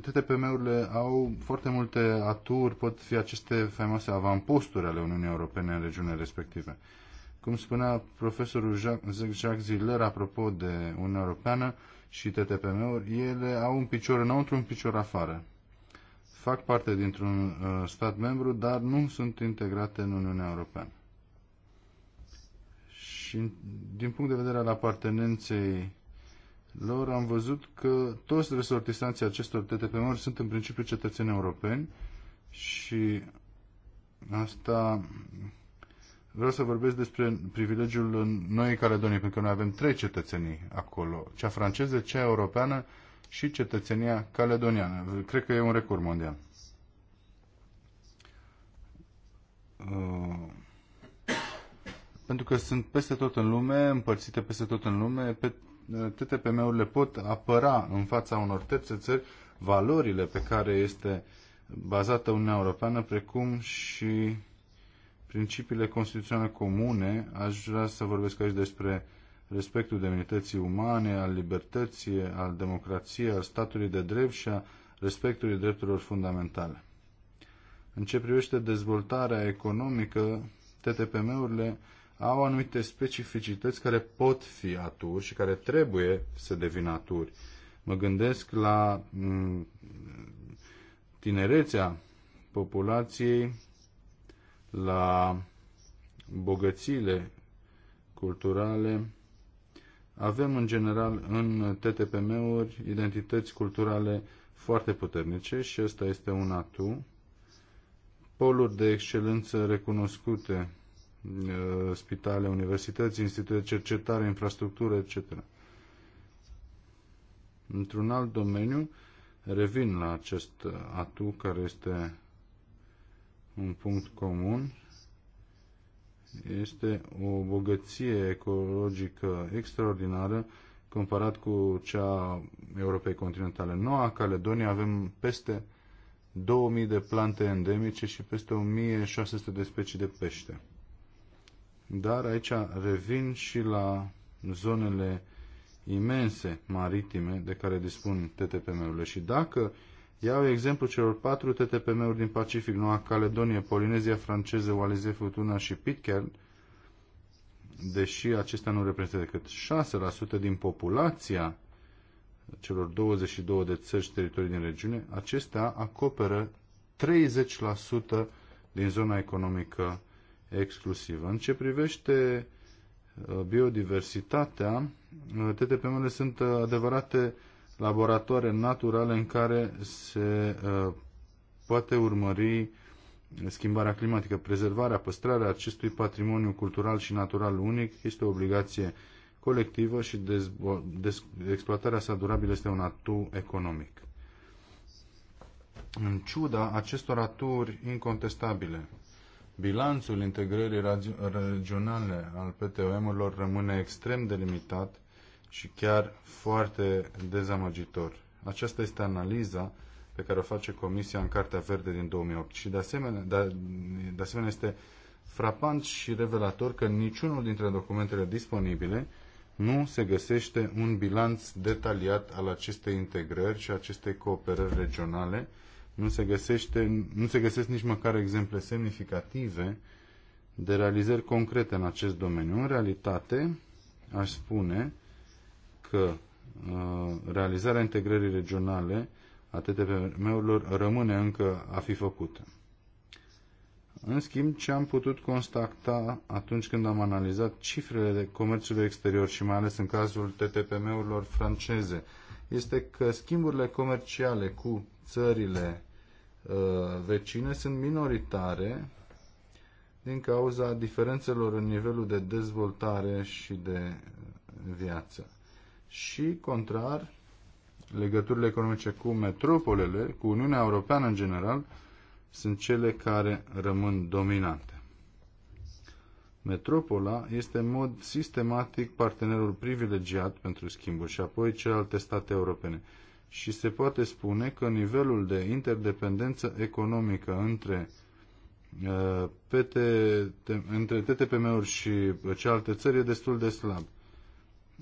TTPM-urile au foarte multe aturi, pot fi aceste faimoase avamposturi ale Uniunii Europene în regiunile respective. Uh, cum spunea profesorul Jacques, Jacques Ziller, apropo de Uniunea Europeană și TTPM-uri, ele au un picior înăuntru, un picior afară. Fac parte dintr-un uh, stat membru, dar nu sunt integrate în Uniunea Europeană. Și din punct de vedere al apartenenței lor am văzut că toți resortistanții acestor TTPM-uri sunt în principiu cetățeni europeni și asta Vreau să vorbesc despre privilegiul Noii Caledonii, pentru că noi avem trei cetățenii acolo, cea franceză, cea europeană și cetățenia caledoniană. Cred că e un record mondial. Uh, pentru că sunt peste tot în lume, împărțite peste tot în lume, pe, TTPM-urile pot apăra în fața unor terțe țări valorile pe care este bazată Uniunea Europeană, precum și principiile constituționale comune, aș vrea să vorbesc aici despre respectul demnității umane, al libertății, al democrației, al statului de drept și a respectului drepturilor fundamentale. În ce privește dezvoltarea economică, TTPM-urile au anumite specificități care pot fi aturi și care trebuie să devină aturi. Mă gândesc la mm, tinerețea populației, la bogățiile culturale, avem în general în TTPM-uri identități culturale foarte puternice și ăsta este un atu. Poluri de excelență recunoscute, uh, spitale, universități, institute de cercetare, infrastructură, etc. Într-un alt domeniu, revin la acest uh, atu care este un punct comun este o bogăție ecologică extraordinară comparat cu cea Europei continentale. Noua Caledonia avem peste 2000 de plante endemice și peste 1600 de specii de pește. Dar aici revin și la zonele imense maritime de care dispun TTPM-urile și dacă Iau exemplu celor patru TTPM-uri din Pacific, Noua Caledonie, Polinezia franceză, Walezie, Futuna și Pitcairn, deși acestea nu reprezintă decât 6% din populația celor 22 de țări și teritorii din regiune, acestea acoperă 30% din zona economică exclusivă. În ce privește uh, biodiversitatea, uh, TTPM-urile sunt uh, adevărate laboratoare naturale în care se uh, poate urmări schimbarea climatică. Prezervarea, păstrarea acestui patrimoniu cultural și natural unic este o obligație colectivă și exploatarea sa durabilă este un atu economic. În ciuda acestor aturi incontestabile, bilanțul integrării regionale al PTOM-urilor rămâne extrem de limitat și chiar foarte dezamăgitor. Aceasta este analiza pe care o face Comisia în Cartea Verde din 2008 și de asemenea, de, da, de asemenea este frapant și revelator că niciunul dintre documentele disponibile nu se găsește un bilanț detaliat al acestei integrări și acestei cooperări regionale, nu se, găsește, nu se găsesc nici măcar exemple semnificative de realizări concrete în acest domeniu. În realitate, aș spune că uh, realizarea integrării regionale a TTPM-urilor rămâne încă a fi făcută. În schimb, ce am putut constata atunci când am analizat cifrele de comerțului exterior și mai ales în cazul TTPM-urilor franceze, este că schimburile comerciale cu țările uh, vecine sunt minoritare din cauza diferențelor în nivelul de dezvoltare și de viață și contrar legăturile economice cu metropolele, cu Uniunea Europeană în general, sunt cele care rămân dominante. Metropola este în mod sistematic partenerul privilegiat pentru schimburi și apoi celelalte state europene și se poate spune că nivelul de interdependență economică între uh, între TTPM-uri și celelalte țări e destul de slab.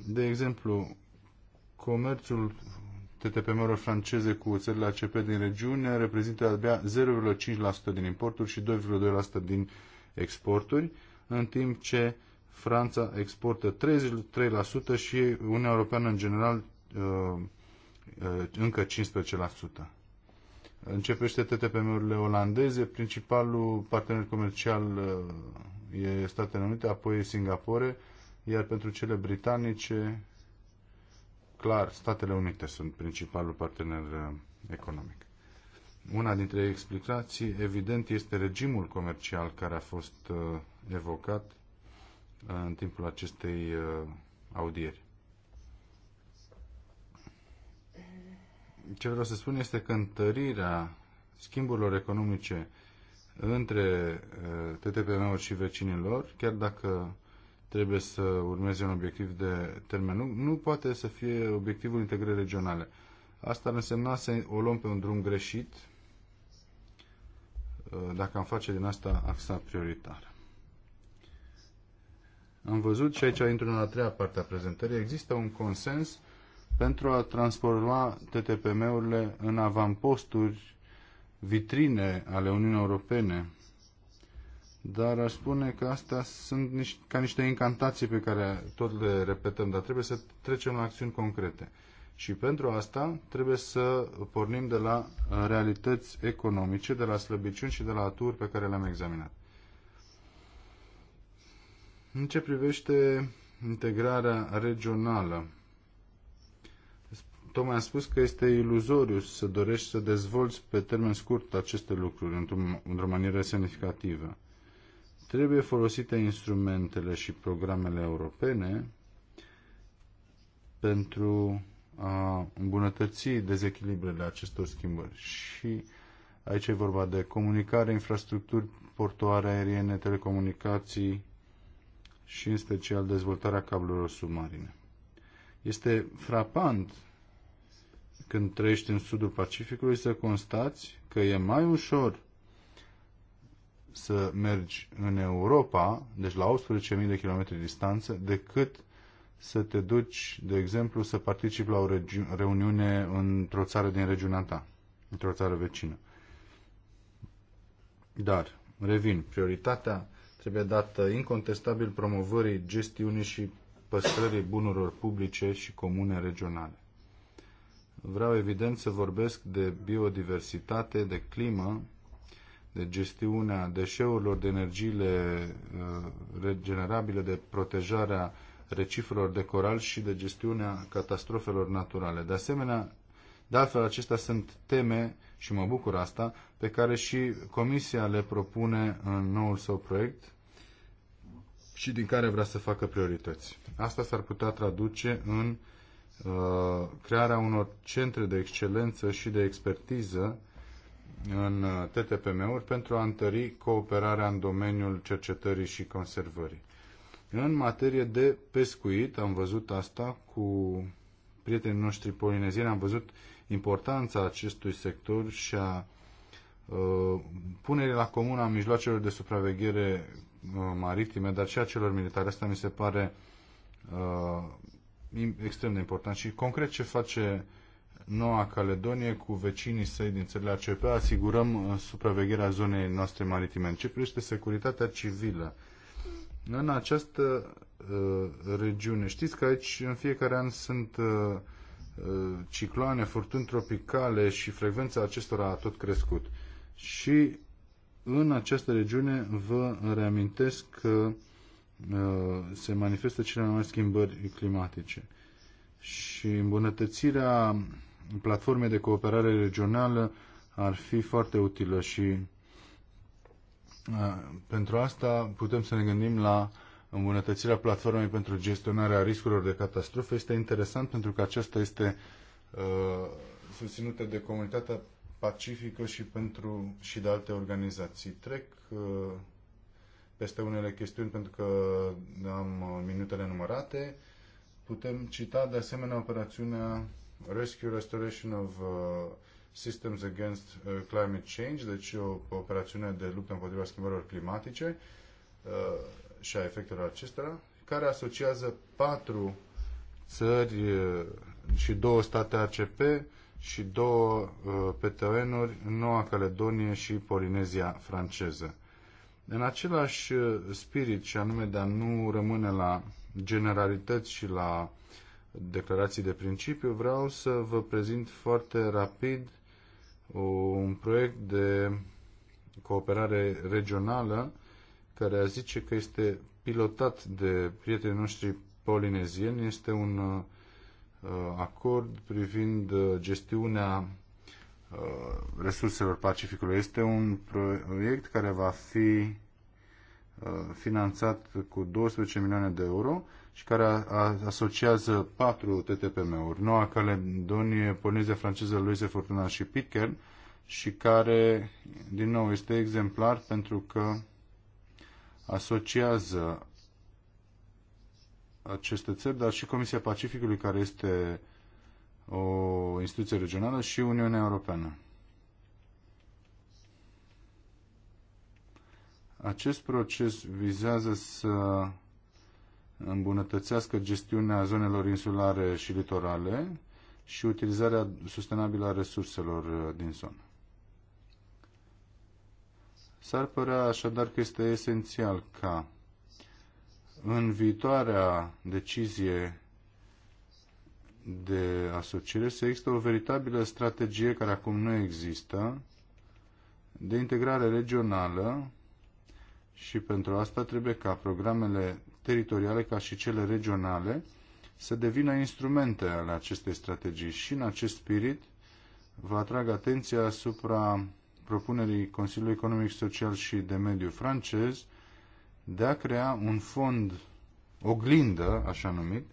De exemplu, comerțul TTP-urilor franceze cu țările ACP din regiune reprezintă abia 0,5% din importuri și 2,2% din exporturi, în timp ce Franța exportă 33% și Uniunea Europeană în general uh, uh, încă 15%. Începește TTP-urile olandeze, principalul partener comercial uh, e Statele Unite, apoi Singapore, iar pentru cele britanice, clar, Statele Unite sunt principalul partener eh, economic. Una dintre explicații, evident, este regimul comercial care a fost eh, evocat eh, în timpul acestei audieri. Ce vreau să spun este că întărirea schimburilor economice între TTPM-uri și vecinilor, chiar dacă trebuie să urmeze un obiectiv de termen lung, nu poate să fie obiectivul integrării regionale. Asta ar însemna să o luăm pe un drum greșit uh, dacă am face din asta axa prioritară. Am văzut și aici intru în a treia parte a prezentării. Există un consens pentru a transforma TTPM-urile în avamposturi, vitrine ale Uniunii Europene dar aș spune că astea sunt niște, ca niște incantații pe care tot le repetăm, dar trebuie să trecem la acțiuni concrete. Și pentru asta trebuie să pornim de la uh, realități economice, de la slăbiciuni și de la aturi pe care le-am examinat. În ce privește integrarea regională, tocmai am spus că este iluzoriu să dorești să dezvolți pe termen scurt aceste lucruri într-o, într manieră semnificativă. Trebuie folosite instrumentele și programele europene pentru a îmbunătăți dezechilibrele acestor schimbări. Și aici e vorba de comunicare, infrastructuri portoare, aeriene, telecomunicații și în special dezvoltarea cablurilor submarine. Este frapant când trăiești în sudul Pacificului să constați că e mai ușor să mergi în Europa, deci la 18.000 de kilometri distanță, decât să te duci, de exemplu, să participi la o reuniune într-o țară din regiunea ta, într-o țară vecină. Dar, revin, prioritatea trebuie dată incontestabil promovării, gestiunii și păstrării bunurilor publice și comune regionale. Vreau evident să vorbesc de biodiversitate, de climă de gestiunea deșeurilor, de energiile uh, regenerabile, de protejarea recifelor de coral și de gestiunea catastrofelor naturale. De asemenea, de altfel, acestea sunt teme, și mă bucur asta, pe care și Comisia le propune în noul său proiect și din care vrea să facă priorități. Asta s-ar putea traduce în uh, crearea unor centre de excelență și de expertiză în uh, TTPM-uri pentru a întări cooperarea în domeniul cercetării și conservării. În materie de pescuit, am văzut asta cu prietenii noștri polinezieni, am văzut importanța acestui sector și a uh, punerii la comun a mijloacelor de supraveghere uh, maritime, dar și a celor militare. Asta mi se pare uh, extrem de important și concret ce face uh, Noua Caledonie cu vecinii săi din țările ACP, asigurăm uh, supravegherea zonei noastre maritime. În ce privește securitatea civilă, în această uh, regiune, știți că aici în fiecare an sunt uh, uh, cicloane, furtuni tropicale și frecvența acestora a tot crescut. Și în această regiune vă reamintesc că uh, se manifestă cele mai mari schimbări climatice și îmbunătățirea platforme de cooperare regională ar fi foarte utilă și uh, pentru asta putem să ne gândim la îmbunătățirea platformei pentru gestionarea riscurilor de catastrofe. Este interesant pentru că aceasta este uh, susținută de comunitatea pacifică și, pentru, și de alte organizații. Trec uh, peste unele chestiuni pentru că am minutele numărate. Putem cita de asemenea operațiunea Rescue Restoration of uh, Systems Against uh, Climate Change, deci o operațiune de luptă împotriva schimbărilor climatice uh, și a efectelor acestora, care asociază patru țări și două state ACP și două PTN-uri, Noua Caledonie și Polinezia franceză. În același spirit, și anume de a nu rămâne la generalități și la uh, declarații de principiu, vreau să vă prezint foarte rapid un proiect de cooperare regională care a zice că este pilotat de prietenii noștri polinezieni. Este un uh, acord privind uh, gestiunea uh, resurselor Pacificului. Este un proiect care va fi finanțat cu 12 milioane de euro și care asociază patru TTPM-uri, Noua Caledonie, Polinezia franceză, Luise Fortuna și Pitcairn, și care, din nou, este exemplar pentru că asociază aceste țări, dar și Comisia Pacificului, care este o instituție regională, și Uniunea Europeană. Acest proces vizează să îmbunătățească gestiunea zonelor insulare și litorale și utilizarea sustenabilă a resurselor uh, din zonă. S-ar părea așadar că este esențial ca în viitoarea decizie de asociere să există o veritabilă strategie care acum nu există de integrare regională și pentru asta trebuie ca programele teritoriale ca și cele regionale să devină instrumente ale acestei strategii și în acest spirit vă atrag atenția asupra propunerii Consiliului Economic, Social și de Mediu francez de a crea un fond oglindă, așa numit.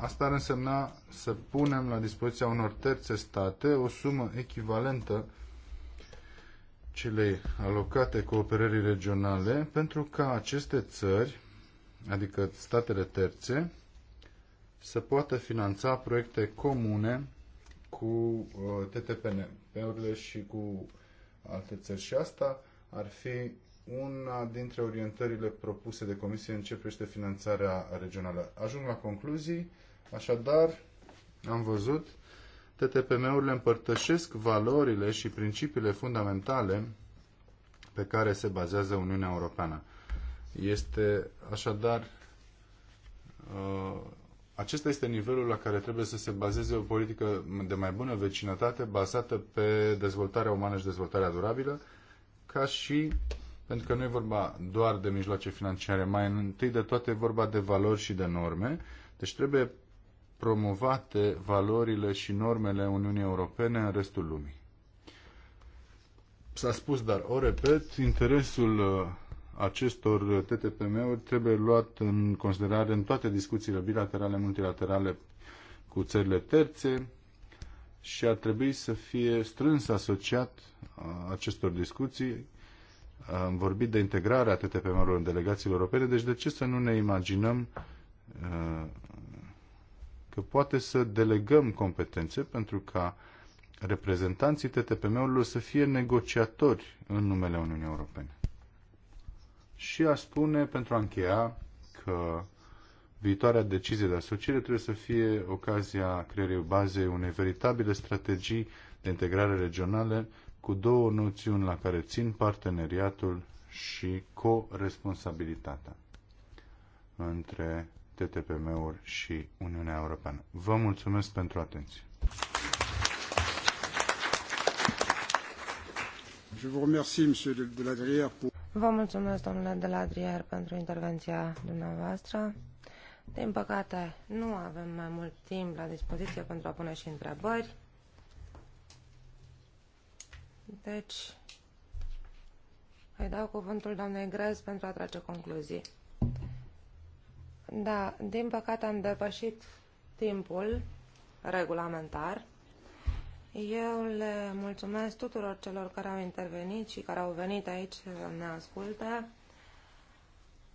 Asta ar însemna să punem la dispoziția unor terțe state o sumă echivalentă cele alocate cooperării regionale pentru ca aceste țări, adică statele terțe, să poată finanța proiecte comune cu uh, TTPN-urile și cu alte țări. Și asta ar fi una dintre orientările propuse de Comisie în ce privește finanțarea regională. Ajung la concluzii. Așadar, am văzut TTPM-urile împărtășesc valorile și principiile fundamentale pe care se bazează Uniunea Europeană. Este așadar uh, acesta este nivelul la care trebuie să se bazeze o politică de mai bună vecinătate bazată pe dezvoltarea umană și dezvoltarea durabilă, ca și pentru că nu e vorba doar de mijloace financiare, mai întâi de toate e vorba de valori și de norme, deci trebuie promovate valorile și normele Uniunii Europene în restul lumii. S-a spus, dar o repet, interesul uh, acestor TTPM-uri trebuie luat în considerare în toate discuțiile bilaterale, multilaterale cu țările terțe și ar trebui să fie strâns asociat uh, acestor discuții. Am vorbit de integrarea TTPM-urilor în delegațiile europene, deci de ce să nu ne imaginăm uh, că poate să delegăm competențe pentru ca reprezentanții TTPM-urilor să fie negociatori în numele Uniunii Europene. Și a spune, pentru a încheia, că viitoarea decizie de asociere trebuie să fie ocazia creierii bazei unei veritabile strategii de integrare regională cu două noțiuni la care țin parteneriatul și co-responsabilitatea. între TTPM-uri și Uniunea Europeană. Vă mulțumesc pentru atenție. Vă mulțumesc, domnule de la Adrier, pentru intervenția dumneavoastră. Din păcate, nu avem mai mult timp la dispoziție pentru a pune și întrebări. Deci, îi dau cuvântul doamnei Grez pentru a trage concluzii. Da, din păcate am depășit timpul regulamentar. Eu le mulțumesc tuturor celor care au intervenit și care au venit aici să ne asculte.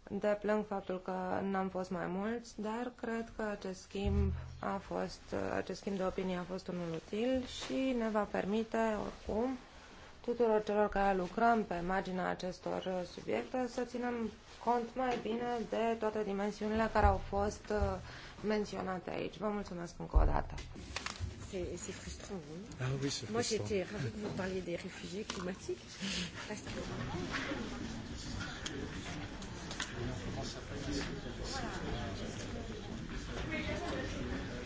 Deplâng faptul că n-am fost mai mulți, dar cred că acest schimb, a fost, acest schimb de opinie a fost unul util și ne va permite, oricum, tuturor celor care lucrăm pe marginea acestor uh, subiecte să ținem cont mai bine de toate dimensiunile care au fost uh, menționate aici. Vă mulțumesc încă o dată. C'est frustrant, oui. Ah oui, c'est Moi, j'étais ravie que vous parliez des réfugiés climatiques. Là, c'est Voilà.